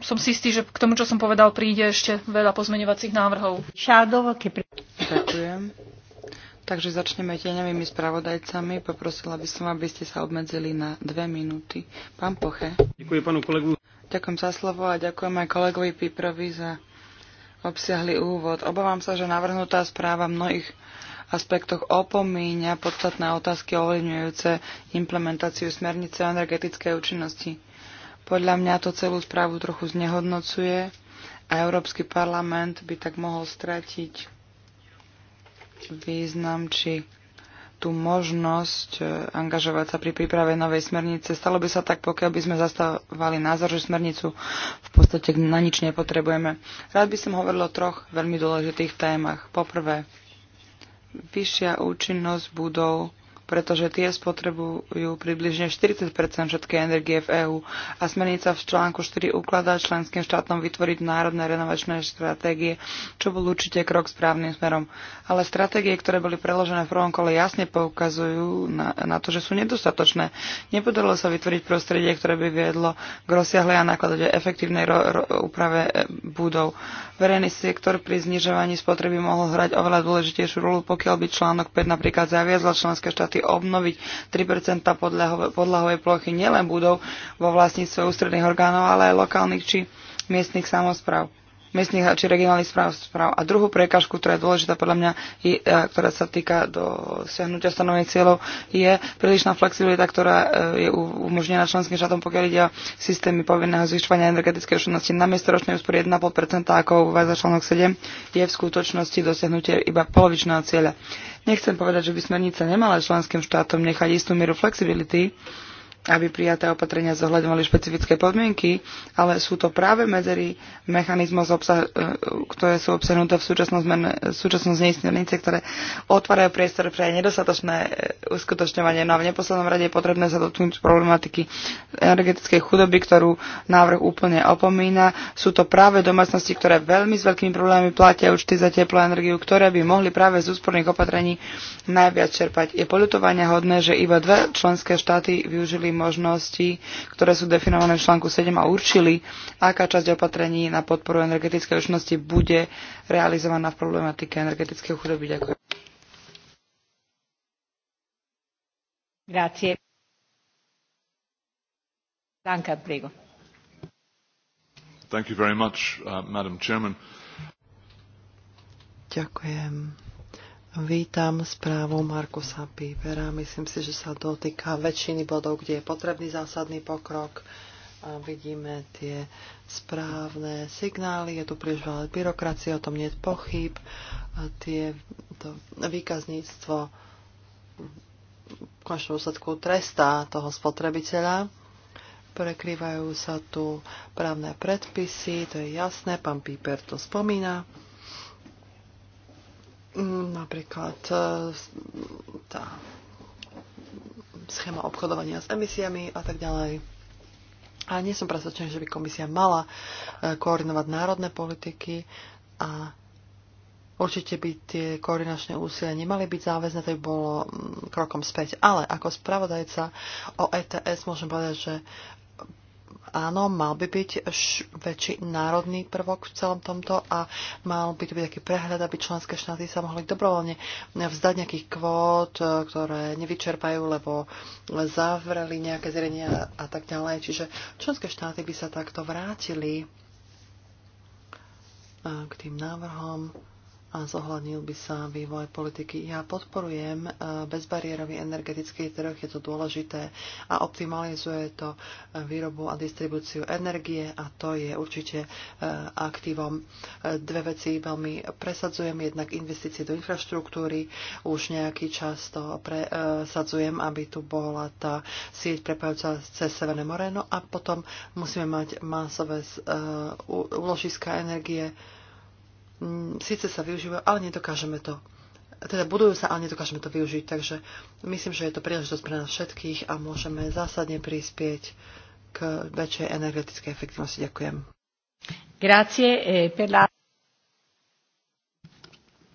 som si istý, že k tomu, čo som povedal, príde ešte veľa pozmeňovacích návrhov. Šádovo, Ďakujem. Takže začneme tieňovými spravodajcami. Poprosila by som, aby ste sa obmedzili na dve minúty. Pán Poche. Ďakujem pánu kolegu. Ďakujem za slovo a ďakujem aj kolegovi Piprovi za obsiahly úvod. Obávam sa, že navrhnutá správa v mnohých aspektoch opomíňa podstatné otázky ovlivňujúce implementáciu smernice o energetickej účinnosti. Podľa mňa to celú správu trochu znehodnocuje a Európsky parlament by tak mohol stratiť význam či tú možnosť e, angažovať sa pri príprave novej smernice. Stalo by sa tak, pokiaľ by sme zastávali názor, že smernicu v podstate na nič nepotrebujeme. Rád by som hovoril o troch veľmi dôležitých témach. Poprvé, vyššia účinnosť budov pretože tie spotrebujú približne 40 všetkej energie v EÚ a smernica v článku 4 ukladá členským štátom vytvoriť národné renovačné stratégie, čo bol určite krok správnym smerom. Ale stratégie, ktoré boli preložené v prvom kole, jasne poukazujú na, na to, že sú nedostatočné. Nepodarilo sa vytvoriť prostredie, ktoré by viedlo k rozsiahlej a nákladovej efektívnej ro, ro, úprave e, budov. Verejný sektor pri znižovaní spotreby mohol hrať oveľa dôležitejšiu rolu, pokiaľ by článok 5 napríklad zaviazla členské štáty možnosti obnoviť 3 podlahové, podlahovej plochy nielen budov vo vlastníctve ústredných orgánov, ale aj lokálnych či miestnych samozpráv miestnych či regionálnych správ, správ. A druhú prekažku, ktorá je dôležitá podľa mňa, je, ktorá sa týka dosiahnutia stanovených cieľov, je prílišná flexibilita, ktorá e, je umožnená členským štátom, pokiaľ ide o systémy povinného zvyšovania energetickej účinnosti. Na miesto ročnej úspory 1,5%, ako uvádza článok 7, je v skutočnosti dosiahnutie iba polovičného cieľa. Nechcem povedať, že by smernica nemala členským štátom nechať istú mieru flexibility, aby prijaté opatrenia zohľadňovali špecifické podmienky, ale sú to práve medzery mechanizmov, e, ktoré sú obsahnuté v súčasnom, zmene, znení smernice, ktoré otvárajú priestor pre nedostatočné e, uskutočňovanie. No a v neposlednom rade je potrebné sa dotknúť problematiky energetickej chudoby, ktorú návrh úplne opomína. Sú to práve domácnosti, ktoré veľmi s veľkými problémami platia účty za teplú energiu, ktoré by mohli práve z úsporných opatrení najviac čerpať. Je poľutovania hodné, že iba dve členské štáty využili možnosti, ktoré sú definované v článku 7 a určili, aká časť opatrení na podporu energetickej účinnosti bude realizovaná v problematike energetickej chudoby. Ďakujem. Grazie. Danke, prego. Thank you very much, uh, Madam Chairman. Ďakujem Vítam správu Markusa Pípera. Myslím si, že sa dotýka väčšiny bodov, kde je potrebný zásadný pokrok. A vidíme tie správne signály, je tu príliš veľa byrokracie, o tom nie je pochyb. A tie, to výkazníctvo v končnom úsledku trestá toho spotrebiteľa. Prekrývajú sa tu právne predpisy, to je jasné, pán Píper to spomína Mm, napríklad e, tá schéma obchodovania s emisiami a tak ďalej. A nie som presvedčený, že by komisia mala e, koordinovať národné politiky a Určite by tie koordinačné úsilia nemali byť záväzné, to by bolo mm, krokom späť. Ale ako spravodajca o ETS môžem povedať, že áno, mal by byť väčší národný prvok v celom tomto a mal by to byť taký prehľad, aby členské štáty sa mohli dobrovoľne vzdať nejakých kvót, e, ktoré nevyčerpajú, lebo zavreli nejaké zrenia a tak ďalej. Čiže členské štáty by sa takto vrátili e, k tým návrhom a zohľadnil by sa vývoj politiky. Ja podporujem e, bezbariérový energetický trh, je to dôležité a optimalizuje to e, výrobu a distribúciu energie a to je určite e, aktívom. Dve veci veľmi presadzujem, jednak investície do infraštruktúry, už nejaký čas to presadzujem, aby tu bola tá sieť prepajúca cez Severné Moreno a potom musíme mať masové uložiska energie, Mm, síce sa využívajú, ale nedokážeme to. Teda budujú sa, ale nedokážeme to využiť. Takže myslím, že je to príležitosť pre nás všetkých a môžeme zásadne prispieť k väčšej energetickej efektivnosti. Ďakujem. Grazie eh, per la...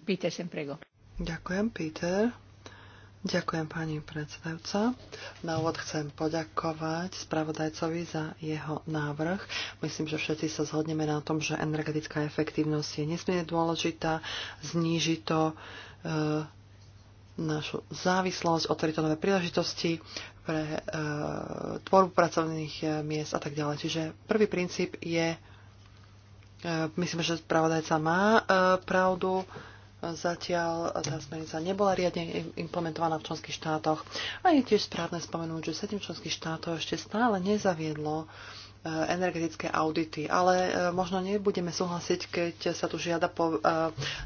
Peter, sem prego. Ďakujem, Peter. Ďakujem pani predsedajúca. Na úvod chcem poďakovať spravodajcovi za jeho návrh. Myslím, že všetci sa zhodneme na tom, že energetická efektívnosť je nesmierne dôležitá, zníži to e, našu závislosť, otvorí to nové príležitosti pre e, tvorbu pracovných e, miest a tak ďalej. Čiže prvý princíp je, e, myslím, že spravodajca má e, pravdu, e, Zatiaľ tá smernica nebola riadne implementovaná v členských štátoch. A je tiež správne spomenúť, že 7 členských štátov ešte stále nezaviedlo e, energetické audity, ale e, možno nebudeme súhlasiť, keď sa tu žiada po e,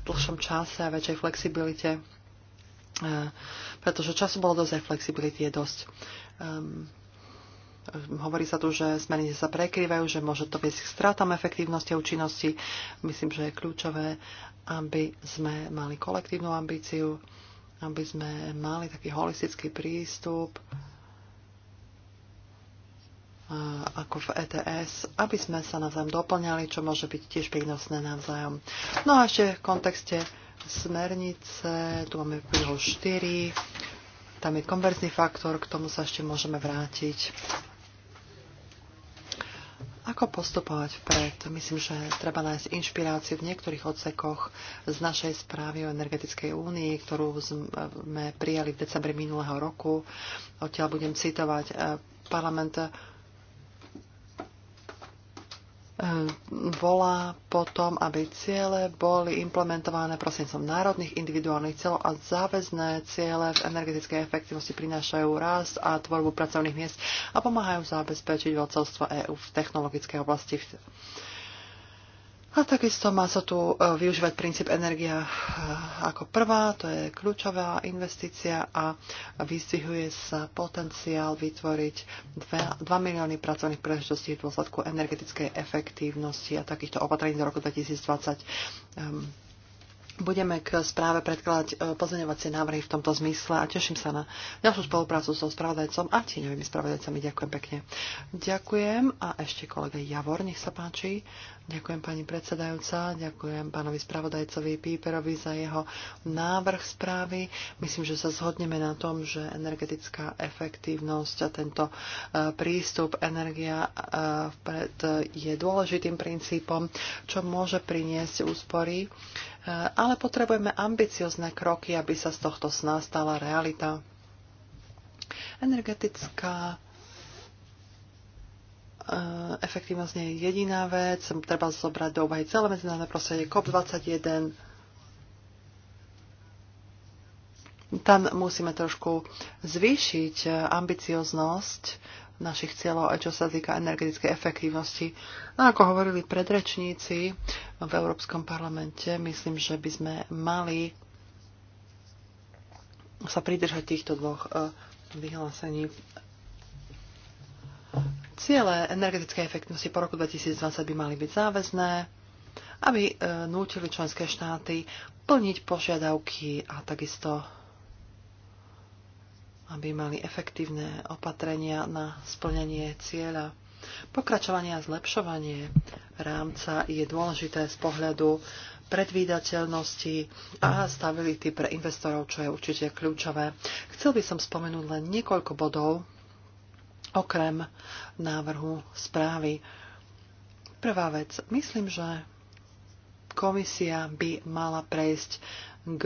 dlhšom čase a väčšej flexibilite, pretože času bolo dosť aj flexibility je dosť. Ehm, Hovorí sa tu, že smernice sa prekrývajú, že môže to viesť k stratám efektívnosti a účinnosti. Myslím, že je kľúčové, aby sme mali kolektívnu ambíciu, aby sme mali taký holistický prístup ako v ETS, aby sme sa navzájom doplňali, čo môže byť tiež prínosné navzájom. No a ešte v kontexte smernice, tu máme prílohu 4, tam je konverzný faktor, k tomu sa ešte môžeme vrátiť. Ako postupovať vpred? Myslím, že treba nájsť inšpiráciu v niektorých odsekoch z našej správy o energetickej únii, ktorú sme prijali v decembri minulého roku. Odtiaľ budem citovať eh, parlament Ehm, volá potom, aby ciele boli implementované prostredníctvom národných individuálnych cieľov a záväzné ciele v energetickej efektivnosti prinášajú rast a tvorbu pracovných miest a pomáhajú zabezpečiť vodcovstvo EÚ v technologickej oblasti. A takisto má sa tu e, využívať princíp energia e, ako prvá, to je kľúčová investícia a vystihuje sa potenciál vytvoriť 2 milióny pracovných príležitostí v dôsledku energetickej efektívnosti a takýchto opatrení do roku 2020. Budeme k správe predkladať e, pozmeňovacie návrhy v tomto zmysle a teším sa na ďalšiu spoluprácu so spravodajcom a tieňovými spravodajcami. Ďakujem pekne. Ďakujem a ešte kolega Javor, nech sa páči. Ďakujem pani predsedajúca, ďakujem pánovi spravodajcovi Píperovi za jeho návrh správy. Myslím, že sa zhodneme na tom, že energetická efektívnosť a tento e, prístup energia e, je dôležitým princípom, čo môže priniesť úspory ale potrebujeme ambiciozne kroky, aby sa z tohto sna stala realita. Energetická e, efektívnosť nie je jediná vec, treba zobrať do úvahy celé medzinárodné prostredie COP21. Tam musíme trošku zvýšiť ambicioznosť našich cieľov, aj čo sa týka energetickej efektívnosti. No ako hovorili predrečníci v Európskom parlamente, myslím, že by sme mali sa pridržať týchto dvoch e, vyhlásení. Ciele energetickej efektivnosti po roku 2020 by mali byť záväzné, aby e, nútili členské štáty plniť požiadavky a takisto aby mali efektívne opatrenia na splnenie cieľa. Pokračovanie a zlepšovanie rámca je dôležité z pohľadu predvídateľnosti a stability pre investorov, čo je určite kľúčové. Chcel by som spomenúť len niekoľko bodov, okrem návrhu správy. Prvá vec. Myslím, že komisia by mala prejsť k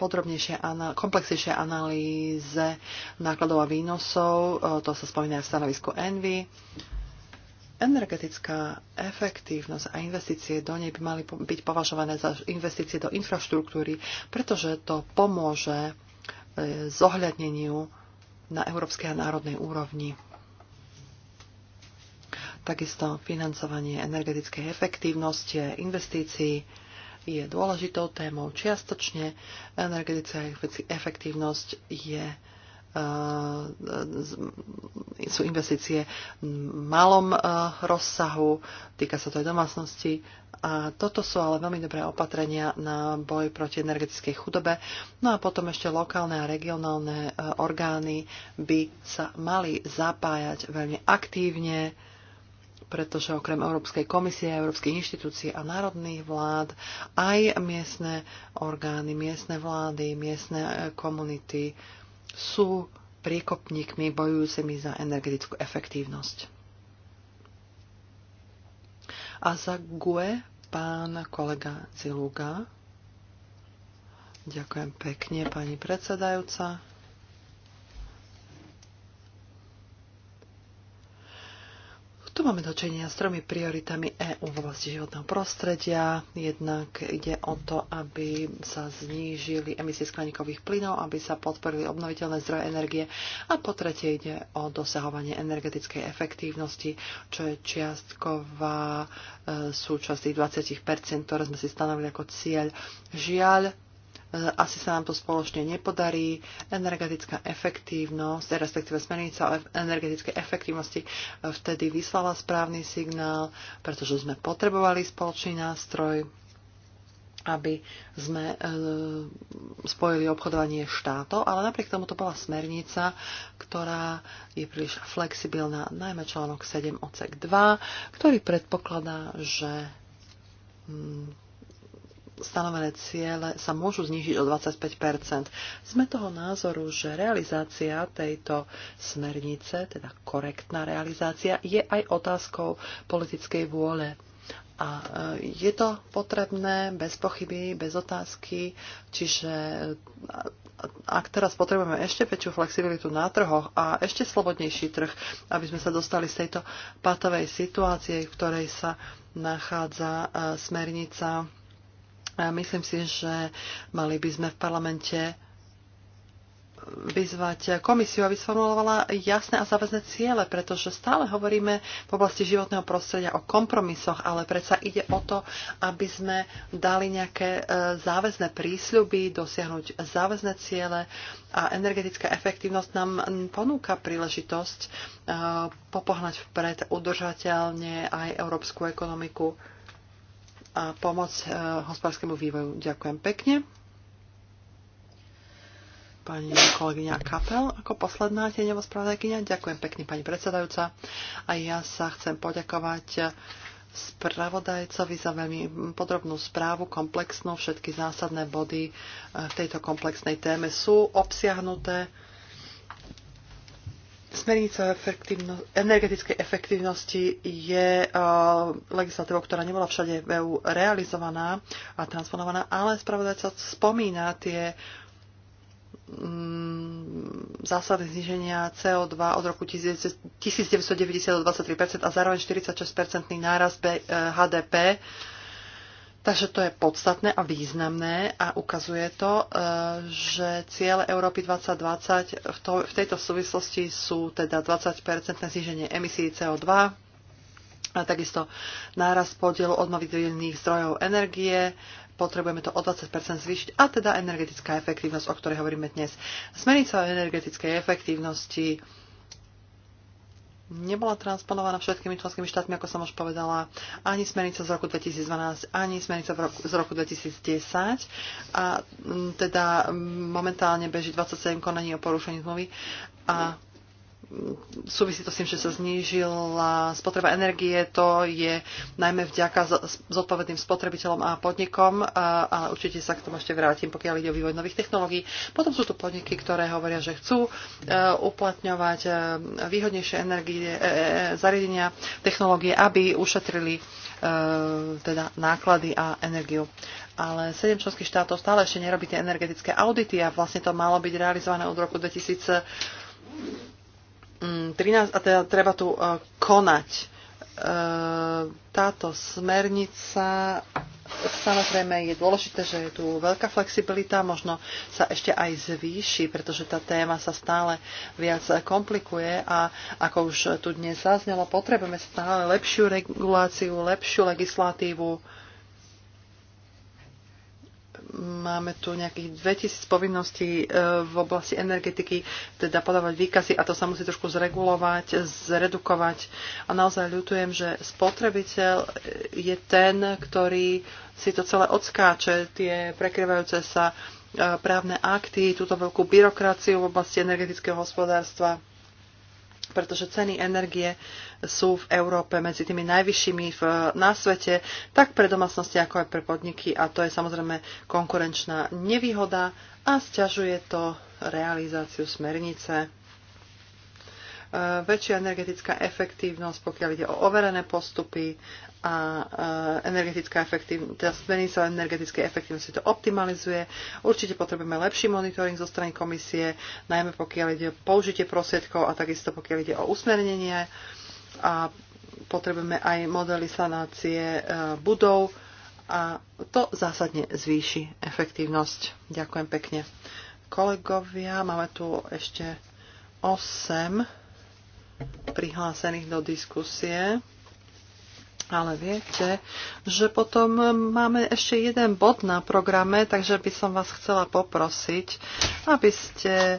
podrobnejšie, komplexnejšie analýze nákladov a výnosov. E, to sa spomína aj v stanovisku Envy. Energetická efektívnosť a investície do nej by mali byť považované za investície do infraštruktúry, pretože to pomôže e, zohľadneniu na európskej a národnej úrovni. Takisto financovanie energetickej efektívnosti, investícií, je dôležitou témou čiastočne. Energetická efektívnosť je e, sú investície v malom e, rozsahu, týka sa to aj domácnosti. A toto sú ale veľmi dobré opatrenia na boj proti energetickej chudobe. No a potom ešte lokálne a regionálne e, orgány by sa mali zapájať veľmi aktívne pretože okrem Európskej komisie, Európskych inštitúcií a národných vlád aj miestne orgány, miestne vlády, miestne e, komunity sú priekopníkmi bojujúcimi za energetickú efektívnosť. A za GUE pán kolega Ziluga. Ďakujem pekne, pani predsedajúca. Tu máme dočenia s tromi prioritami EÚ v oblasti životného prostredia. Jednak ide o to, aby sa znížili emisie skleníkových plynov, aby sa podporili obnoviteľné zdroje energie a po tretie ide o dosahovanie energetickej efektívnosti, čo je čiastková e, súčasť tých 20%, ktoré sme si stanovili ako cieľ. Žiaľ, E, asi sa nám to spoločne nepodarí. Energetická efektívnosť, respektíve smernica o energetickej efektívnosti e, vtedy vyslala správny signál, pretože sme potrebovali spoločný nástroj, aby sme e, spojili obchodovanie štátov, ale napriek tomu to bola smernica, ktorá je príliš flexibilná, najmä článok 7 odsek 2, ktorý predpokladá, že mm, stanovené ciele sa môžu znížiť o 25 Sme toho názoru, že realizácia tejto smernice, teda korektná realizácia, je aj otázkou politickej vôle. A e, je to potrebné bez pochyby, bez otázky, čiže e, ak teraz potrebujeme ešte väčšiu flexibilitu na trhoch a ešte slobodnejší trh, aby sme sa dostali z tejto patovej situácie, v ktorej sa nachádza e, smernica Myslím si, že mali by sme v parlamente vyzvať komisiu, aby sformulovala jasné a záväzné ciele, pretože stále hovoríme v oblasti životného prostredia o kompromisoch, ale predsa ide o to, aby sme dali nejaké e, záväzné prísľuby, dosiahnuť záväzné ciele a energetická efektívnosť nám ponúka príležitosť e, popohnať vpred udržateľne aj európsku ekonomiku a pomoc e, hospodárskému vývoju. Ďakujem pekne. Pani kolegyňa Kapel, ako posledná tieňová spravodajkyňa. Ďakujem pekne, pani predsedajúca. A ja sa chcem poďakovať spravodajcovi za veľmi podrobnú správu, komplexnú. Všetky zásadné body e, v tejto komplexnej téme sú obsiahnuté Smernica efektívno, energetickej efektívnosti je uh, legislatívou, ktorá nebola všade v EU realizovaná a transponovaná, ale spravodajca spomína tie mm, zásady zniženia CO2 od roku 1990 do 23% a zároveň 46% nárast e, HDP uh, Takže to je podstatné a významné a ukazuje to, e, že cieľ Európy 2020 v, to, v tejto súvislosti sú teda 20-percentné zníženie emisí CO2 a takisto náraz podielu obnoviteľných zdrojov energie, potrebujeme to o 20 zvýšiť, a teda energetická efektívnosť, o ktorej hovoríme dnes. Smernica o energetickej efektívnosti nebola transponovaná všetkými členskými štátmi, ako som už povedala, ani smernica z roku 2012, ani smernica z roku 2010. A teda momentálne beží 27 konaní o porušení zmluvy a súvisí to s tým, že sa znížila spotreba energie. To je najmä vďaka zodpovedným spotrebiteľom a podnikom, ale určite sa k tomu ešte vrátim, pokiaľ ide o vývoj nových technológií. Potom sú tu podniky, ktoré hovoria, že chcú e, uplatňovať e, výhodnejšie energie, e, zariadenia, technológie, aby ušetrili teda náklady a energiu. Ale sedem členských štátov stále ešte nerobí tie energetické audity a vlastne to malo byť realizované od roku 2000 13, mm, a teda treba tu e, konať. E, táto smernica samozrejme je dôležité, že je tu veľká flexibilita, možno sa ešte aj zvýši, pretože tá téma sa stále viac komplikuje a ako už tu dnes zaznelo, potrebujeme stále lepšiu reguláciu, lepšiu legislatívu máme tu nejakých 2000 povinností e, v oblasti energetiky, teda podávať výkazy a to sa musí trošku zregulovať, zredukovať. A naozaj ľutujem, že spotrebiteľ e, je ten, ktorý si to celé odskáče, tie prekryvajúce sa e, právne akty, túto veľkú byrokraciu v oblasti energetického hospodárstva pretože ceny energie sú v Európe medzi tými najvyššími v, na svete, tak pre domácnosti ako aj pre podniky a to je samozrejme konkurenčná nevýhoda a sťažuje to realizáciu smernice. E, väčšia energetická efektívnosť, pokiaľ ide o overené postupy a e, energetická efektívnosť, teda smernica sa energetickej efektívnosti to optimalizuje. Určite potrebujeme lepší monitoring zo strany komisie, najmä pokiaľ ide o použitie prosiedkov a takisto pokiaľ ide o usmernenie a potrebujeme aj modely sanácie e, budov a to zásadne zvýši efektívnosť. Ďakujem pekne. Kolegovia, máme tu ešte 8 prihlásených do diskusie. Ale viete, že potom máme ešte jeden bod na programe, takže by som vás chcela poprosiť, aby ste e,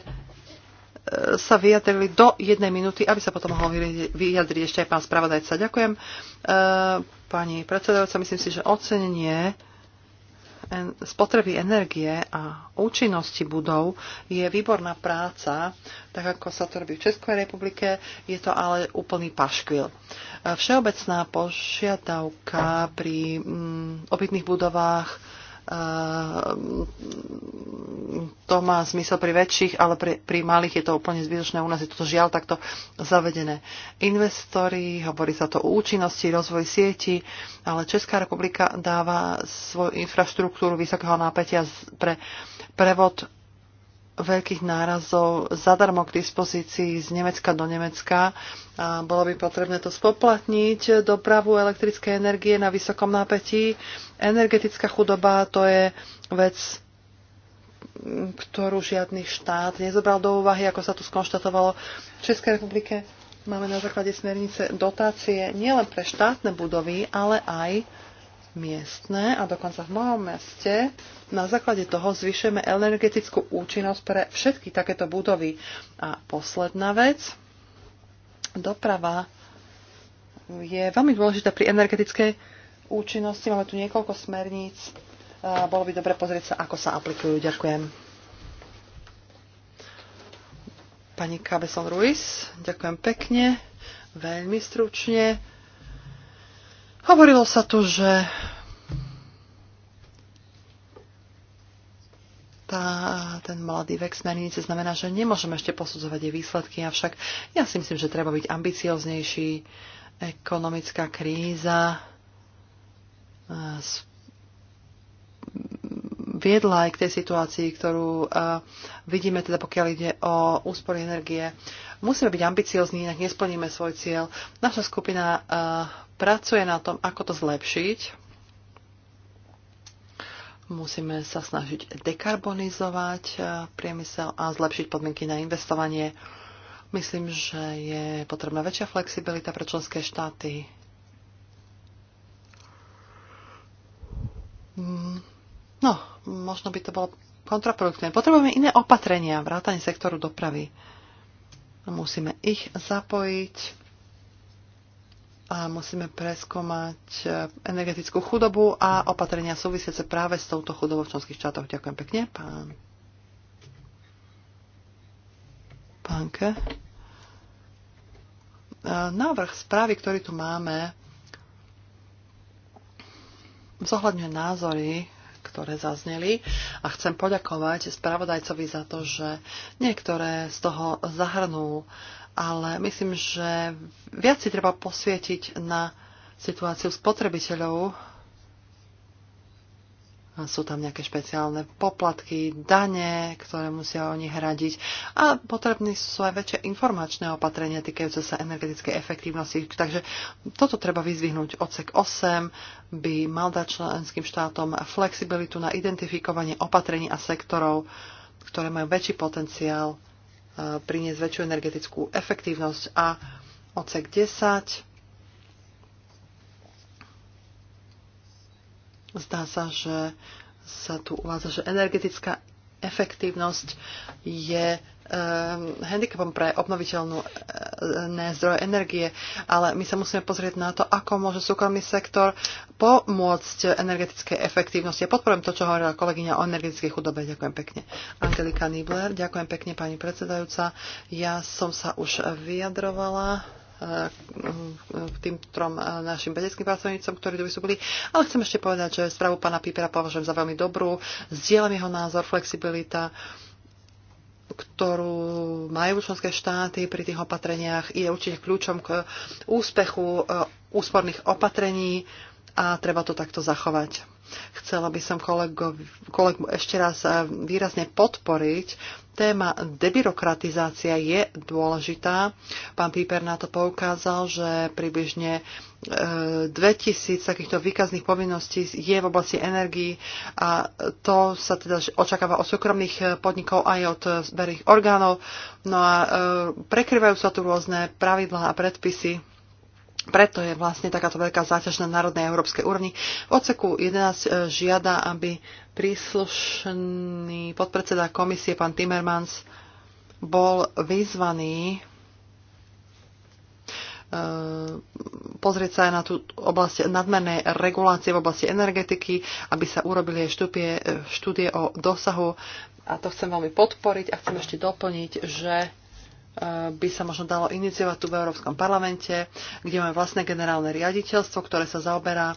sa vyjadrili do jednej minúty, aby sa potom mohol vyjadriť ešte aj pán spravodajca. Ďakujem. E, pani predsedajúca, myslím si, že ocenenie spotreby energie a účinnosti budov je výborná práca, tak ako sa to robí v Českej republike, je to ale úplný paškvil. Všeobecná požiadavka pri mm, obytných budovách Ehm, to má zmysel pri väčších, ale pri, pri malých je to úplne zbytočné. U nás je toto žiaľ takto zavedené. Investori, hovorí sa to o účinnosti, rozvoj sieti, ale Česká republika dáva svoju infraštruktúru vysokého nápätia pre prevod veľkých nárazov zadarmo k dispozícii z Nemecka do Nemecka. A bolo by potrebné to spoplatniť, dopravu elektrické energie na vysokom nápetí. Energetická chudoba to je vec, ktorú žiadny štát nezobral do úvahy, ako sa tu skonštatovalo v Českej republike. Máme na základe smernice dotácie nielen pre štátne budovy, ale aj miestne a dokonca v mojom meste na základe toho zvyšujeme energetickú účinnosť pre všetky takéto budovy. A posledná vec, doprava je veľmi dôležitá pri energetickej účinnosti. Máme tu niekoľko smerníc. Bolo by dobre pozrieť sa, ako sa aplikujú. Ďakujem. Pani Kabeson Ruiz, ďakujem pekne, veľmi stručne Hovorilo sa tu, že tá, ten mladý vek smernice znamená, že nemôžeme ešte posudzovať jej výsledky, avšak ja si myslím, že treba byť ambicioznejší. Ekonomická kríza eh, viedla aj k tej situácii, ktorú eh, vidíme, teda pokiaľ ide o úspory energie. Musíme byť ambiciozní, inak nesplníme svoj cieľ. Naša skupina eh, pracuje na tom, ako to zlepšiť. Musíme sa snažiť dekarbonizovať eh, priemysel a zlepšiť podmienky na investovanie. Myslím, že je potrebná väčšia flexibilita pre členské štáty. Mm, no, možno by to bolo kontraproduktívne. Potrebujeme iné opatrenia, vrátanie sektoru dopravy. Musíme ich zapojiť a musíme preskomať e, energetickú chudobu a opatrenia súvisiace práve s touto chudobou v členských štátoch. Ďakujem pekne, pán. Pánke. E, návrh správy, ktorý tu máme, zohľadňuje názory, ktoré zazneli a chcem poďakovať spravodajcovi za to, že niektoré z toho zahrnul uh, ale myslím, že viac si treba posvietiť na situáciu spotrebiteľov. Sú tam nejaké špeciálne poplatky, dane, ktoré musia oni hradiť a potrebné sú aj väčšie informačné opatrenia týkajúce sa energetickej efektívnosti. Takže toto treba vyzvihnúť. Odsek 8 by mal dať členským štátom flexibilitu na identifikovanie opatrení a sektorov, ktoré majú väčší potenciál priniesť väčšiu energetickú efektívnosť. A odsek 10 Zdá sa, že sa tu uvádza, že energetická efektívnosť je Ehm, handicapom pre obnoviteľné zdroje energie, ale my sa musíme pozrieť na to, ako môže súkromný sektor pomôcť energetickej efektívnosti. Ja podporujem to, čo hovorila kolegyňa o energetickej chudobe. Ďakujem pekne. Angelika Nibler, ďakujem pekne pani predsedajúca. Ja som sa už vyjadrovala ehm, k tým trom eh, našim vedeckým pracovníkom, ktorí tu vystúpili. Ale chcem ešte povedať, že správu pána Pípera považujem za veľmi dobrú. Zdieľam jeho názor, flexibilita. Uh, ktorú majú členské štáty pri tých opatreniach, je určite kľúčom k úspechu e, úsporných opatrení a treba to takto zachovať. Chcela by som kolego, kolegu ešte raz e, výrazne podporiť. Téma debirokratizácia je dôležitá. Pán Píper na to poukázal, že približne 2000 takýchto výkazných povinností je v oblasti energii a to sa teda očakáva od súkromných podnikov aj od zberých orgánov. No a e, prekryvajú sa tu rôzne pravidlá a predpisy. Preto je vlastne takáto veľká záťaž na národnej a európskej úrovni. V odseku 11 e, žiada, aby príslušný podpredseda komisie, pán Timmermans, bol vyzvaný E, pozrieť sa aj na tú oblasť nadmernej regulácie v oblasti energetiky, aby sa urobili aj štúdie, e, štúdie o dosahu. A to chcem veľmi podporiť a chcem ešte doplniť, že by sa možno dalo iniciovať tu v Európskom parlamente, kde máme vlastné generálne riaditeľstvo, ktoré sa zaoberá e,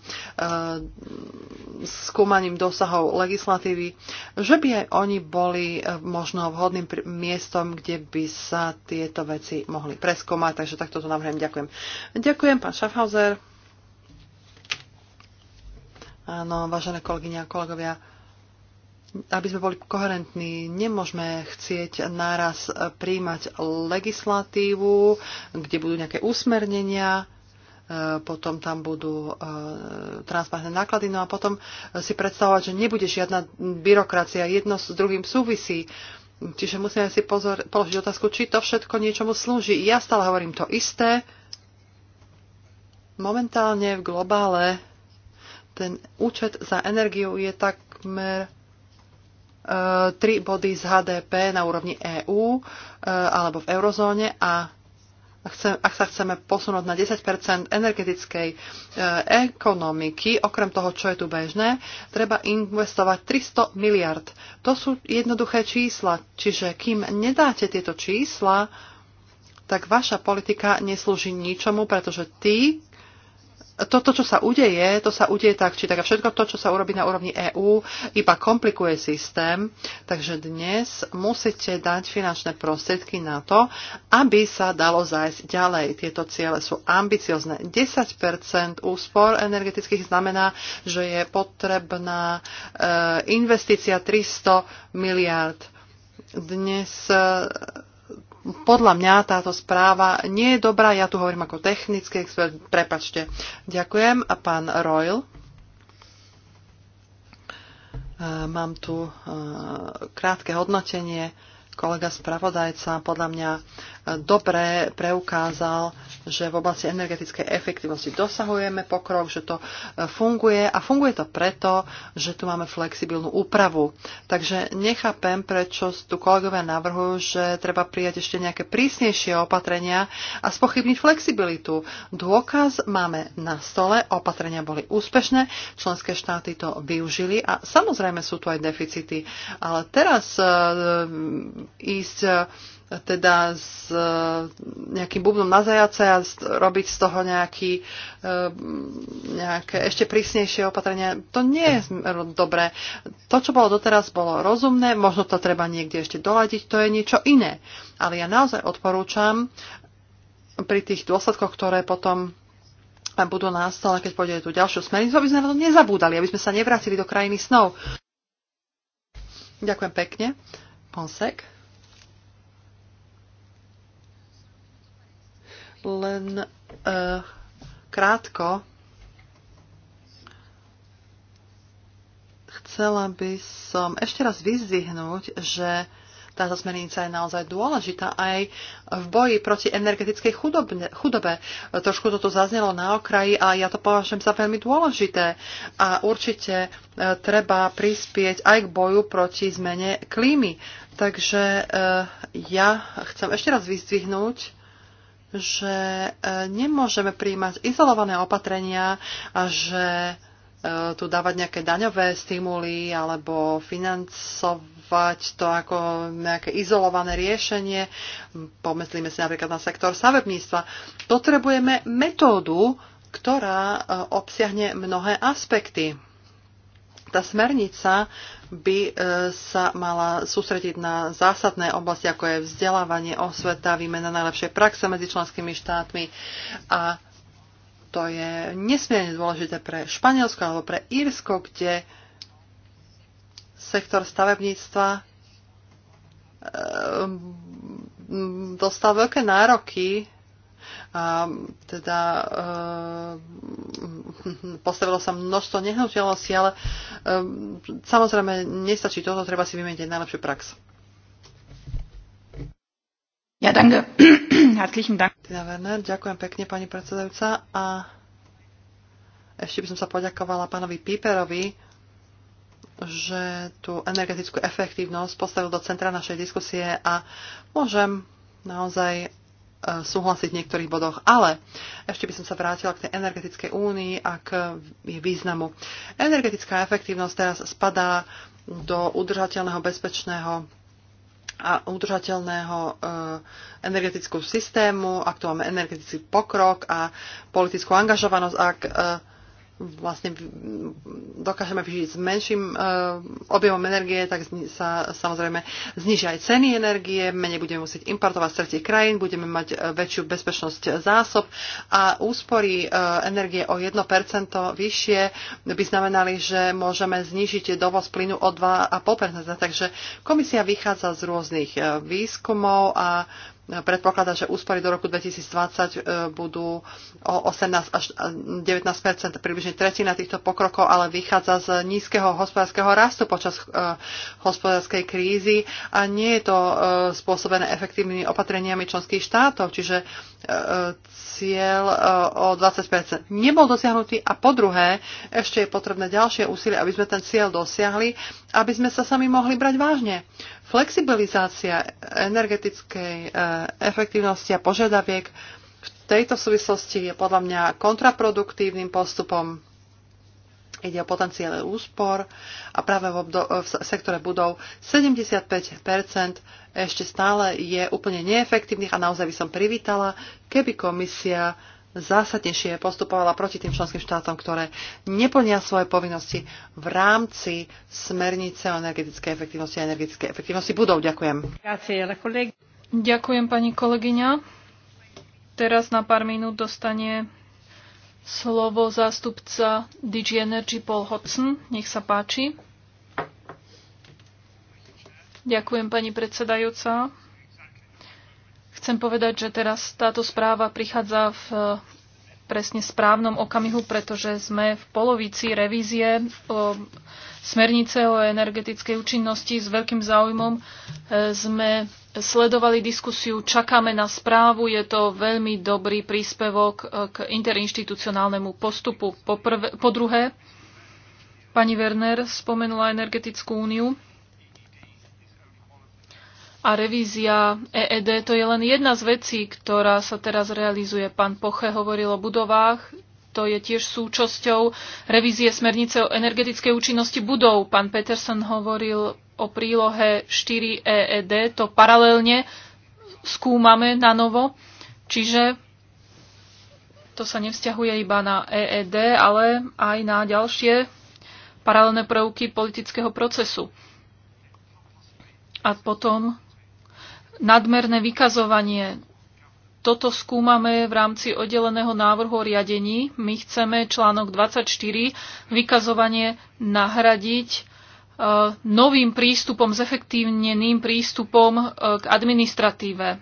skúmaním dosahov legislatívy, že by aj oni boli e, možno vhodným miestom, kde by sa tieto veci mohli preskúmať. Takže takto to navrhujem. Ďakujem. Ďakujem, pán Schaffhauser. Áno, vážené kolegyne a kolegovia aby sme boli koherentní, nemôžeme chcieť naraz príjmať legislatívu, kde budú nejaké usmernenia, e, potom tam budú e, transparentné náklady, no a potom si predstavovať, že nebude žiadna byrokracia, jedno s druhým súvisí. Čiže musíme si pozor, položiť otázku, či to všetko niečomu slúži. Ja stále hovorím to isté. Momentálne v globále ten účet za energiu je takmer E, tri body z HDP na úrovni EÚ e, alebo v eurozóne a ak sa chceme posunúť na 10 energetickej e, ekonomiky, okrem toho, čo je tu bežné, treba investovať 300 miliard. To sú jednoduché čísla, čiže kým nedáte tieto čísla, tak vaša politika neslúži ničomu, pretože tí, toto, čo sa udeje, to sa udeje tak, či tak a všetko to, čo sa urobí na úrovni EÚ, iba komplikuje systém, takže dnes musíte dať finančné prostriedky na to, aby sa dalo zájsť ďalej. Tieto ciele sú ambiciozne. 10% úspor energetických znamená, že je potrebná e, investícia 300 miliard. Dnes e, podľa mňa táto správa nie je dobrá, ja tu hovorím ako technický expert, prepačte. Ďakujem, a pán Royal. E, mám tu e, krátke hodnotenie. Kolega spravodajca podľa mňa dobre preukázal, že v oblasti energetickej efektivnosti dosahujeme pokrok, že to e, funguje a funguje to preto, že tu máme flexibilnú úpravu. Takže nechápem, prečo tu kolegovia navrhujú, že treba prijať ešte nejaké prísnejšie opatrenia a spochybniť flexibilitu. Dôkaz máme na stole, opatrenia boli úspešné, členské štáty to využili a samozrejme sú tu aj deficity. Ale teraz e, ísť teda s e, nejakým bubnom na zajace a robiť z toho nejaký, e, nejaké ešte prísnejšie opatrenia. To nie je dobré. To, čo bolo doteraz, bolo rozumné, možno to treba niekde ešte doladiť, to je niečo iné. Ale ja naozaj odporúčam pri tých dôsledkoch, ktoré potom budú na stole, keď pôjde tú ďalšiu smernicu, aby sme na to nezabúdali, aby sme sa nevrátili do krajiny snov. Ďakujem pekne. Ponsek. Len uh, krátko chcela by som ešte raz vyzdvihnúť, že táto smernica je naozaj dôležitá aj v boji proti energetickej chudobne, chudobe. Trošku toto zaznelo na okraji a ja to považujem za veľmi dôležité. A určite e, treba prispieť aj k boju proti zmene klímy. Takže e, ja chcem ešte raz vyzdvihnúť, že e, nemôžeme príjmať izolované opatrenia a že e, tu dávať nejaké daňové stimuly alebo financovať to ako nejaké izolované riešenie. Pomyslíme si napríklad na sektor stavebníctva. Potrebujeme metódu, ktorá e, obsiahne mnohé aspekty tá smernica by e, sa mala sústrediť na zásadné oblasti, ako je vzdelávanie, osveta, výmena najlepšej praxe medzi členskými štátmi a to je nesmierne dôležité pre Španielsko alebo pre Írsko, kde sektor stavebníctva e, dostal veľké nároky a teda e, postavilo sa množstvo nehnuteľností, ale e, samozrejme nestačí toto, treba si vymeniť najlepšiu prax. Ja, danke. [clears throat] Herzlichen Dank. Tina Werner, ďakujem pekne, pani predsedajúca. A ešte by som sa poďakovala pánovi Piperovi, že tú energetickú efektívnosť postavil do centra našej diskusie a môžem naozaj súhlasiť v niektorých bodoch. Ale ešte by som sa vrátila k tej energetickej únii a k jej významu. Energetická efektívnosť teraz spadá do udržateľného, bezpečného a udržateľného eh, energetického systému, ak tu máme energetický pokrok a politickú angažovanosť, ak eh, vlastne dokážeme vyžiť s menším e, objemom energie, tak zni- sa samozrejme znižia aj ceny energie, menej budeme musieť importovať z tretich krajín, budeme mať e, väčšiu bezpečnosť zásob a úspory e, energie o 1% vyššie by znamenali, že môžeme znižiť dovoz plynu o 2,5%. Takže komisia vychádza z rôznych e, výskumov a predpokladá, že úspory do roku 2020 e, budú o 18 až 19 e, približne tretina týchto pokrokov, ale vychádza z nízkeho hospodárskeho rastu počas e, hospodárskej krízy a nie je to spôsobené efektívnymi opatreniami členských štátov, čiže cieľ o 20 nebol dosiahnutý a po druhé ešte je potrebné ďalšie úsilie, aby sme ten cieľ dosiahli, aby sme sa sami mohli brať vážne. Flexibilizácia energetickej eh, efektivnosti a požiadaviek v tejto súvislosti je podľa mňa kontraproduktívnym postupom. Ide o potenciále úspor a práve v, obdo- v sektore budov 75 ešte stále je úplne neefektívnych a naozaj by som privítala, keby komisia zásadnejšie postupovala proti tým členským štátom, ktoré neplnia svoje povinnosti v rámci smernice o energetickej efektivnosti a energetickej efektivnosti budov. Ďakujem. Ďakujem pani kolegyňa. Teraz na pár minút dostane slovo zástupca DG Energy Paul Hodson. Nech sa páči. Ďakujem pani predsedajúca. Chcem povedať, že teraz táto správa prichádza v presne správnom okamihu, pretože sme v polovici revízie o smernice o energetickej účinnosti. S veľkým záujmom e, sme sledovali diskusiu, čakáme na správu. Je to veľmi dobrý príspevok e, k interinstitucionálnemu postupu. Po, prvé, po druhé, pani Werner spomenula energetickú úniu. A revízia EED to je len jedna z vecí, ktorá sa teraz realizuje. Pán Poche hovoril o budovách, to je tiež súčasťou revízie smernice o energetickej účinnosti budov. Pán Peterson hovoril o prílohe 4 EED, to paralelne skúmame na novo, čiže to sa nevzťahuje iba na EED, ale aj na ďalšie paralelné prvky politického procesu. A potom nadmerné vykazovanie. Toto skúmame v rámci oddeleného návrhu o riadení. My chceme článok 24 vykazovanie nahradiť e, novým prístupom, zefektívneným prístupom e, k administratíve.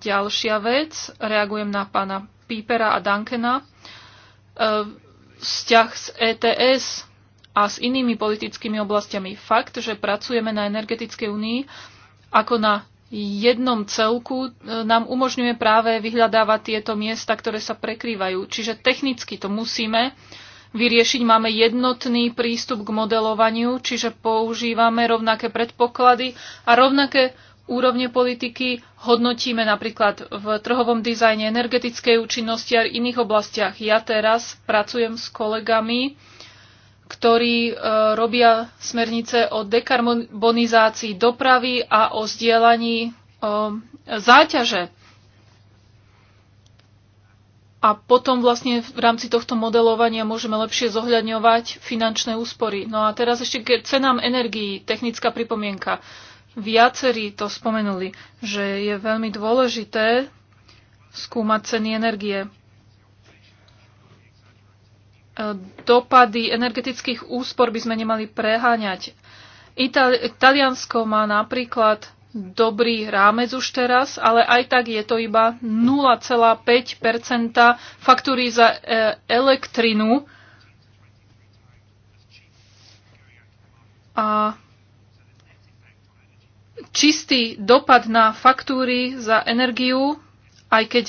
Ďalšia vec, reagujem na pána Pípera a Dankena, e, vzťah s ETS a s inými politickými oblastiami. Fakt, že pracujeme na energetickej únii ako na jednom celku e, nám umožňuje práve vyhľadávať tieto miesta, ktoré sa prekrývajú. Čiže technicky to musíme vyriešiť. Máme jednotný prístup k modelovaniu, čiže používame rovnaké predpoklady a rovnaké úrovne politiky hodnotíme napríklad v trhovom dizajne energetickej účinnosti a iných oblastiach. Ja teraz pracujem s kolegami, ktorí e, robia smernice o dekarbonizácii dopravy a o zdieľaní e, záťaže. A potom vlastne v rámci tohto modelovania môžeme lepšie zohľadňovať finančné úspory. No a teraz ešte k cenám energií, technická pripomienka. Viacerí to spomenuli, že je veľmi dôležité skúmať ceny energie dopady energetických úspor by sme nemali preháňať. Itali- Taliansko má napríklad dobrý rámec už teraz, ale aj tak je to iba 0,5 faktúry za e, elektrinu. A čistý dopad na faktúry za energiu aj keď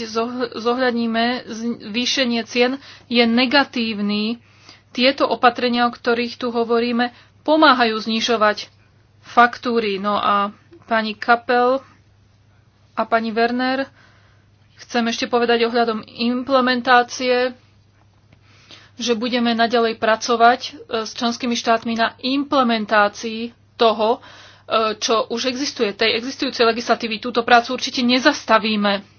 zohľadníme zvýšenie cien, je negatívny. Tieto opatrenia, o ktorých tu hovoríme, pomáhajú znižovať faktúry. No a pani Kapel a pani Werner, chcem ešte povedať ohľadom implementácie, že budeme naďalej pracovať e, s členskými štátmi na implementácii toho, e, čo už existuje, tej existujúcej legislatívy. Túto prácu určite nezastavíme.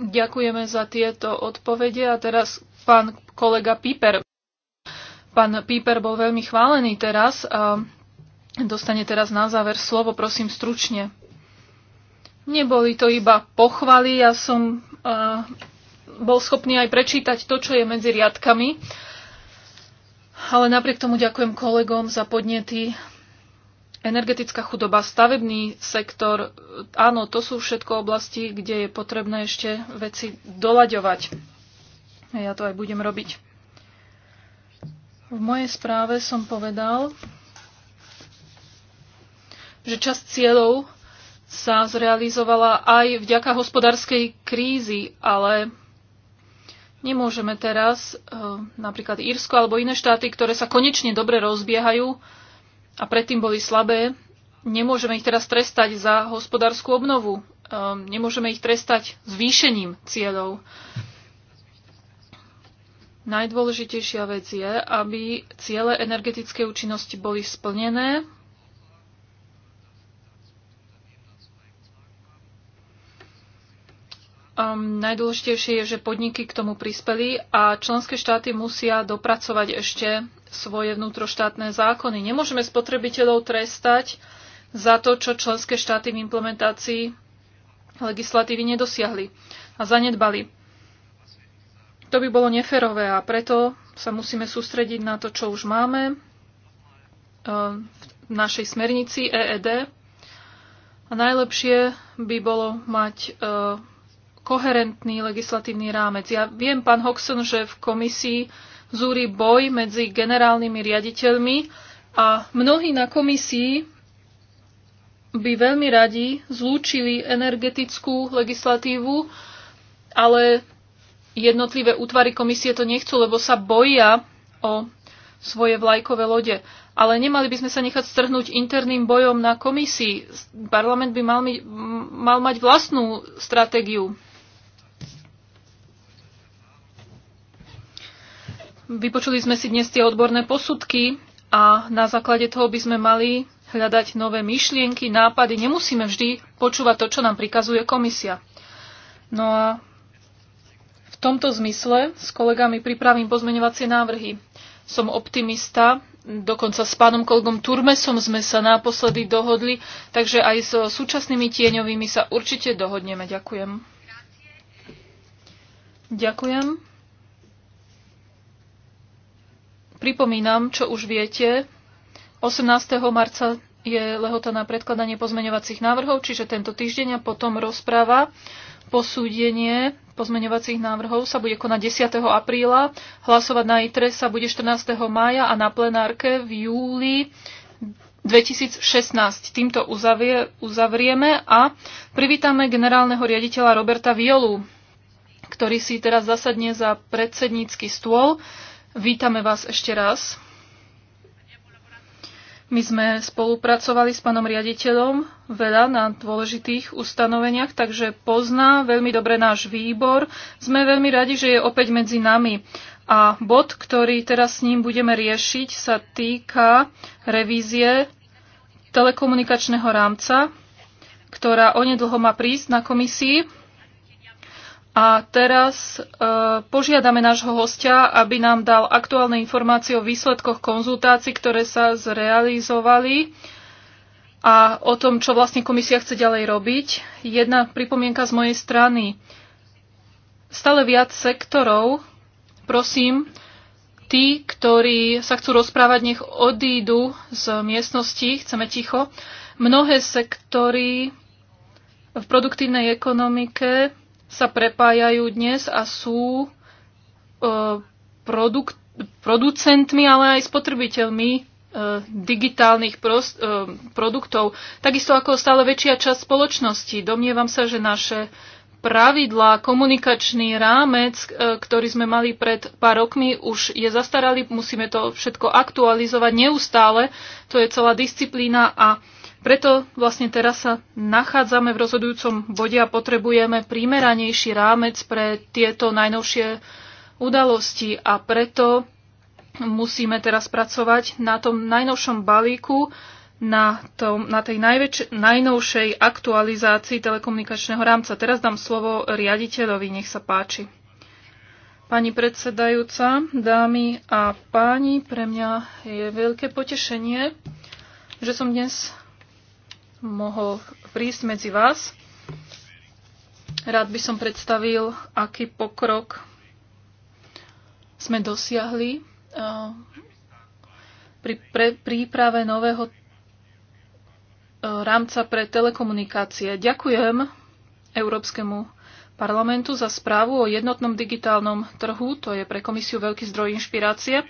Ďakujeme za tieto odpovede a teraz pán kolega Piper. Pán Piper bol veľmi chválený teraz. A dostane teraz na záver slovo, prosím, stručne. Neboli to iba pochvaly, ja som uh, bol schopný aj prečítať to, čo je medzi riadkami. Ale napriek tomu ďakujem kolegom za podnety Energetická chudoba, stavebný sektor, áno, to sú všetko oblasti, kde je potrebné ešte veci doľaďovať. Ja to aj budem robiť. V mojej správe som povedal, že časť cieľov sa zrealizovala aj vďaka hospodárskej krízy, ale nemôžeme teraz eh, napríklad Írsko alebo iné štáty, ktoré sa konečne dobre rozbiehajú, a predtým boli slabé, nemôžeme ich teraz trestať za hospodárskú obnovu. Ehm, nemôžeme ich trestať zvýšením cieľov. Najdôležitejšia vec je, aby ciele energetickej účinnosti boli splnené Um, najdôležitejšie je, že podniky k tomu prispeli a členské štáty musia dopracovať ešte svoje vnútroštátne zákony. Nemôžeme spotrebiteľov trestať za to, čo členské štáty v implementácii legislatívy nedosiahli a zanedbali. To by bolo neferové, a preto sa musíme sústrediť na to, čo už máme um, v našej smernici EED. A najlepšie by bolo mať uh, koherentný legislatívny rámec. Ja viem, pán Hoxon, že v komisii zúri boj medzi generálnymi riaditeľmi a mnohí na komisii by veľmi radi zlúčili energetickú legislatívu, ale jednotlivé útvary komisie to nechcú, lebo sa boja o svoje vlajkové lode. Ale nemali by sme sa nechať strhnúť interným bojom na komisii. Parlament by mal, mi, mal mať vlastnú stratégiu. Vypočuli sme si dnes tie odborné posudky a na základe toho by sme mali hľadať nové myšlienky, nápady. Nemusíme vždy počúvať to, čo nám prikazuje komisia. No a v tomto zmysle s kolegami pripravím pozmeňovacie návrhy. Som optimista, dokonca s pánom kolegom Turmesom sme sa naposledy dohodli, takže aj so súčasnými tieňovými sa určite dohodneme. Ďakujem. Ďakujem. Pripomínam, čo už viete, 18. marca je lehota na predkladanie pozmeňovacích návrhov, čiže tento týždeň a potom rozpráva. Posúdenie pozmeňovacích návrhov sa bude konať 10. apríla, hlasovať na ITRE sa bude 14. mája a na plenárke v júli 2016. Týmto uzavie, uzavrieme a privítame generálneho riaditeľa Roberta Violu, ktorý si teraz zasadne za predsednícky stôl. Vítame vás ešte raz. My sme spolupracovali s pánom riaditeľom veľa na dôležitých ustanoveniach, takže pozná veľmi dobre náš výbor. Sme veľmi radi, že je opäť medzi nami. A bod, ktorý teraz s ním budeme riešiť, sa týka revízie telekomunikačného rámca, ktorá onedlho má prísť na komisii. A teraz e, požiadame nášho hostia, aby nám dal aktuálne informácie o výsledkoch konzultácií, ktoré sa zrealizovali a o tom, čo vlastne komisia chce ďalej robiť. Jedna pripomienka z mojej strany. Stále viac sektorov, prosím, tí, ktorí sa chcú rozprávať, nech odídu z miestnosti, chceme ticho. Mnohé sektory v produktívnej ekonomike sa prepájajú dnes a sú e, produk- producentmi, ale aj spotrebiteľmi e, digitálnych prost, e, produktov. Takisto ako stále väčšia časť spoločnosti. Domnievam sa, že naše pravidlá, komunikačný rámec, ktorý sme mali pred pár rokmi, už je zastaralý. Musíme to všetko aktualizovať neustále. To je celá disciplína a preto vlastne teraz sa nachádzame v rozhodujúcom bode a potrebujeme primeranejší rámec pre tieto najnovšie udalosti a preto musíme teraz pracovať na tom najnovšom balíku, na, tom, na tej najväč- najnovšej aktualizácii telekomunikačného rámca. Teraz dám slovo riaditeľovi, nech sa páči. Pani predsedajúca, dámy a páni, pre mňa je veľké potešenie, že som dnes mohol prísť medzi vás. Rád by som predstavil, aký pokrok sme dosiahli pri príprave nového e, rámca pre telekomunikácie. Ďakujem Európskemu parlamentu za správu o jednotnom digitálnom trhu. To je pre komisiu veľký zdroj inšpirácie.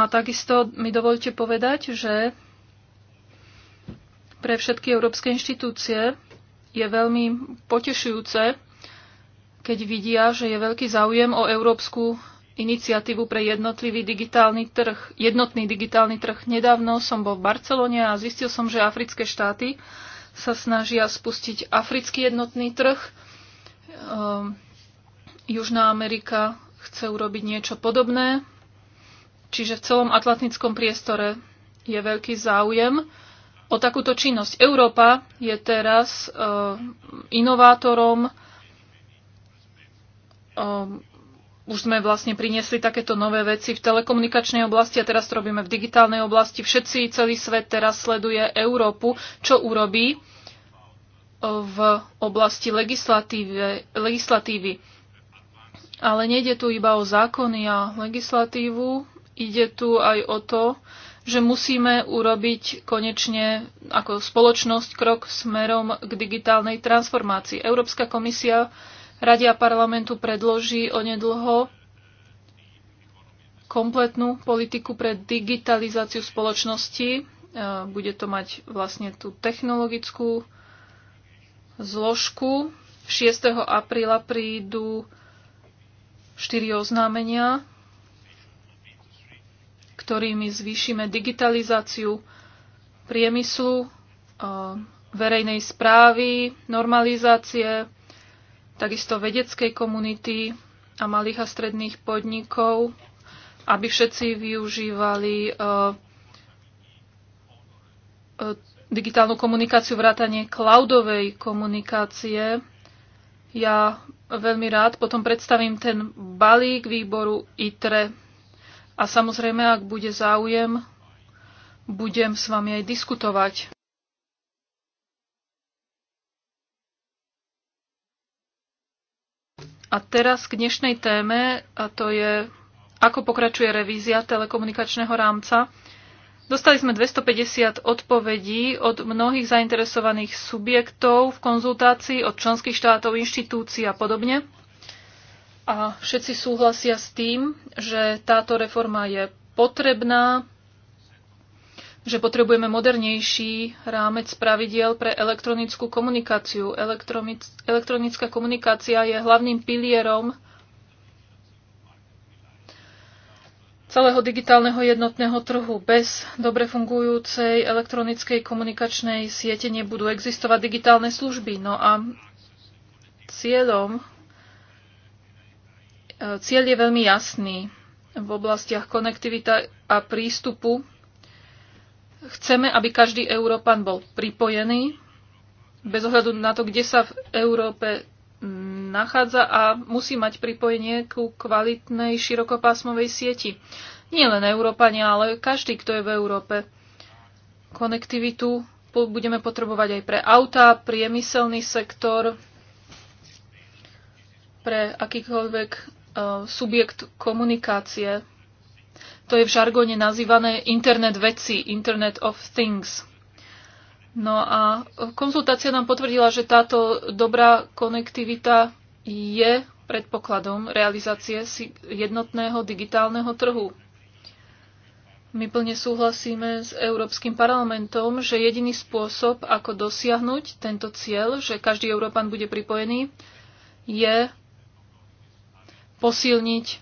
A takisto mi dovolte povedať, že pre všetky európske inštitúcie je veľmi potešujúce, keď vidia, že je veľký záujem o európsku iniciatívu pre jednotlivý digitálny trh, jednotný digitálny trh. Nedávno som bol v Barcelone a zistil som, že africké štáty sa snažia spustiť africký jednotný trh. Ehm, Južná Amerika chce urobiť niečo podobné. Čiže v celom atlantickom priestore je veľký záujem o takúto činnosť. Európa je teraz uh, inovátorom. Um, už sme vlastne priniesli takéto nové veci v telekomunikačnej oblasti a teraz to robíme v digitálnej oblasti. Všetci, celý svet teraz sleduje Európu, čo urobí e, v oblasti legislatívy. Ale nejde tu iba o zákony a legislatívu, ide tu aj o to, že musíme urobiť konečne ako spoločnosť krok smerom k digitálnej transformácii. Európska komisia Radia parlamentu predloží onedlho kompletnú politiku pre digitalizáciu spoločnosti. E, bude to mať vlastne tú technologickú zložku. 6. apríla prídu štyri oznámenia ktorými zvýšime digitalizáciu priemyslu, e, verejnej správy, normalizácie, takisto vedeckej komunity a malých a stredných podnikov, aby všetci využívali e, e, digitálnu komunikáciu, vrátanie cloudovej komunikácie. Ja veľmi rád potom predstavím ten balík výboru ITRE a samozrejme, ak bude záujem, budem s vami aj diskutovať. A teraz k dnešnej téme, a to je, ako pokračuje revízia telekomunikačného rámca. Dostali sme 250 odpovedí od mnohých zainteresovaných subjektov v konzultácii, od členských štátov, inštitúcií a podobne. A všetci súhlasia s tým, že táto reforma je potrebná, že potrebujeme modernejší rámec pravidiel pre elektronickú komunikáciu. Elektronická komunikácia je hlavným pilierom celého digitálneho jednotného trhu. Bez dobre fungujúcej elektronickej komunikačnej siete nebudú existovať digitálne služby. No a cieľom Cieľ je veľmi jasný. V oblastiach konektivita a prístupu chceme, aby každý Európan bol pripojený, bez ohľadu na to, kde sa v Európe nachádza a musí mať pripojenie ku kvalitnej širokopásmovej sieti. Nie len Európania, ale každý, kto je v Európe. Konektivitu budeme potrebovať aj pre autá, priemyselný sektor, pre akýkoľvek Eh, subjekt komunikácie. To je v žargone nazývané internet veci, Internet of Things. No a konzultácia nám potvrdila, že táto dobrá konektivita je predpokladom realizácie jednotného digitálneho trhu. My plne súhlasíme s Európskym parlamentom, že jediný spôsob, ako dosiahnuť tento cieľ, že každý Európan bude pripojený, je posilniť e,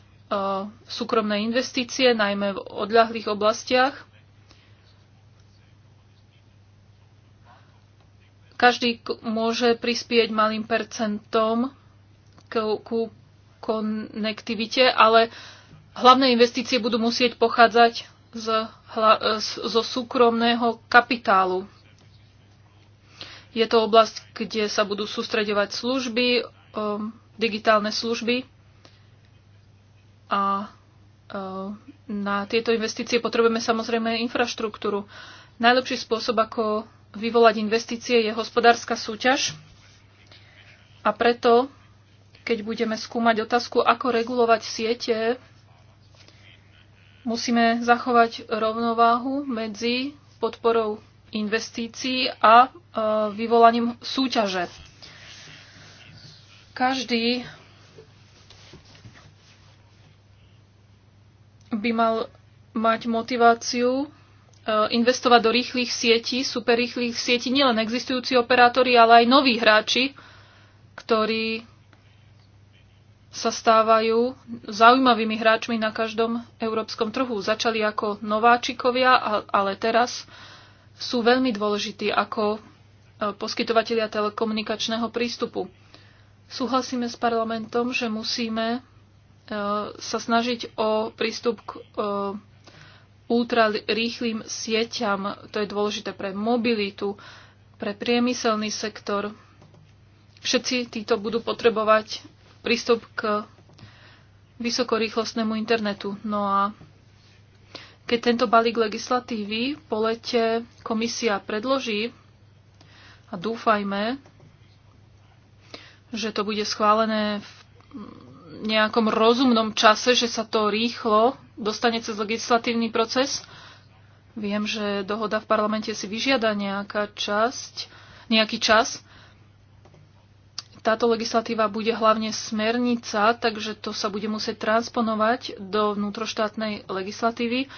súkromné investície, najmä v odľahlých oblastiach. Každý môže prispieť malým percentom ku konektivite, ale hlavné investície budú musieť pochádzať z, hla, e, zo súkromného kapitálu. Je to oblasť, kde sa budú sústredovať služby, e, digitálne služby a e, na tieto investície potrebujeme samozrejme infraštruktúru. Najlepší spôsob, ako vyvolať investície, je hospodárska súťaž. A preto, keď budeme skúmať otázku, ako regulovať siete, musíme zachovať rovnováhu medzi podporou investícií a e, vyvolaním súťaže. Každý by mal mať motiváciu e, investovať do rýchlych sietí, rýchlych sietí, nielen existujúci operátori, ale aj noví hráči, ktorí sa stávajú zaujímavými hráčmi na každom európskom trhu. Začali ako nováčikovia, ale teraz sú veľmi dôležití ako e, poskytovateľia telekomunikačného prístupu. Súhlasíme s parlamentom, že musíme E, sa snažiť o prístup k e, ultra rýchlým sieťam. To je dôležité pre mobilitu, pre priemyselný sektor. Všetci títo budú potrebovať prístup k vysokorýchlostnému internetu. No a keď tento balík legislatívy po lete komisia predloží, a dúfajme, že to bude schválené v nejakom rozumnom čase, že sa to rýchlo dostane cez legislatívny proces. Viem, že dohoda v parlamente si vyžiada nejaká časť, nejaký čas. Táto legislatíva bude hlavne smernica, takže to sa bude musieť transponovať do vnútroštátnej legislatívy. E,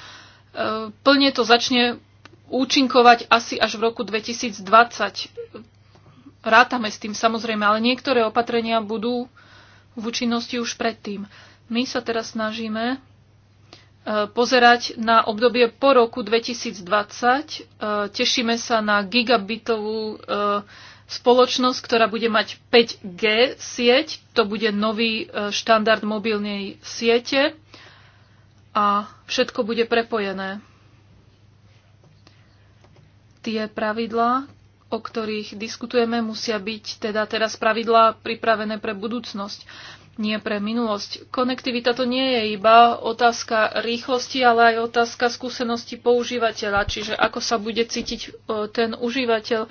plne to začne účinkovať asi až v roku 2020. Rátame s tým samozrejme, ale niektoré opatrenia budú v účinnosti už predtým. My sa teraz snažíme e, pozerať na obdobie po roku 2020. E, tešíme sa na gigabitovú e, spoločnosť, ktorá bude mať 5G sieť. To bude nový štandard mobilnej siete a všetko bude prepojené. Tie pravidlá, o ktorých diskutujeme, musia byť teda teraz pravidlá pripravené pre budúcnosť, nie pre minulosť. Konektivita to nie je iba otázka rýchlosti, ale aj otázka skúsenosti používateľa, čiže ako sa bude cítiť e, ten užívateľ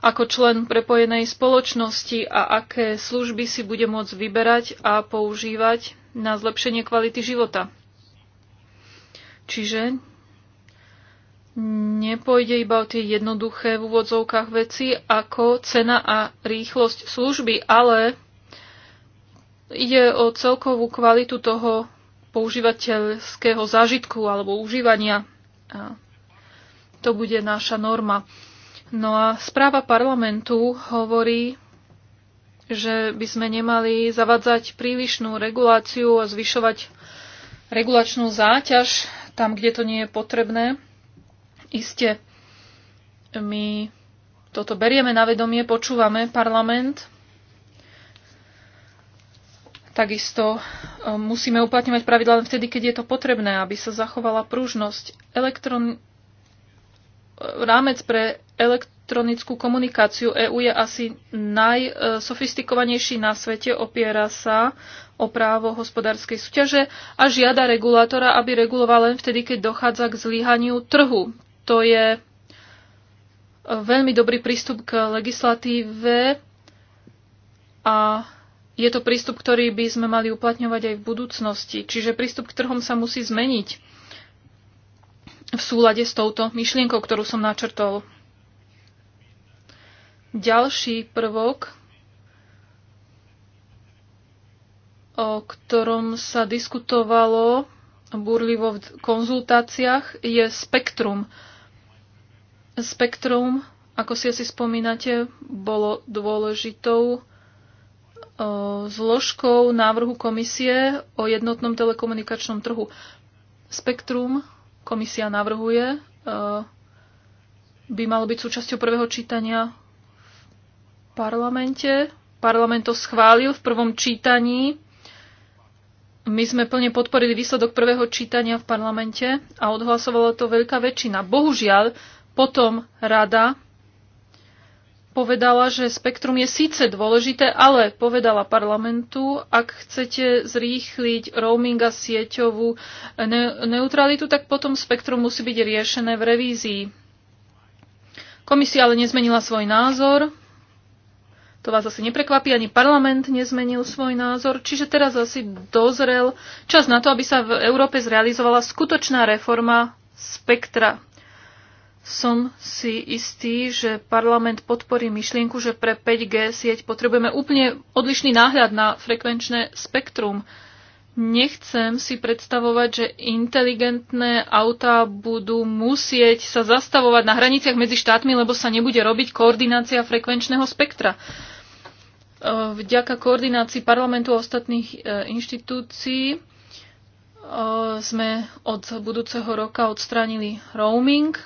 ako člen prepojenej spoločnosti a aké služby si bude môcť vyberať a používať na zlepšenie kvality života. Čiže nepôjde iba o tie jednoduché v úvodzovkách veci ako cena a rýchlosť služby, ale ide o celkovú kvalitu toho používateľského zážitku alebo užívania. A to bude naša norma. No a správa parlamentu hovorí, že by sme nemali zavadzať prílišnú reguláciu a zvyšovať regulačnú záťaž tam, kde to nie je potrebné iste my toto berieme na vedomie, počúvame parlament. Takisto e, musíme uplatňovať pravidla len vtedy, keď je to potrebné, aby sa zachovala pružnosť. Elektron... Rámec pre elektronickú komunikáciu EÚ je asi najsofistikovanejší na svete, opiera sa o právo hospodárskej súťaže a žiada regulátora, aby reguloval len vtedy, keď dochádza k zlyhaniu trhu to je e, veľmi dobrý prístup k legislatíve a je to prístup, ktorý by sme mali uplatňovať aj v budúcnosti. Čiže prístup k trhom sa musí zmeniť v súlade s touto myšlienkou, ktorú som načrtol. Ďalší prvok, o ktorom sa diskutovalo burlivo v konzultáciách, je spektrum Spektrum, ako si asi spomínate, bolo dôležitou e, zložkou návrhu komisie o jednotnom telekomunikačnom trhu. Spektrum komisia navrhuje, e, by malo byť súčasťou prvého čítania v parlamente. Parlament to schválil v prvom čítaní. My sme plne podporili výsledok prvého čítania v parlamente a odhlasovala to veľká väčšina. Bohužiaľ, potom rada povedala, že spektrum je síce dôležité, ale povedala parlamentu, ak chcete zrýchliť roaming a sieťovú ne- neutralitu, tak potom spektrum musí byť riešené v revízii. Komisia ale nezmenila svoj názor. To vás asi neprekvapí, ani parlament nezmenil svoj názor, čiže teraz asi dozrel čas na to, aby sa v Európe zrealizovala skutočná reforma spektra som si istý, že parlament podporí myšlienku, že pre 5G sieť potrebujeme úplne odlišný náhľad na frekvenčné spektrum. Nechcem si predstavovať, že inteligentné autá budú musieť sa zastavovať na hraniciach medzi štátmi, lebo sa nebude robiť koordinácia frekvenčného spektra. Eh, vďaka koordinácii parlamentu a ostatných eh, inštitúcií eh, sme od budúceho roka odstránili roaming,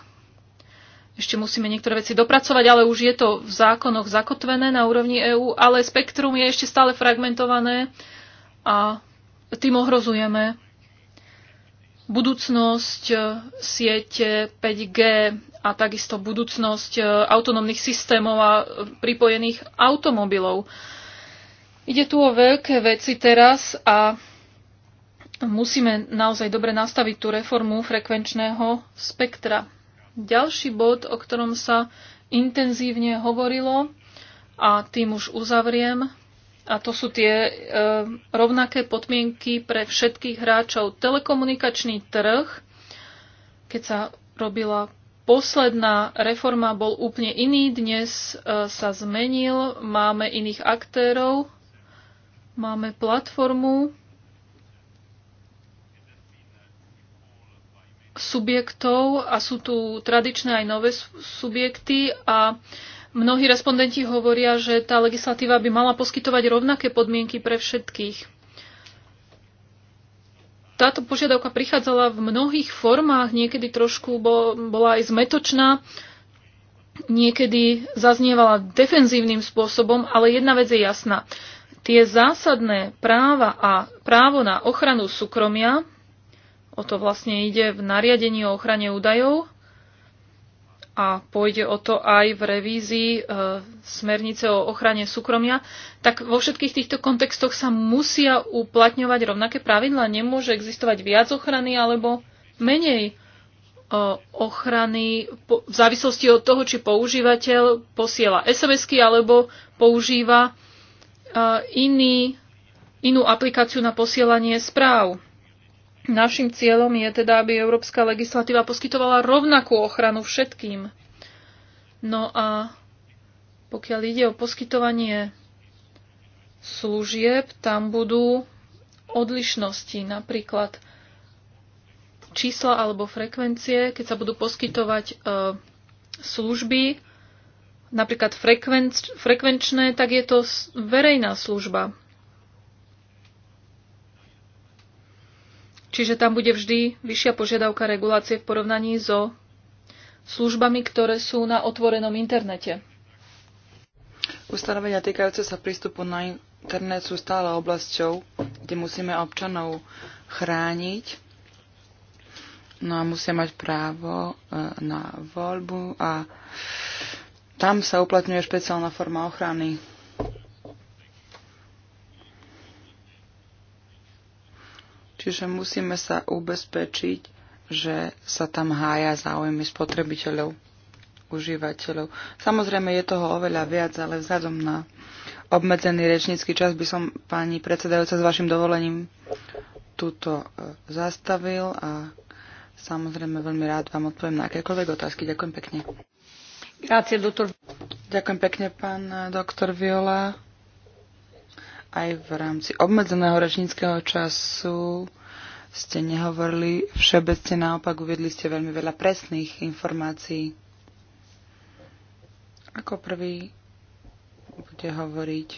ešte musíme niektoré veci dopracovať, ale už je to v zákonoch zakotvené na úrovni EÚ, ale spektrum je ešte stále fragmentované a tým ohrozujeme budúcnosť e, siete 5G a takisto budúcnosť e, autonómnych systémov a e, pripojených automobilov. Ide tu o veľké veci teraz a musíme naozaj dobre nastaviť tú reformu frekvenčného spektra. Ďalší bod, o ktorom sa intenzívne hovorilo a tým už uzavriem, a to sú tie e, rovnaké podmienky pre všetkých hráčov. Telekomunikačný trh, keď sa robila posledná reforma, bol úplne iný. Dnes e, sa zmenil, máme iných aktérov, máme platformu, subjektov a sú tu tradičné aj nové subjekty a mnohí respondenti hovoria, že tá legislatíva by mala poskytovať rovnaké podmienky pre všetkých. Táto požiadavka prichádzala v mnohých formách, niekedy trošku bola aj zmetočná, niekedy zaznievala defenzívnym spôsobom, ale jedna vec je jasná. Tie zásadné práva a právo na ochranu súkromia O to vlastne ide v nariadení o ochrane údajov a pôjde o to aj v revízii e, smernice o ochrane súkromia, tak vo všetkých týchto kontextoch sa musia uplatňovať rovnaké pravidla. Nemôže existovať viac ochrany alebo menej e, ochrany po, v závislosti od toho, či používateľ posiela SMS-ky alebo používa e, iný, inú aplikáciu na posielanie správ. Našim cieľom je teda, aby európska legislatíva poskytovala rovnakú ochranu všetkým. No a pokiaľ ide o poskytovanie služieb, tam budú odlišnosti, napríklad čísla alebo frekvencie, keď sa budú poskytovať e, služby, napríklad frekvenč, frekvenčné, tak je to verejná služba. Čiže tam bude vždy vyššia požiadavka regulácie v porovnaní so službami, ktoré sú na otvorenom internete. Ustanovenia týkajúce sa prístupu na internet sú stále oblasťou, kde musíme občanov chrániť. No a musia mať právo e, na voľbu a tam sa uplatňuje špeciálna forma ochrany Čiže musíme sa ubezpečiť, že sa tam hája záujmy spotrebiteľov, užívateľov. Samozrejme je toho oveľa viac, ale vzhľadom na obmedzený rečnícky čas by som pani predsedajúca s vašim dovolením túto e, zastavil a samozrejme veľmi rád vám odpoviem na akékoľvek otázky. Ďakujem pekne. Grazie, doktor. Ďakujem pekne, pán doktor Viola. Aj v rámci obmedzeného rečníckého času ste nehovorili všeobecne, naopak uviedli ste veľmi veľa presných informácií. Ako prvý bude hovoriť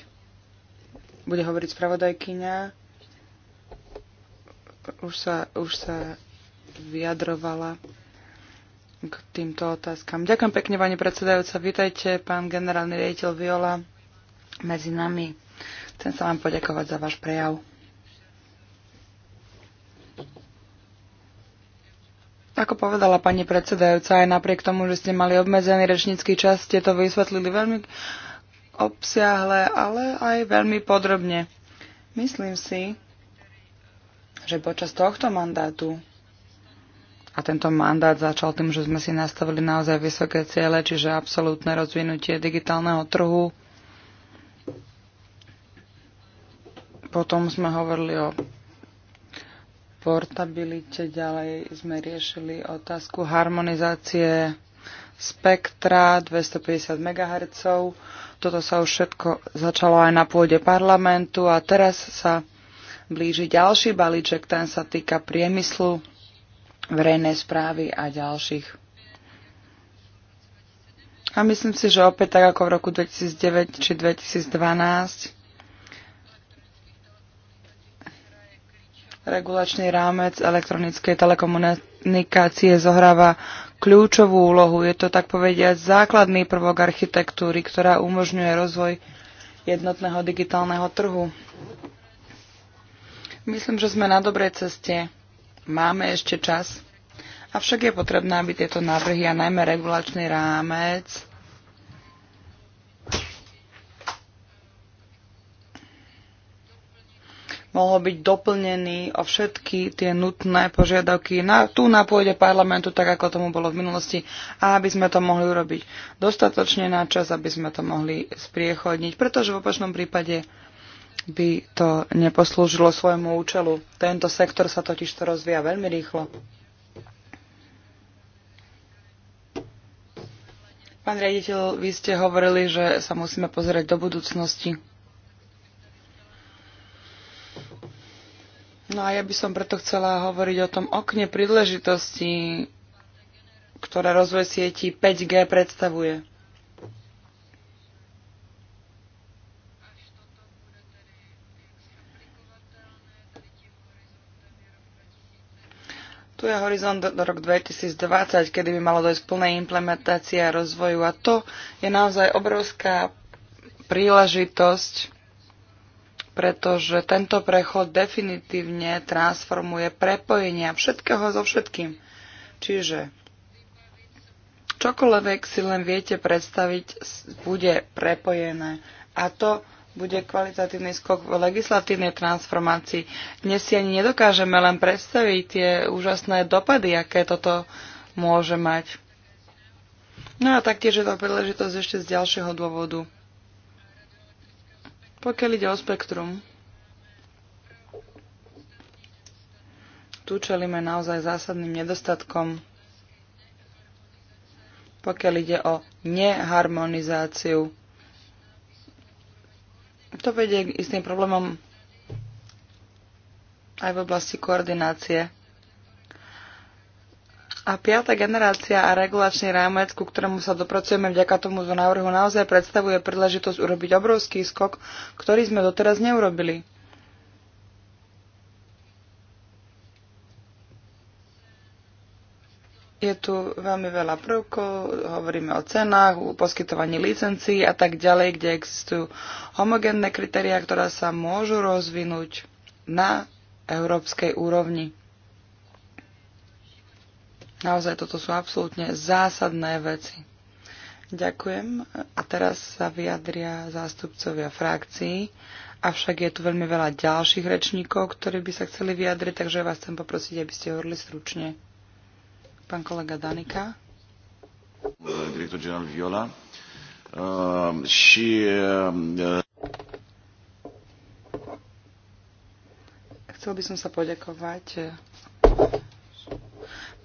bude hovoriť spravodajkyňa. Už sa, už sa vyjadrovala k týmto otázkam. Ďakujem pekne, pani predsedajúca. Vítajte, pán generálny riaditeľ Viola, medzi nami. Chcem sa vám poďakovať za váš prejav. Ako povedala pani predsedajúca, aj napriek tomu, že ste mali obmedzený rečnícky čas, ste to vysvetlili veľmi obsiahle, ale aj veľmi podrobne. Myslím si, že počas tohto mandátu a tento mandát začal tým, že sme si nastavili naozaj vysoké ciele, čiže absolútne rozvinutie digitálneho trhu. Potom sme hovorili o portabilite ďalej sme riešili otázku harmonizácie spektra 250 MHz. Toto sa už všetko začalo aj na pôde parlamentu a teraz sa blíži ďalší balíček, ten sa týka priemyslu, verejnej správy a ďalších. A myslím si, že opäť tak ako v roku 2009 či 2012 Regulačný rámec elektronickej telekomunikácie zohráva kľúčovú úlohu. Je to tak povediať základný prvok architektúry, ktorá umožňuje rozvoj jednotného digitálneho trhu. Myslím, že sme na dobrej ceste. Máme ešte čas. Avšak je potrebné, aby tieto návrhy a najmä regulačný rámec mohol byť doplnený o všetky tie nutné požiadavky na, tu na pôde parlamentu, tak ako tomu bolo v minulosti, a aby sme to mohli urobiť dostatočne na čas, aby sme to mohli spriechodniť, pretože v opačnom prípade by to neposlúžilo svojmu účelu. Tento sektor sa totiž to rozvíja veľmi rýchlo. Pán riaditeľ, vy ste hovorili, že sa musíme pozerať do budúcnosti. No a ja by som preto chcela hovoriť o tom okne príležitosti, ktoré rozvoj sieti 5G predstavuje. Tu je horizont do, rok 2020, kedy by malo dojsť plnej implementácia rozvoju a to je naozaj obrovská príležitosť pretože tento prechod definitívne transformuje prepojenia všetkého so všetkým. Čiže čokoľvek si len viete predstaviť, bude prepojené. A to bude kvalitatívny skok v legislatívnej transformácii. Dnes si ani nedokážeme len predstaviť tie úžasné dopady, aké toto môže mať. No a taktiež je to príležitosť ešte z ďalšieho dôvodu. Pokiaľ ide o spektrum, tu čelíme naozaj zásadným nedostatkom, pokiaľ ide o neharmonizáciu. To vedie k istým problémom aj v oblasti koordinácie. A piata generácia a regulačný rámec, ku ktorému sa dopracujeme vďaka tomuto návrhu, naozaj predstavuje príležitosť urobiť obrovský skok, ktorý sme doteraz neurobili. Je tu veľmi veľa prvkov, hovoríme o cenách, o poskytovaní licencií a tak ďalej, kde existujú homogénne kritériá, ktoré sa môžu rozvinúť na európskej úrovni. Naozaj toto sú absolútne zásadné veci. Ďakujem. A teraz sa vyjadria zástupcovia frakcií. Avšak je tu veľmi veľa ďalších rečníkov, ktorí by sa chceli vyjadriť, takže vás chcem poprosiť, aby ste hovorili stručne. Pán kolega Danika. Direktor generál Viola. Uh, uh, Chcel by som sa poďakovať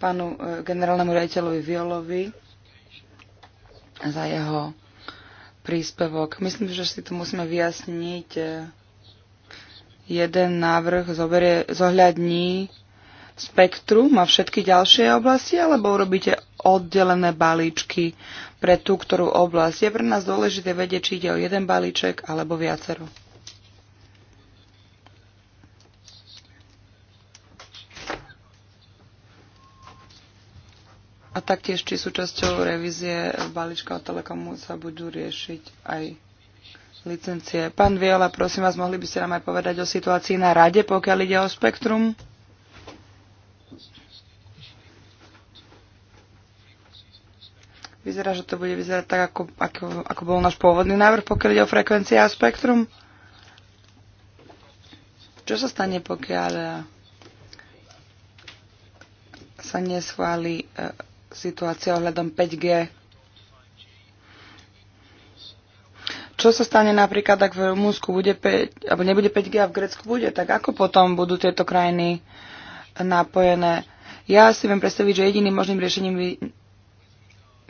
pánu e, generálnemu riaditeľovi Violovi za jeho príspevok. Myslím, že si tu musíme vyjasniť. E, jeden návrh zoberie, zohľadní spektrum a všetky ďalšie oblasti, alebo urobíte oddelené balíčky pre tú, ktorú oblasť. Je pre nás dôležité vedieť, či ide o jeden balíček alebo viacero. A taktiež, či súčasťou revízie balíčka o telekomu sa budú riešiť aj licencie. Pán Viola, prosím vás, mohli by ste nám aj povedať o situácii na rade, pokiaľ ide o spektrum? Vyzerá, že to bude vyzerať tak, ako, ako, ako bol náš pôvodný návrh, pokiaľ ide o frekvencie a spektrum. Čo sa stane, pokiaľ sa neschváli e, situácia ohľadom 5G. Čo sa stane napríklad, ak v Rumúnsku bude 5, alebo nebude 5G a v Grécku bude, tak ako potom budú tieto krajiny napojené? Ja si viem predstaviť, že jediným možným riešením by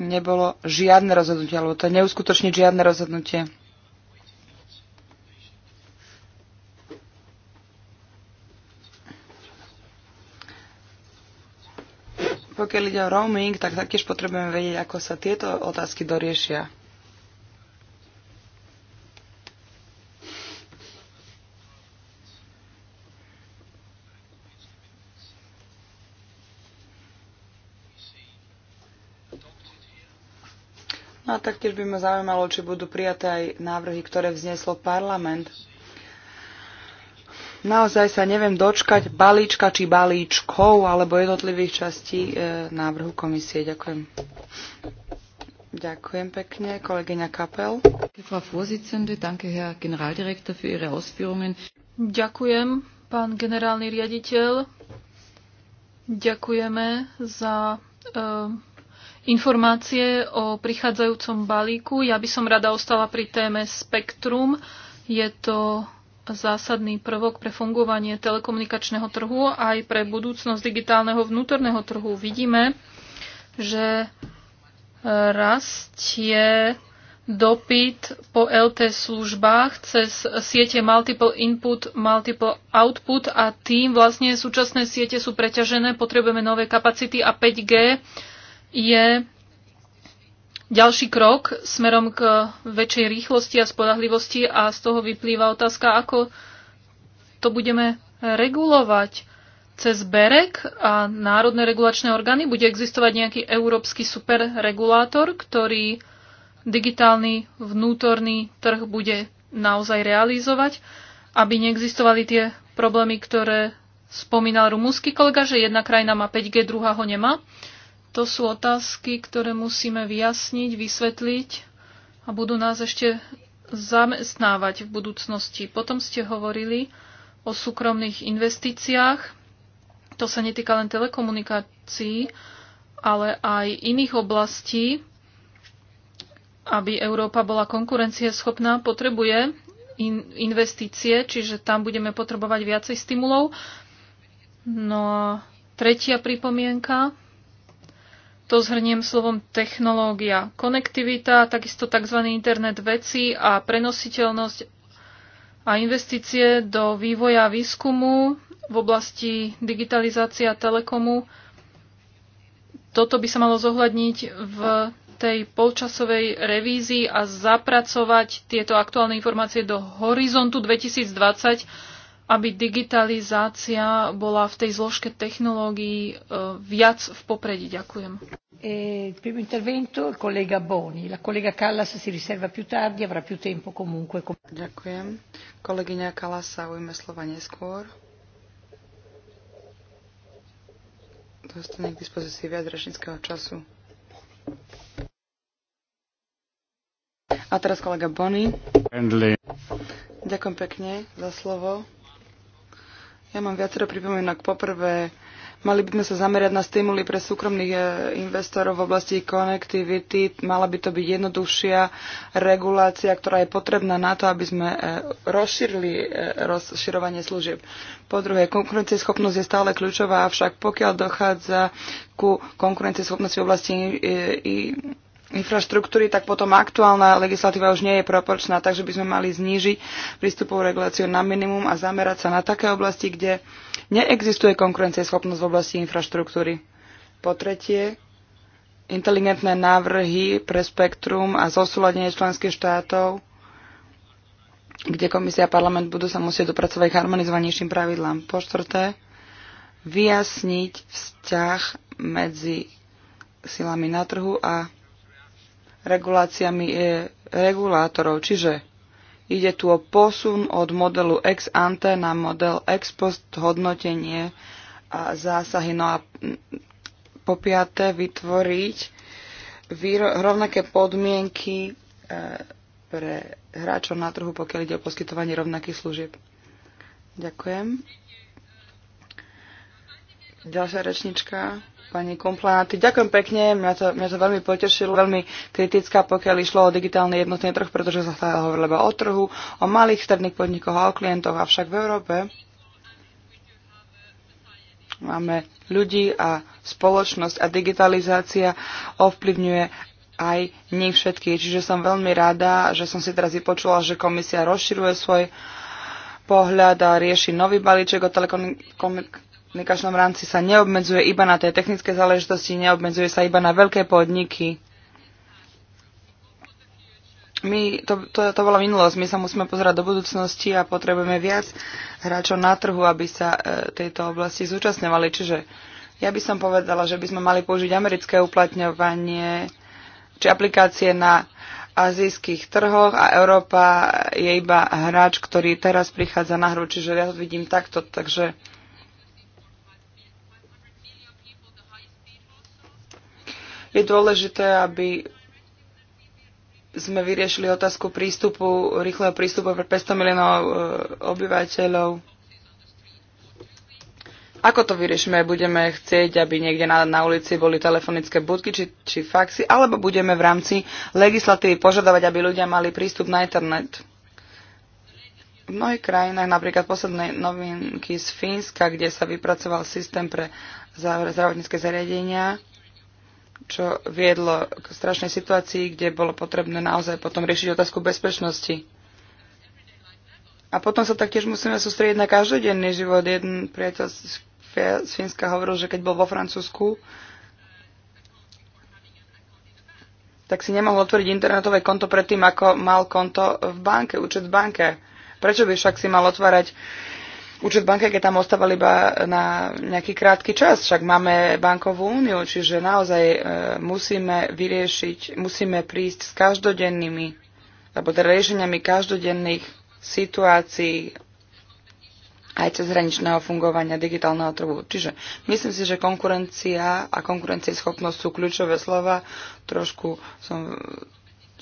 nebolo žiadne rozhodnutie, alebo to neuskutočniť žiadne rozhodnutie. Pokiaľ ide o roaming, tak taktiež potrebujeme vedieť, ako sa tieto otázky doriešia. No a taktiež by ma zaujímalo, či budú prijaté aj návrhy, ktoré vzneslo parlament Naozaj sa neviem dočkať balíčka či balíčkov alebo jednotlivých častí e, návrhu komisie. Ďakujem. Ďakujem pekne, kolegyňa Kapel. Ďakujem, pán generálny riaditeľ. Ďakujeme za e, informácie o prichádzajúcom balíku. Ja by som rada ostala pri téme spektrum. Je to zásadný prvok pre fungovanie telekomunikačného trhu aj pre budúcnosť digitálneho vnútorného trhu. Vidíme, že rastie dopyt po LT službách cez siete multiple input, multiple output a tým vlastne súčasné siete sú preťažené, potrebujeme nové kapacity a 5G je ďalší krok smerom k väčšej rýchlosti a spolahlivosti a z toho vyplýva otázka, ako to budeme regulovať cez BEREK a národné regulačné orgány. Bude existovať nejaký európsky superregulátor, ktorý digitálny vnútorný trh bude naozaj realizovať, aby neexistovali tie problémy, ktoré spomínal rumúnsky kolega, že jedna krajina má 5G, druhá ho nemá. To sú otázky, ktoré musíme vyjasniť, vysvetliť a budú nás ešte zamestnávať v budúcnosti. Potom ste hovorili o súkromných investíciách. To sa netýka len telekomunikácií, ale aj iných oblastí. Aby Európa bola konkurencieschopná, potrebuje investície, čiže tam budeme potrebovať viacej stimulov. No a tretia pripomienka to zhrniem slovom technológia. Konektivita, takisto tzv. internet veci a prenositeľnosť a investície do vývoja výskumu v oblasti digitalizácia telekomu. Toto by sa malo zohľadniť v tej polčasovej revízii a zapracovať tieto aktuálne informácie do horizontu 2020 aby digitalizácia bola v tej zložke technológií e, viac v popredí. Ďakujem. E, primo intervento il collega Boni. La collega Callas si riserva più tardi, avrà più tempo comunque. Ďakujem. Kolegyňa Callas sa ujme slova neskôr. Dostane k dispozícii viac rečníckého času. A teraz kolega Bony. Ďakujem pekne za slovo. Ja mám viacero pripomienok. Poprvé, mali by sme sa zamerať na stimuly pre súkromných e, investorov v oblasti connectivity. Mala by to byť jednoduchšia regulácia, ktorá je potrebná na to, aby sme e, rozšírili e, rozširovanie služieb. Po druhé, konkurencieschopnosť je stále kľúčová, avšak pokiaľ dochádza ku konkurencieschopnosti v oblasti infraštruktúry, tak potom aktuálna legislatíva už nie je proporčná, takže by sme mali znížiť prístupovú reguláciu na minimum a zamerať sa na také oblasti, kde neexistuje konkurencieschopnosť v oblasti infraštruktúry. Po tretie, inteligentné návrhy pre spektrum a zosúladenie členských štátov, kde komisia a parlament budú sa musieť dopracovať k harmonizovanejším pravidlám. Po štvrté, vyjasniť vzťah medzi silami na trhu a reguláciami e, regulátorov, čiže ide tu o posun od modelu ex ante na model ex post hodnotenie a zásahy. No a po piaté vytvoriť rovnaké podmienky e, pre hráčov na trhu, pokiaľ ide o poskytovanie rovnakých služieb. Ďakujem. Ďalšia rečnička pani komplanáty, Ďakujem pekne, mňa to, mňa to veľmi potešilo, veľmi kritická, pokiaľ išlo o digitálny jednotný trh, pretože sa stále hovorilo iba o trhu, o malých stredných podnikoch a o klientoch, avšak v Európe máme ľudí a spoločnosť a digitalizácia ovplyvňuje aj nie všetky. Čiže som veľmi rada, že som si teraz vypočula, že komisia rozširuje svoj pohľad a rieši nový balíček o telekom- komunikačnom rámci sa neobmedzuje iba na tie technické záležitosti, neobmedzuje sa iba na veľké podniky. My, to, to, to bola minulosť, my sa musíme pozerať do budúcnosti a potrebujeme viac hráčov na trhu, aby sa e, tejto oblasti zúčastňovali. Čiže ja by som povedala, že by sme mali použiť americké uplatňovanie či aplikácie na azijských trhoch a Európa je iba hráč, ktorý teraz prichádza na hru, čiže ja to vidím takto, takže Je dôležité, aby sme vyriešili otázku prístupu, rýchleho prístupu pre 500 miliónov e, obyvateľov. Ako to vyriešime? Budeme chcieť, aby niekde na, na ulici boli telefonické budky či, či faxy, alebo budeme v rámci legislatívy požadovať, aby ľudia mali prístup na internet? V mnohých krajinách, napríklad posledné novinky z Fínska, kde sa vypracoval systém pre zdravotnícke zariadenia, čo viedlo k strašnej situácii, kde bolo potrebné naozaj potom riešiť otázku bezpečnosti. A potom sa taktiež musíme sústrediť na každodenný život. Jeden priateľ z Fínska hovoril, že keď bol vo Francúzsku, tak si nemohol otvoriť internetové konto predtým, ako mal konto v banke, účet v banke. Prečo by však si mal otvárať účet banke, keď tam ostával iba na nejaký krátky čas. Však máme bankovú úniu, čiže naozaj e, musíme vyriešiť, musíme prísť s každodennými, alebo teda riešeniami každodenných situácií aj cez hraničného fungovania digitálneho trhu. Čiže myslím si, že konkurencia a konkurencieschopnosť sú kľúčové slova. Trošku som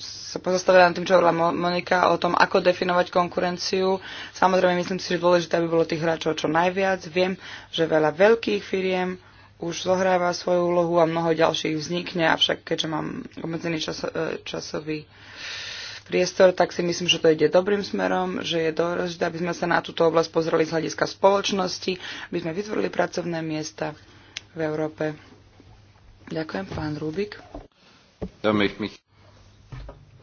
sa pozastavila na tým, čo hovorila Monika o tom, ako definovať konkurenciu. Samozrejme, myslím si, že dôležité, aby bolo tých hráčov čo najviac. Viem, že veľa veľkých firiem už zohráva svoju úlohu a mnoho ďalších vznikne, avšak keďže mám obmedzený čas, e, časový priestor, tak si myslím, že to ide dobrým smerom, že je dôležité, aby sme sa na túto oblasť pozreli z hľadiska spoločnosti, aby sme vytvorili pracovné miesta v Európe. Ďakujem, pán Rubik. Ja, Michal.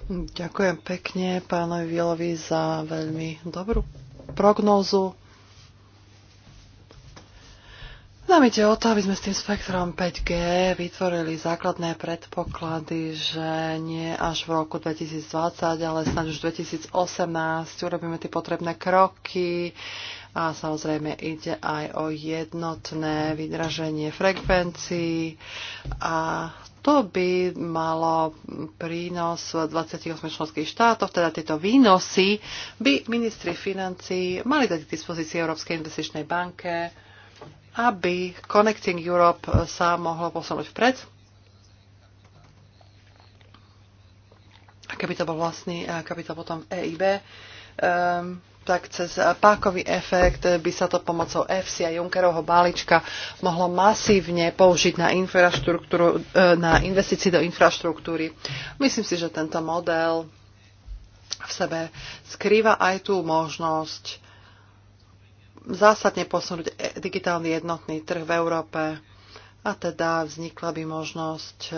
Ďakujem pekne pánovi Vilovi za veľmi dobrú prognózu. Nám ide o to, aby sme s tým spektrom 5G vytvorili základné predpoklady, že nie až v roku 2020, ale snáď už 2018 urobíme tie potrebné kroky a samozrejme ide aj o jednotné vydraženie frekvencií a to by malo prínos v 28 členských štátoch, teda tieto výnosy by ministri financí mali dať k dispozícii Európskej investičnej banke, aby Connecting Europe sa mohlo posunúť vpred. A keby to bol vlastný kapitál potom v EIB, um, tak cez pákový efekt by sa to pomocou EFSI a Junckerovho balíčka mohlo masívne použiť na, infraštruktúru, e, na investície do infraštruktúry. Myslím si, že tento model v sebe skrýva aj tú možnosť zásadne posunúť e, digitálny jednotný trh v Európe a teda vznikla by možnosť, e,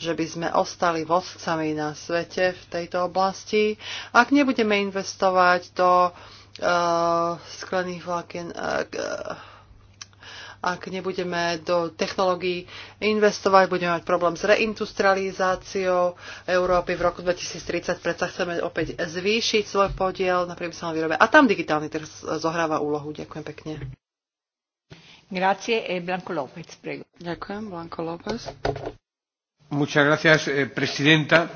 že by sme ostali vodcami na svete v tejto oblasti. Ak nebudeme investovať do uh, sklených vláken, ak, e, ak nebudeme do technológií investovať, budeme mať problém s reindustrializáciou Európy. V roku 2030 predsa chceme opäť zvýšiť svoj podiel na priemyselnom výrobe. A tam digitálny trh zohráva úlohu. Ďakujem pekne señora eh, Ďakujem, eh, presidenta.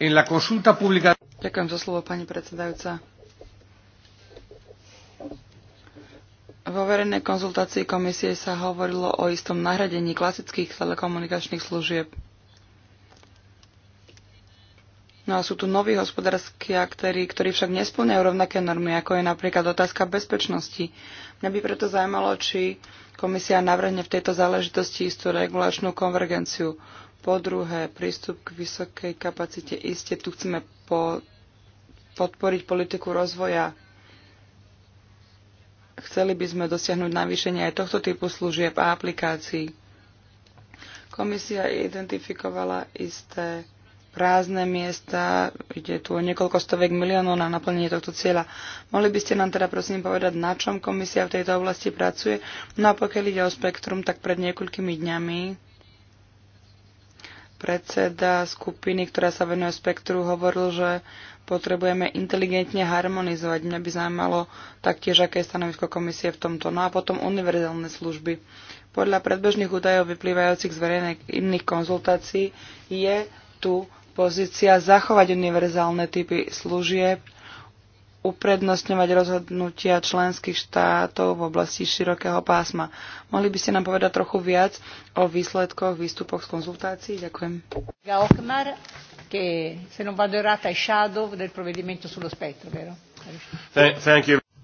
En la consulta pública... za slovo, pani predsedajúca. Vo verejnej konzultácii komisie sa hovorilo o istom nahradení klasických telekomunikačných služieb No a sú tu noví hospodárskí aktéry, ktorí však nesplňajú rovnaké normy, ako je napríklad otázka bezpečnosti. Mňa by preto zaujímalo, či komisia navrhne v tejto záležitosti istú regulačnú konvergenciu. Po druhé, prístup k vysokej kapacite. Iste tu chceme po, podporiť politiku rozvoja. Chceli by sme dosiahnuť navýšenie aj tohto typu služieb a aplikácií. Komisia identifikovala isté prázdne miesta, ide tu o niekoľko stovek miliónov na naplnenie tohto cieľa. Mohli by ste nám teda prosím povedať, na čom komisia v tejto oblasti pracuje? No a pokiaľ ide o spektrum, tak pred niekoľkými dňami predseda skupiny, ktorá sa venuje spektru, hovoril, že potrebujeme inteligentne harmonizovať. Mňa by zaujímalo taktiež, aké je stanovisko komisie v tomto. No a potom univerzálne služby. Podľa predbežných údajov vyplývajúcich z verejných iných konzultácií je tu pozícia zachovať univerzálne typy služieb, uprednostňovať rozhodnutia členských štátov v oblasti širokého pásma. Mohli by ste nám povedať trochu viac o výsledkoch, výstupoch z konzultácií? Ďakujem.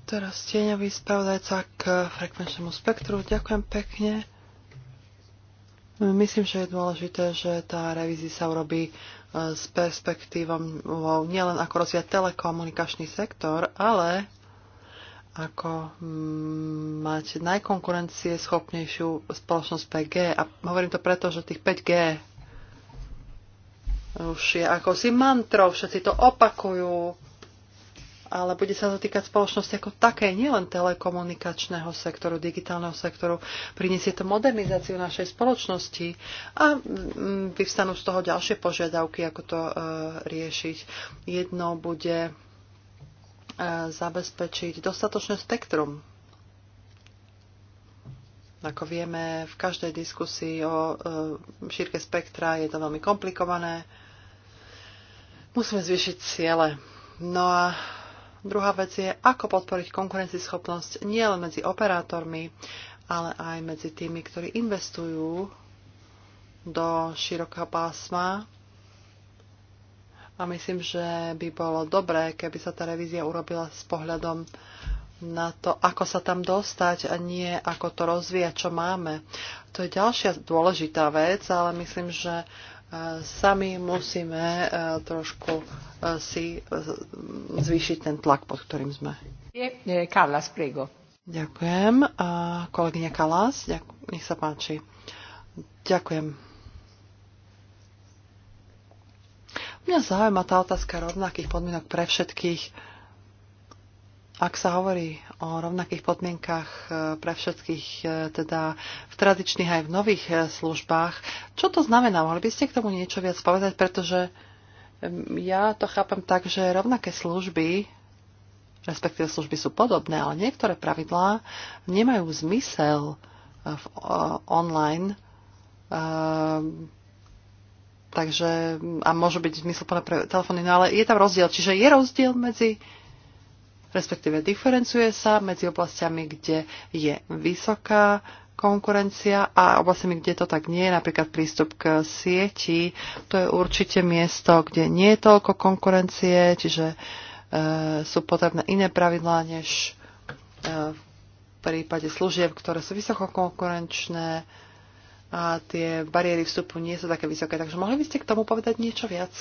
Teraz tieňový spravodajca k frekvenčnému spektru. Ďakujem pekne. Myslím, že je dôležité, že tá revízia sa urobí s perspektívou nielen ako rozvíjať telekomunikačný sektor, ale ako mm, mať najkonkurencieschopnejšiu spoločnosť 5G. A hovorím to preto, že tých 5G už je ako si mantrov, všetci to opakujú, ale bude sa to týkať spoločnosti ako také, nielen telekomunikačného sektoru, digitálneho sektoru. Prinesie to modernizáciu našej spoločnosti a mm, vyvstanú z toho ďalšie požiadavky, ako to e, riešiť. Jedno bude e, zabezpečiť dostatočné spektrum. Ako vieme, v každej diskusii o e, šírke spektra je to veľmi komplikované. Musíme zvýšiť ciele. No a Druhá vec je, ako podporiť konkurencieschopnosť nielen medzi operátormi, ale aj medzi tými, ktorí investujú do širokého pásma. A myslím, že by bolo dobré, keby sa tá revízia urobila s pohľadom na to, ako sa tam dostať a nie ako to rozvíjať, čo máme. To je ďalšia dôležitá vec, ale myslím, že sami musíme e, trošku e, si e, zvýšiť ten tlak, pod ktorým sme. Kalas, prego. Ďakujem. Kolegyňa Kalas, nech sa páči. Ďakujem. Mňa zaujíma tá otázka rovnakých podmienok pre všetkých ak sa hovorí o rovnakých podmienkach eh, pre všetkých, eh, teda v tradičných aj v nových eh, službách, čo to znamená? Mohli by ste k tomu niečo viac povedať? Pretože ja to chápem tak, že rovnaké služby, respektíve služby sú podobné, ale niektoré pravidlá nemajú zmysel v, online. takže, a môžu byť zmysluplné pre telefóny, no ale je tam rozdiel. Čiže je rozdiel medzi respektíve diferencuje sa medzi oblastiami, kde je vysoká konkurencia a oblastiami, kde to tak nie je, napríklad prístup k sieti, to je určite miesto, kde nie je toľko konkurencie, čiže e, sú potrebné iné pravidlá než e, v prípade služieb, ktoré sú vysokokonkurenčné a tie bariéry vstupu nie sú také vysoké. Takže mohli by ste k tomu povedať niečo viac?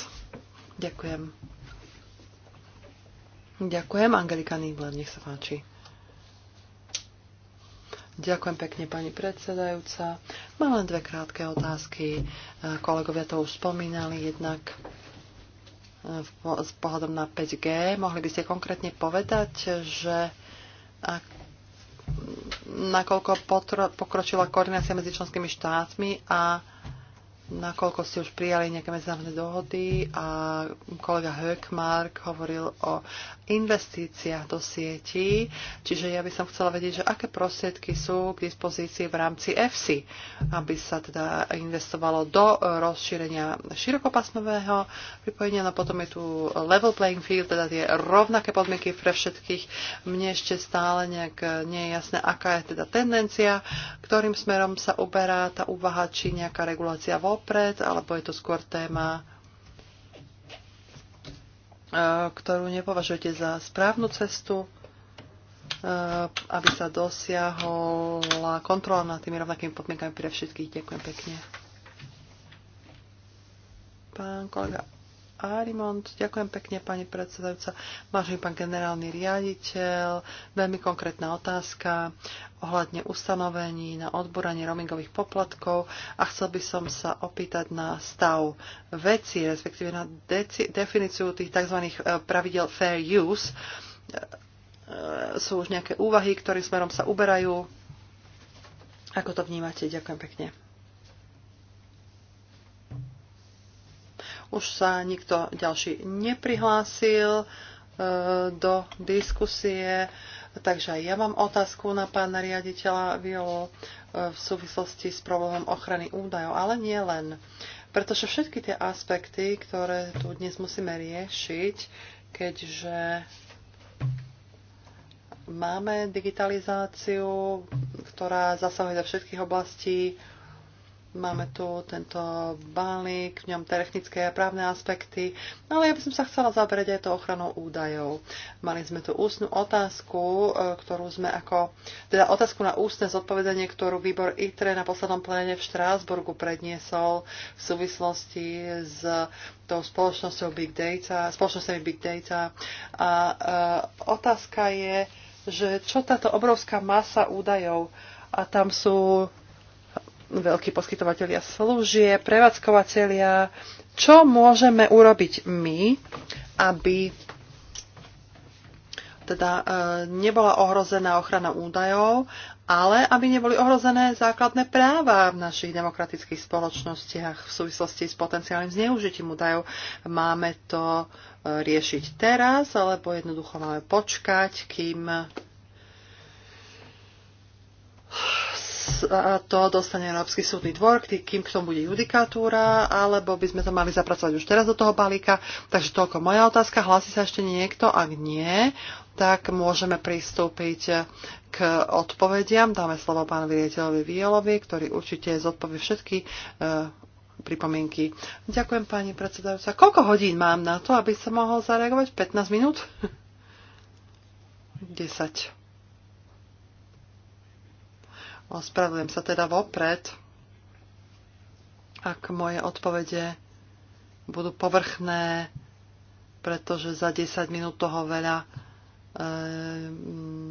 Ďakujem. Ďakujem, Angelika Nibler, nech sa páči. Ďakujem pekne, pani predsedajúca. Mám len dve krátke otázky. Kolegovia to už spomínali jednak eh, s pohľadom na 5G. Mohli by ste konkrétne povedať, že ak, nakoľko potro, pokročila koordinácia medzi členskými štátmi a nakoľko ste už prijali nejaké medzinárodné dohody a kolega Höckmark hovoril o investíciách do sietí. Čiže ja by som chcela vedieť, že aké prostriedky sú k dispozícii v rámci EFSI, aby sa teda investovalo do rozšírenia širokopasmového pripojenia. No potom je tu level playing field, teda tie rovnaké podmienky pre všetkých. Mne ešte stále nejak nie je jasné, aká je teda tendencia, ktorým smerom sa uberá tá úvaha, či nejaká regulácia vopred, alebo je to skôr téma ktorú nepovažujete za správnu cestu, aby sa dosiahla kontrola nad tými rovnakými podmienkami pre všetkých. Ďakujem pekne. Pán kolega Arimont. Ďakujem pekne, pani predsedajúca. Vážený pán generálny riaditeľ, veľmi konkrétna otázka ohľadne ustanovení na odboranie roamingových poplatkov a chcel by som sa opýtať na stav veci, respektíve na definíciu tých tzv. Eh, pravidel fair use. Eh, sú už nejaké úvahy, ktorým smerom sa uberajú. Ako to vnímate? Ďakujem pekne. Už sa nikto ďalší neprihlásil e, do diskusie. Takže aj ja mám otázku na pána riaditeľa Violo e, v súvislosti s problémom ochrany údajov, ale nie len. Pretože všetky tie aspekty, ktoré tu dnes musíme riešiť, keďže máme digitalizáciu, ktorá zasahuje do všetkých oblastí Máme tu tento balík, v ňom technické a právne aspekty, ale ja by som sa chcela zabrať aj to ochranou údajov. Mali sme tu ústnu otázku, e, ktorú sme ako, teda otázku na ústne zodpovedanie, ktorú výbor ITRE na poslednom pléne v Štrásburgu predniesol v súvislosti s tou spoločnosťou Big Data, spoločnosťami Big Data. A e, otázka je, že čo táto obrovská masa údajov, a tam sú veľkí poskytovateľia služie, prevádzkovateľia. Čo môžeme urobiť my, aby teda e, nebola ohrozená ochrana údajov, ale aby neboli ohrozené základné práva v našich demokratických spoločnostiach v súvislosti s potenciálnym zneužitím údajov. Máme to e, riešiť teraz, alebo jednoducho máme počkať, kým to dostane Európsky súdny dvor, kým k tomu bude judikatúra, alebo by sme to mali zapracovať už teraz do toho balíka. Takže toľko moja otázka. Hlási sa ešte niekto? Ak nie, tak môžeme pristúpiť k odpovediam. Dáme slovo pánu viediteľovi Violovi, ktorý určite zodpovie všetky e, pripomienky. Ďakujem pani predsedajúca. Koľko hodín mám na to, aby som mohol zareagovať? 15 minút? 10. [laughs] Ospravedlňujem sa teda vopred, ak moje odpovede budú povrchné, pretože za 10 minút toho veľa e,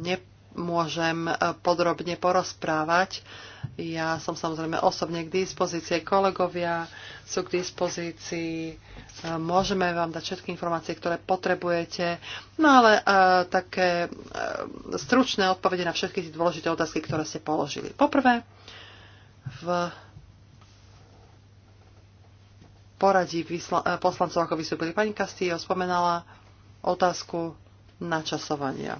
nemôžem podrobne porozprávať. Ja som samozrejme osobne k dispozícii, kolegovia sú k dispozícii, e, môžeme vám dať všetky informácie, ktoré potrebujete, no ale uh, také uh, stručné odpovede na všetky tie dôležité otázky, ktoré ste položili. Poprvé, v poradí poslancov, ako vystúpili. Pani Castillo spomenala otázku načasovania.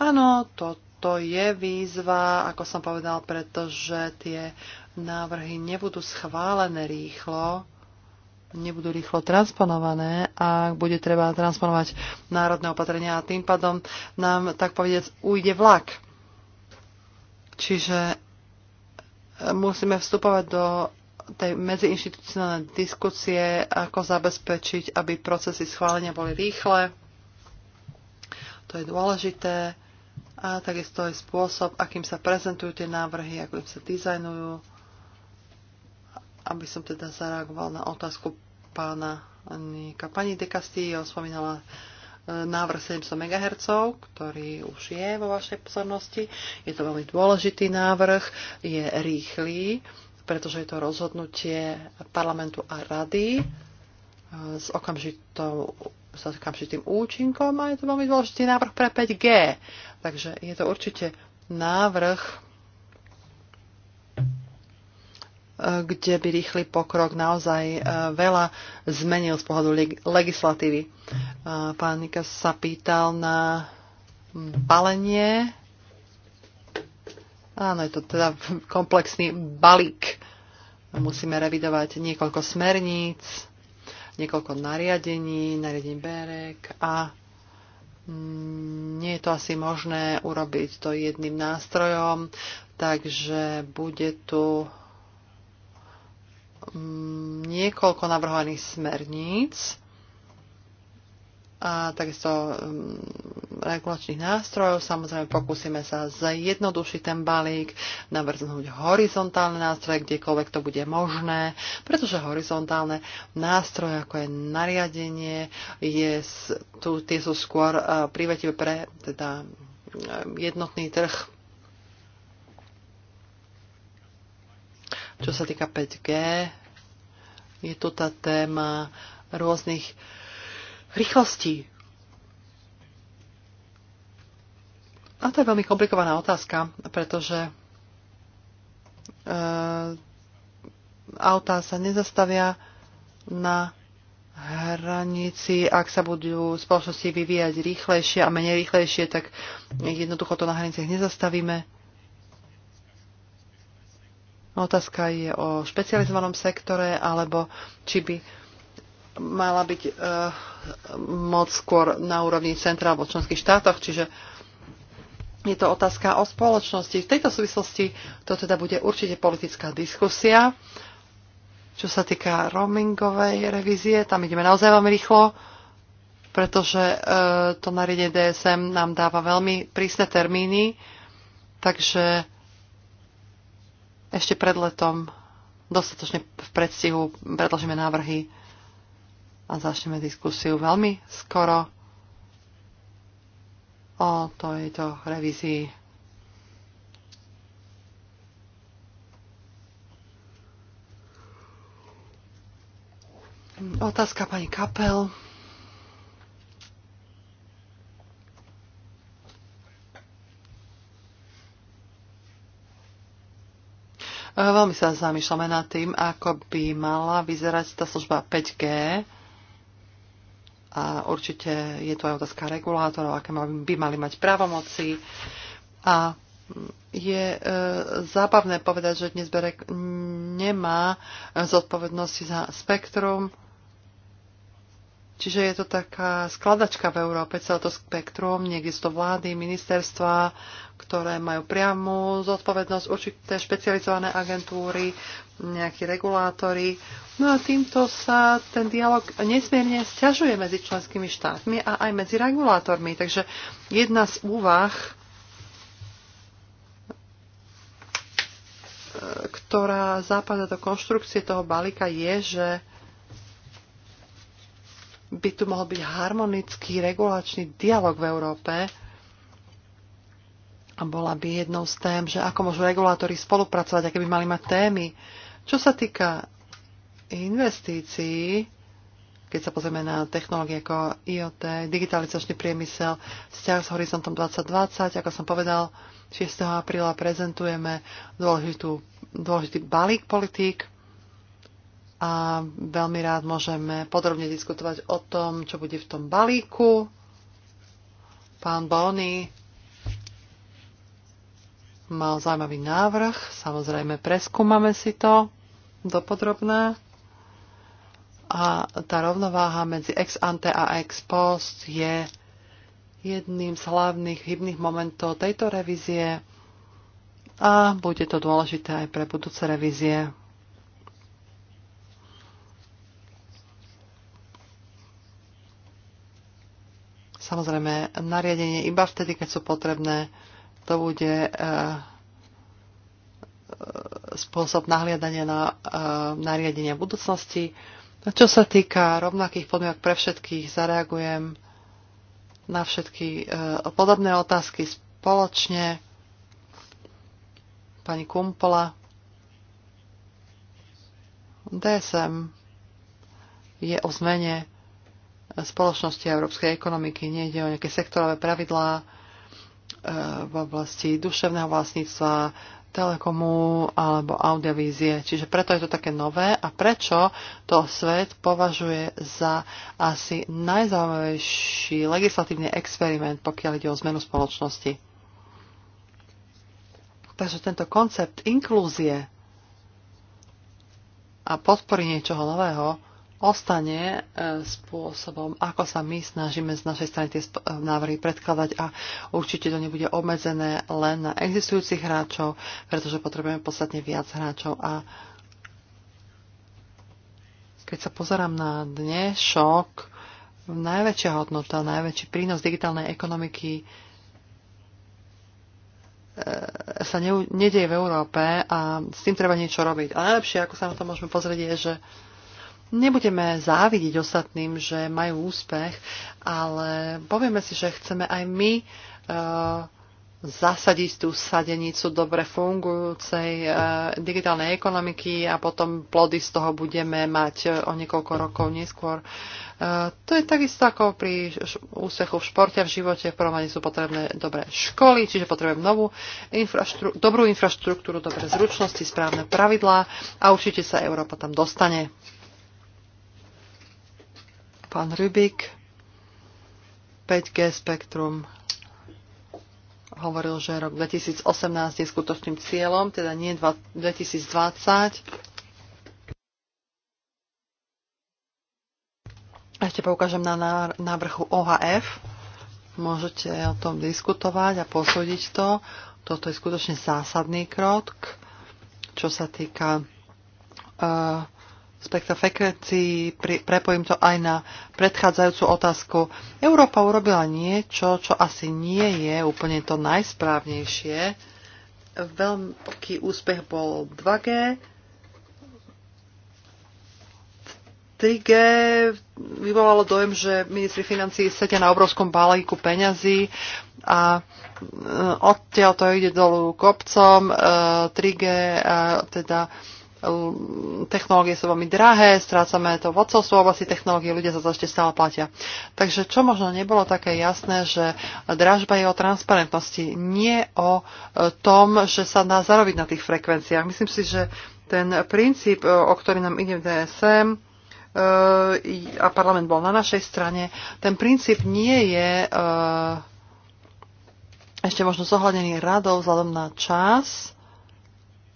Áno, to to je výzva, ako som povedal, pretože tie návrhy nebudú schválené rýchlo, nebudú rýchlo transponované a bude treba transponovať národné opatrenia a tým pádom nám, tak povediac, ujde vlak. Čiže e, musíme vstupovať do tej medziinstitucionálnej diskusie, ako zabezpečiť, aby procesy schválenia boli rýchle. To je dôležité a takisto aj spôsob, akým sa prezentujú tie návrhy, ako sa dizajnujú, aby som teda zareagoval na otázku pána Nika. Pani De Castillo spomínala e, návrh 700 MHz, ktorý už je vo vašej pozornosti. Je to veľmi dôležitý návrh, je rýchly, pretože je to rozhodnutie parlamentu a rady e, s, okamžitou, s okamžitým účinkom a je to veľmi dôležitý návrh pre 5G. Takže je to určite návrh, kde by rýchly pokrok naozaj e, veľa zmenil z pohľadu legislatívy. E, pán Nika sa pýtal na balenie. Áno, je to teda komplexný balík. Musíme revidovať niekoľko smerníc, niekoľko nariadení, nariadení BEREK a nie je to asi možné urobiť to jedným nástrojom, takže bude tu mm, niekoľko navrhovaných smerníc a takisto um, regulačných nástrojov. Samozrejme, pokúsime sa zjednodušiť ten balík, navrznúť horizontálne nástroje, kdekoľvek to bude možné, pretože horizontálne nástroje, ako je nariadenie, je, tu, tie sú skôr uh, privetivé pre teda, um, jednotný trh. Čo sa týka 5G, je tu tá téma rôznych uh, rýchlosti. A to je veľmi komplikovaná otázka, pretože e, eh, autá sa nezastavia na hranici, ak sa budú spoločnosti vyvíjať rýchlejšie a menej rýchlejšie, tak jednoducho to na hraniciach nezastavíme. Otázka je o špecializovanom sektore, alebo či by mala byť e, moc skôr na úrovni centra alebo členských štátoch, čiže je to otázka o spoločnosti. V tejto súvislosti to teda bude určite politická diskusia. Čo sa týka roamingovej revízie, tam ideme naozaj veľmi rýchlo, pretože e, to nariadenie DSM nám dáva veľmi prísne termíny, takže ešte pred letom dostatočne v predstihu predložíme návrhy a začneme diskusiu veľmi skoro o tejto revízii. Otázka pani Kapel. Veľmi sa zamýšľame nad tým, ako by mala vyzerať tá služba 5G a určite je to aj otázka regulátorov, aké by mali mať právomoci. A je e, zábavné povedať, že dnes Berek nemá zodpovednosti za spektrum Čiže je to taká skladačka v Európe, celé to spektrum, niekde sú to vlády, ministerstva, ktoré majú priamu zodpovednosť, určité špecializované agentúry, nejakí regulátori. No a týmto sa ten dialog nesmierne sťažuje medzi členskými štátmi a aj medzi regulátormi. Takže jedna z úvah, e, ktorá zapadá do konštrukcie toho balíka, je, že by tu mohol byť harmonický regulačný dialog v Európe a bola by jednou z tém, že ako môžu regulátori spolupracovať, aké by mali mať témy. Čo sa týka investícií, keď sa pozrieme na technológie ako IoT, digitalizačný priemysel, vzťah s Horizontom 2020, ako som povedal, 6. apríla prezentujeme dôležitú, dôležitý balík politík, a veľmi rád môžeme podrobne diskutovať o tom, čo bude v tom balíku. Pán Bony mal zaujímavý návrh, samozrejme preskúmame si to dopodrobné. A tá rovnováha medzi ex ante a ex post je jedným z hlavných hybných momentov tejto revízie a bude to dôležité aj pre budúce revízie. Samozrejme, nariadenie iba vtedy, keď sú potrebné, to bude e, e, spôsob nahliadania na e, nariadenia budúcnosti. A čo sa týka rovnakých podmienok pre všetkých, zareagujem na všetky podobné otázky spoločne. Pani Kumpola. DSM je o zmene spoločnosti a európskej ekonomiky. Nejde o nejaké sektorové pravidlá e, v oblasti duševného vlastníctva, telekomu alebo audiovízie. Čiže preto je to také nové a prečo to svet považuje za asi najzaujímavejší legislatívny experiment, pokiaľ ide o zmenu spoločnosti. Takže tento koncept inklúzie a podpory niečoho nového ostane e, spôsobom, ako sa my snažíme z našej strany tie e, návrhy predkladať a určite to nebude obmedzené len na existujúcich hráčov, pretože potrebujeme podstatne viac hráčov a keď sa pozerám na dnešok, najväčšia hodnota, najväčší prínos digitálnej ekonomiky e, sa ne, nedieje v Európe a s tým treba niečo robiť. A najlepšie, ako sa na to môžeme pozrieť, je, že nebudeme závidieť ostatným, že majú úspech, ale povieme si, že chceme aj my e, zasadiť tú sadenicu dobre fungujúcej e, digitálnej ekonomiky a potom plody z toho budeme mať e, o niekoľko rokov neskôr. E, to je takisto ako pri úspechu v športe a v živote. V prvom sú potrebné dobré školy, čiže potrebujem novú infraštru- dobrú infraštruktúru, dobré zručnosti, správne pravidlá a určite sa Európa tam dostane. Pán Rybik, 5G Spektrum hovoril, že rok 2018 je skutočným cieľom, teda nie 2020. Ešte poukážem na návrhu OHF. Môžete o tom diskutovať a posúdiť to. Toto je skutočne zásadný krok, čo sa týka uh, spektra frekvencií, prepojím to aj na predchádzajúcu otázku. Európa urobila niečo, čo asi nie je úplne to najsprávnejšie. Veľký úspech bol 2G, 3G vyvolalo dojem, že ministri financí sedia na obrovskom balíku peňazí a e, odtiaľ to ide dolu kopcom. 3G e, teda Ehm, technológie sú veľmi drahé, strácame to v v oblasti technológie, ľudia sa zašte ešte stále platia. Takže čo možno nebolo také jasné, že dražba je o transparentnosti, nie o e, tom, že sa dá zarobiť na tých frekvenciách. Myslím si, že ten princíp, e, o ktorý nám ide v DSM, e, a parlament bol na našej strane, ten princíp nie je ešte možno zohľadený radou vzhľadom na čas,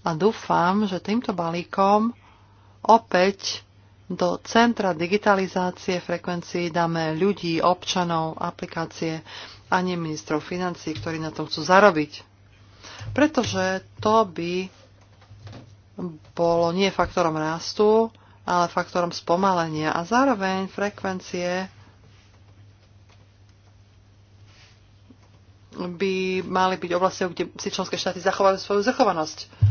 a dúfam, že týmto balíkom opäť do centra digitalizácie frekvencií dáme ľudí, občanov, aplikácie a nie ministrov financí, ktorí na tom chcú zarobiť. Pretože to by bolo nie faktorom rastu, ale faktorom spomalenia a zároveň frekvencie by mali byť oblasti, kde si členské štáty zachovali svoju zachovanosť.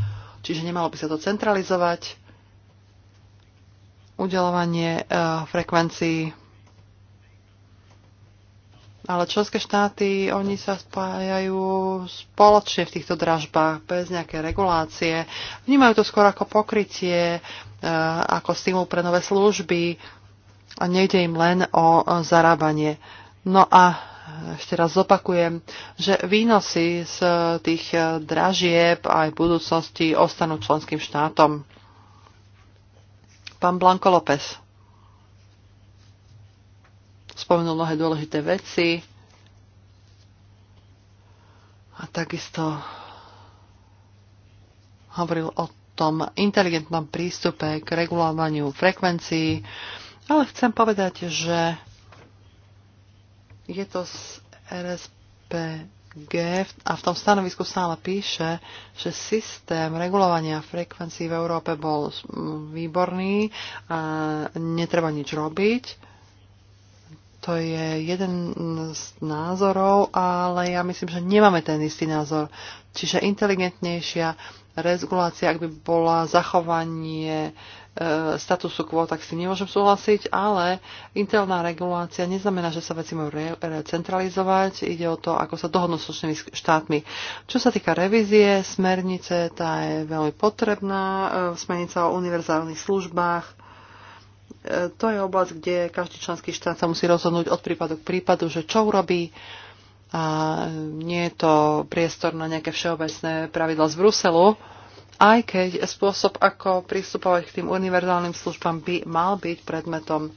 Čiže nemalo by sa to centralizovať. Udelovanie e, frekvencií. Ale členské štáty, oni sa spájajú spoločne v týchto dražbách, bez nejaké regulácie. Vnímajú to skôr ako pokrytie, e, ako stimul pre nové služby a nejde im len o e, zarábanie. No a ešte raz zopakujem, že výnosy z tých eh, dražieb aj v budúcnosti ostanú členským štátom. Pán Blanko López spomenul mnohé dôležité veci a takisto hovoril o tom inteligentnom prístupe k regulovaniu frekvencií, ale chcem povedať, že je to z RSPG a v tom stanovisku stále píše, že systém regulovania frekvencií v Európe bol výborný a netreba nič robiť to je jeden z názorov, ale ja myslím, že nemáme ten istý názor. Čiže inteligentnejšia regulácia, ak by bola zachovanie statusu quo, tak s tým nemôžem súhlasiť, ale interná regulácia neznamená, že sa veci majú re- centralizovať, ide o to, ako sa dohodnú s štátmi. Čo sa týka revízie, smernice, tá je veľmi potrebná, e, smernica o univerzálnych službách, e, to je oblasť, kde každý členský štát sa musí rozhodnúť od prípadu k prípadu, že čo urobí, a nie je to priestor na nejaké všeobecné pravidla z Bruselu, aj keď spôsob, ako pristupovať k tým univerzálnym službám, by mal byť predmetom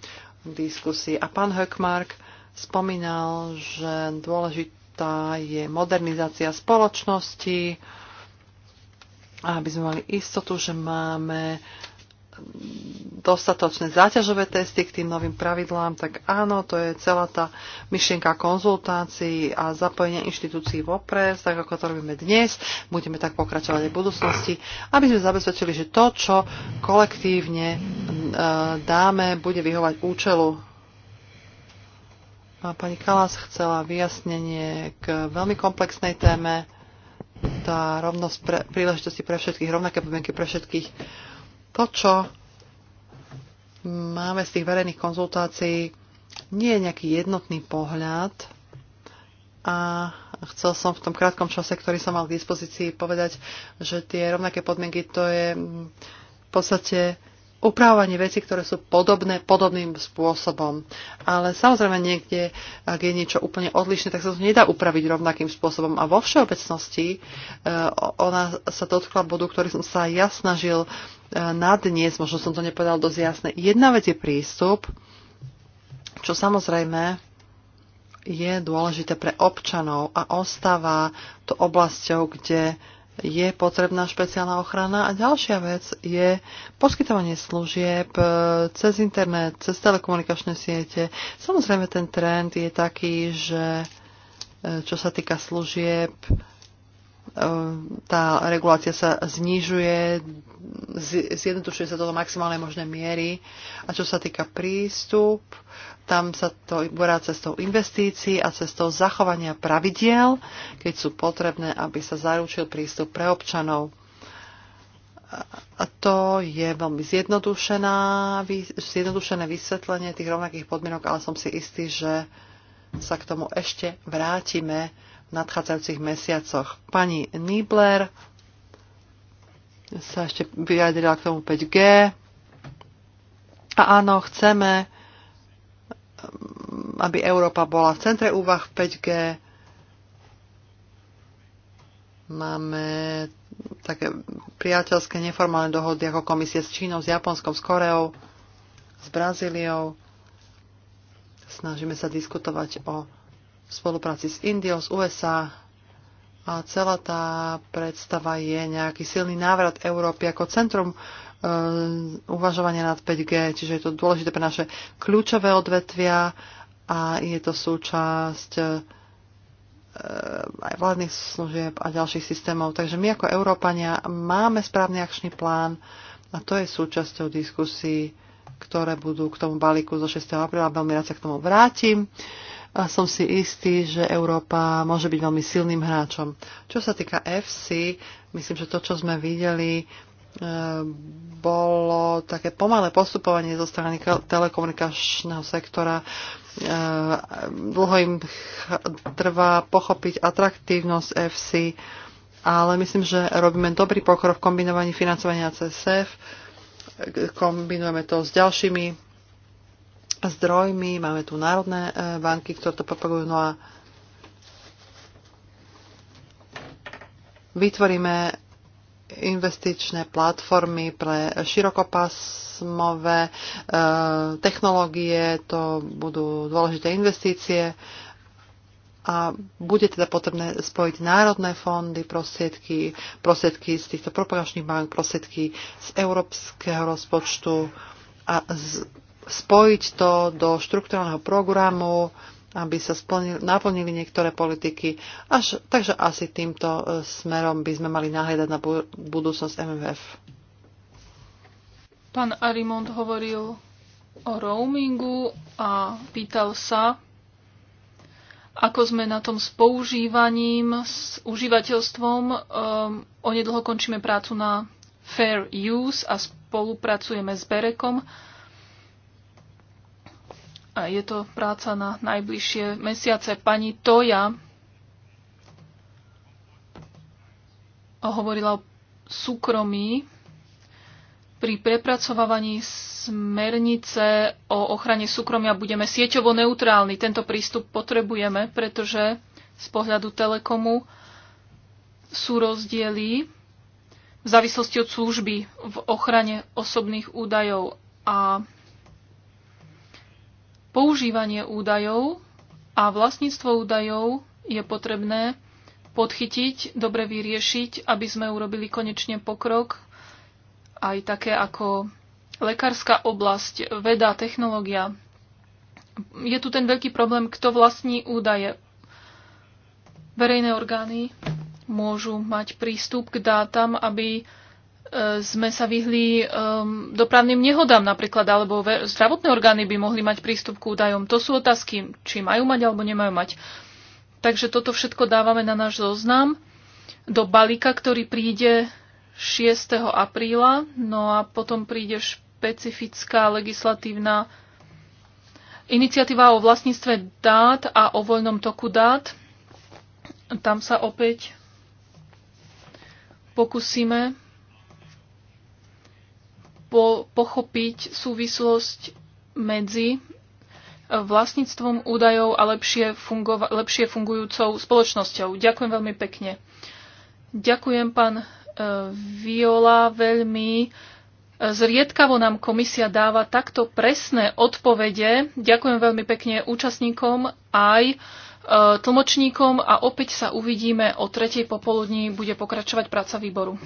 diskusie. A pán Höckmark spomínal, že dôležitá je modernizácia spoločnosti, aby sme mali istotu, že máme dostatočné záťažové testy k tým novým pravidlám, tak áno, to je celá tá myšlienka konzultácií a zapojenia inštitúcií vopres, tak ako to robíme dnes, budeme tak pokračovať aj v budúcnosti, aby sme zabezpečili, že to, čo kolektívne e, dáme, bude vyhovať účelu. A pani Kalas chcela vyjasnenie k veľmi komplexnej téme, tá rovnosť pre, príležitosti pre všetkých, rovnaké podmienky pre všetkých to, čo máme z tých verejných konzultácií, nie je nejaký jednotný pohľad a chcel som v tom krátkom čase, ktorý som mal k dispozícii, povedať, že tie rovnaké podmienky to je v podstate upravovanie veci, ktoré sú podobné podobným spôsobom. Ale samozrejme niekde, ak je niečo úplne odlišné, tak sa to nedá upraviť rovnakým spôsobom. A vo všeobecnosti e, ona sa dotkla bodu, ktorý som sa ja snažil na dnes, možno som to nepovedal dosť jasne. Jedna vec je prístup, čo samozrejme je dôležité pre občanov a ostáva to oblasťou, kde je potrebná špeciálna ochrana. A ďalšia vec je poskytovanie služieb e, cez internet, cez telekomunikačné siete. Samozrejme ten trend je taký, že e, čo sa týka služieb, tá regulácia sa znižuje, zjednodušuje sa to do maximálnej možnej miery. A čo sa týka prístup, tam sa to borá cestou investícií a cestou zachovania pravidiel, keď sú potrebné, aby sa zaručil prístup pre občanov. A to je veľmi zjednodušené vysvetlenie tých rovnakých podmienok, ale som si istý, že sa k tomu ešte vrátime nadchádzajúcich mesiacoch. Pani Nibler sa ešte vyjadrila k tomu 5G. A áno, chceme, aby Európa bola v centre úvah 5G. Máme také priateľské neformálne dohody ako komisie s Čínou, s Japonskom, s Koreou, s Brazíliou. Snažíme sa diskutovať o v spolupráci s Indiou, s USA. A celá tá predstava je nejaký silný návrat Európy ako centrum e, uvažovania nad 5G, čiže je to dôležité pre naše kľúčové odvetvia a je to súčasť e, aj vládnych služieb a ďalších systémov. Takže my ako Európania máme správny akčný plán a to je súčasťou diskusí, ktoré budú k tomu balíku zo 6. apríla. Veľmi rád sa k tomu vrátim. A som si istý, že Európa môže byť veľmi silným hráčom. Čo sa týka FC, myslím, že to, čo sme videli, e, bolo také pomalé postupovanie zo strany telekomunikačného sektora. E, dlho im trvá pochopiť atraktívnosť FC, ale myslím, že robíme dobrý pokrok v kombinovaní financovania CSF, kombinujeme to s ďalšími zdrojmi, máme tu národné e, banky, ktoré to propagujú, no a vytvoríme investičné platformy pre širokopásmové e, technológie, to budú dôležité investície a bude teda potrebné spojiť národné fondy, prostriedky, prostriedky z týchto propagačných bank, prostriedky z európskeho rozpočtu a z spojiť to do štruktúrneho programu, aby sa splnili, naplnili niektoré politiky. Až, takže asi týmto e, smerom by sme mali nahľadať na budúcnosť MMF. Pán Arimond hovoril o roamingu a pýtal sa, ako sme na tom s používaním, s užívateľstvom. Um, onedlho končíme prácu na Fair Use a spolupracujeme s Berekom. Uh, je to práca na najbližšie mesiace. Pani Toja hovorila o súkromí pri prepracovávaní smernice o ochrane súkromia budeme sieťovo neutrálni. Tento prístup potrebujeme, pretože z pohľadu telekomu sú rozdiely v závislosti od služby v ochrane osobných údajov a Používanie údajov a vlastníctvo údajov je potrebné podchytiť, dobre vyriešiť, aby sme urobili konečne pokrok aj také ako lekárska oblasť, veda, technológia. Je tu ten veľký problém, kto vlastní údaje. Verejné orgány môžu mať prístup k dátam, aby E, sme sa vyhli um, dopravným nehodám napríklad, alebo zdravotné orgány by mohli mať prístup k údajom. To sú otázky, či majú mať alebo nemajú mať. Takže toto všetko dávame na náš zoznam do balíka, ktorý príde 6. apríla, no a potom príde špecifická legislatívna iniciatíva o vlastníctve dát a o voľnom toku dát. Tam sa opäť pokúsime po- pochopiť súvislosť medzi e, vlastníctvom údajov a lepšie, fungova- lepšie fungujúcou spoločnosťou. Ďakujem veľmi pekne. Ďakujem, pán e, Viola, veľmi e, Zriedkavo nám komisia dáva takto presné odpovede. Ďakujem veľmi pekne účastníkom aj tlmočníkom a opäť sa uvidíme o tretej popoludní. Bude pokračovať práca výboru.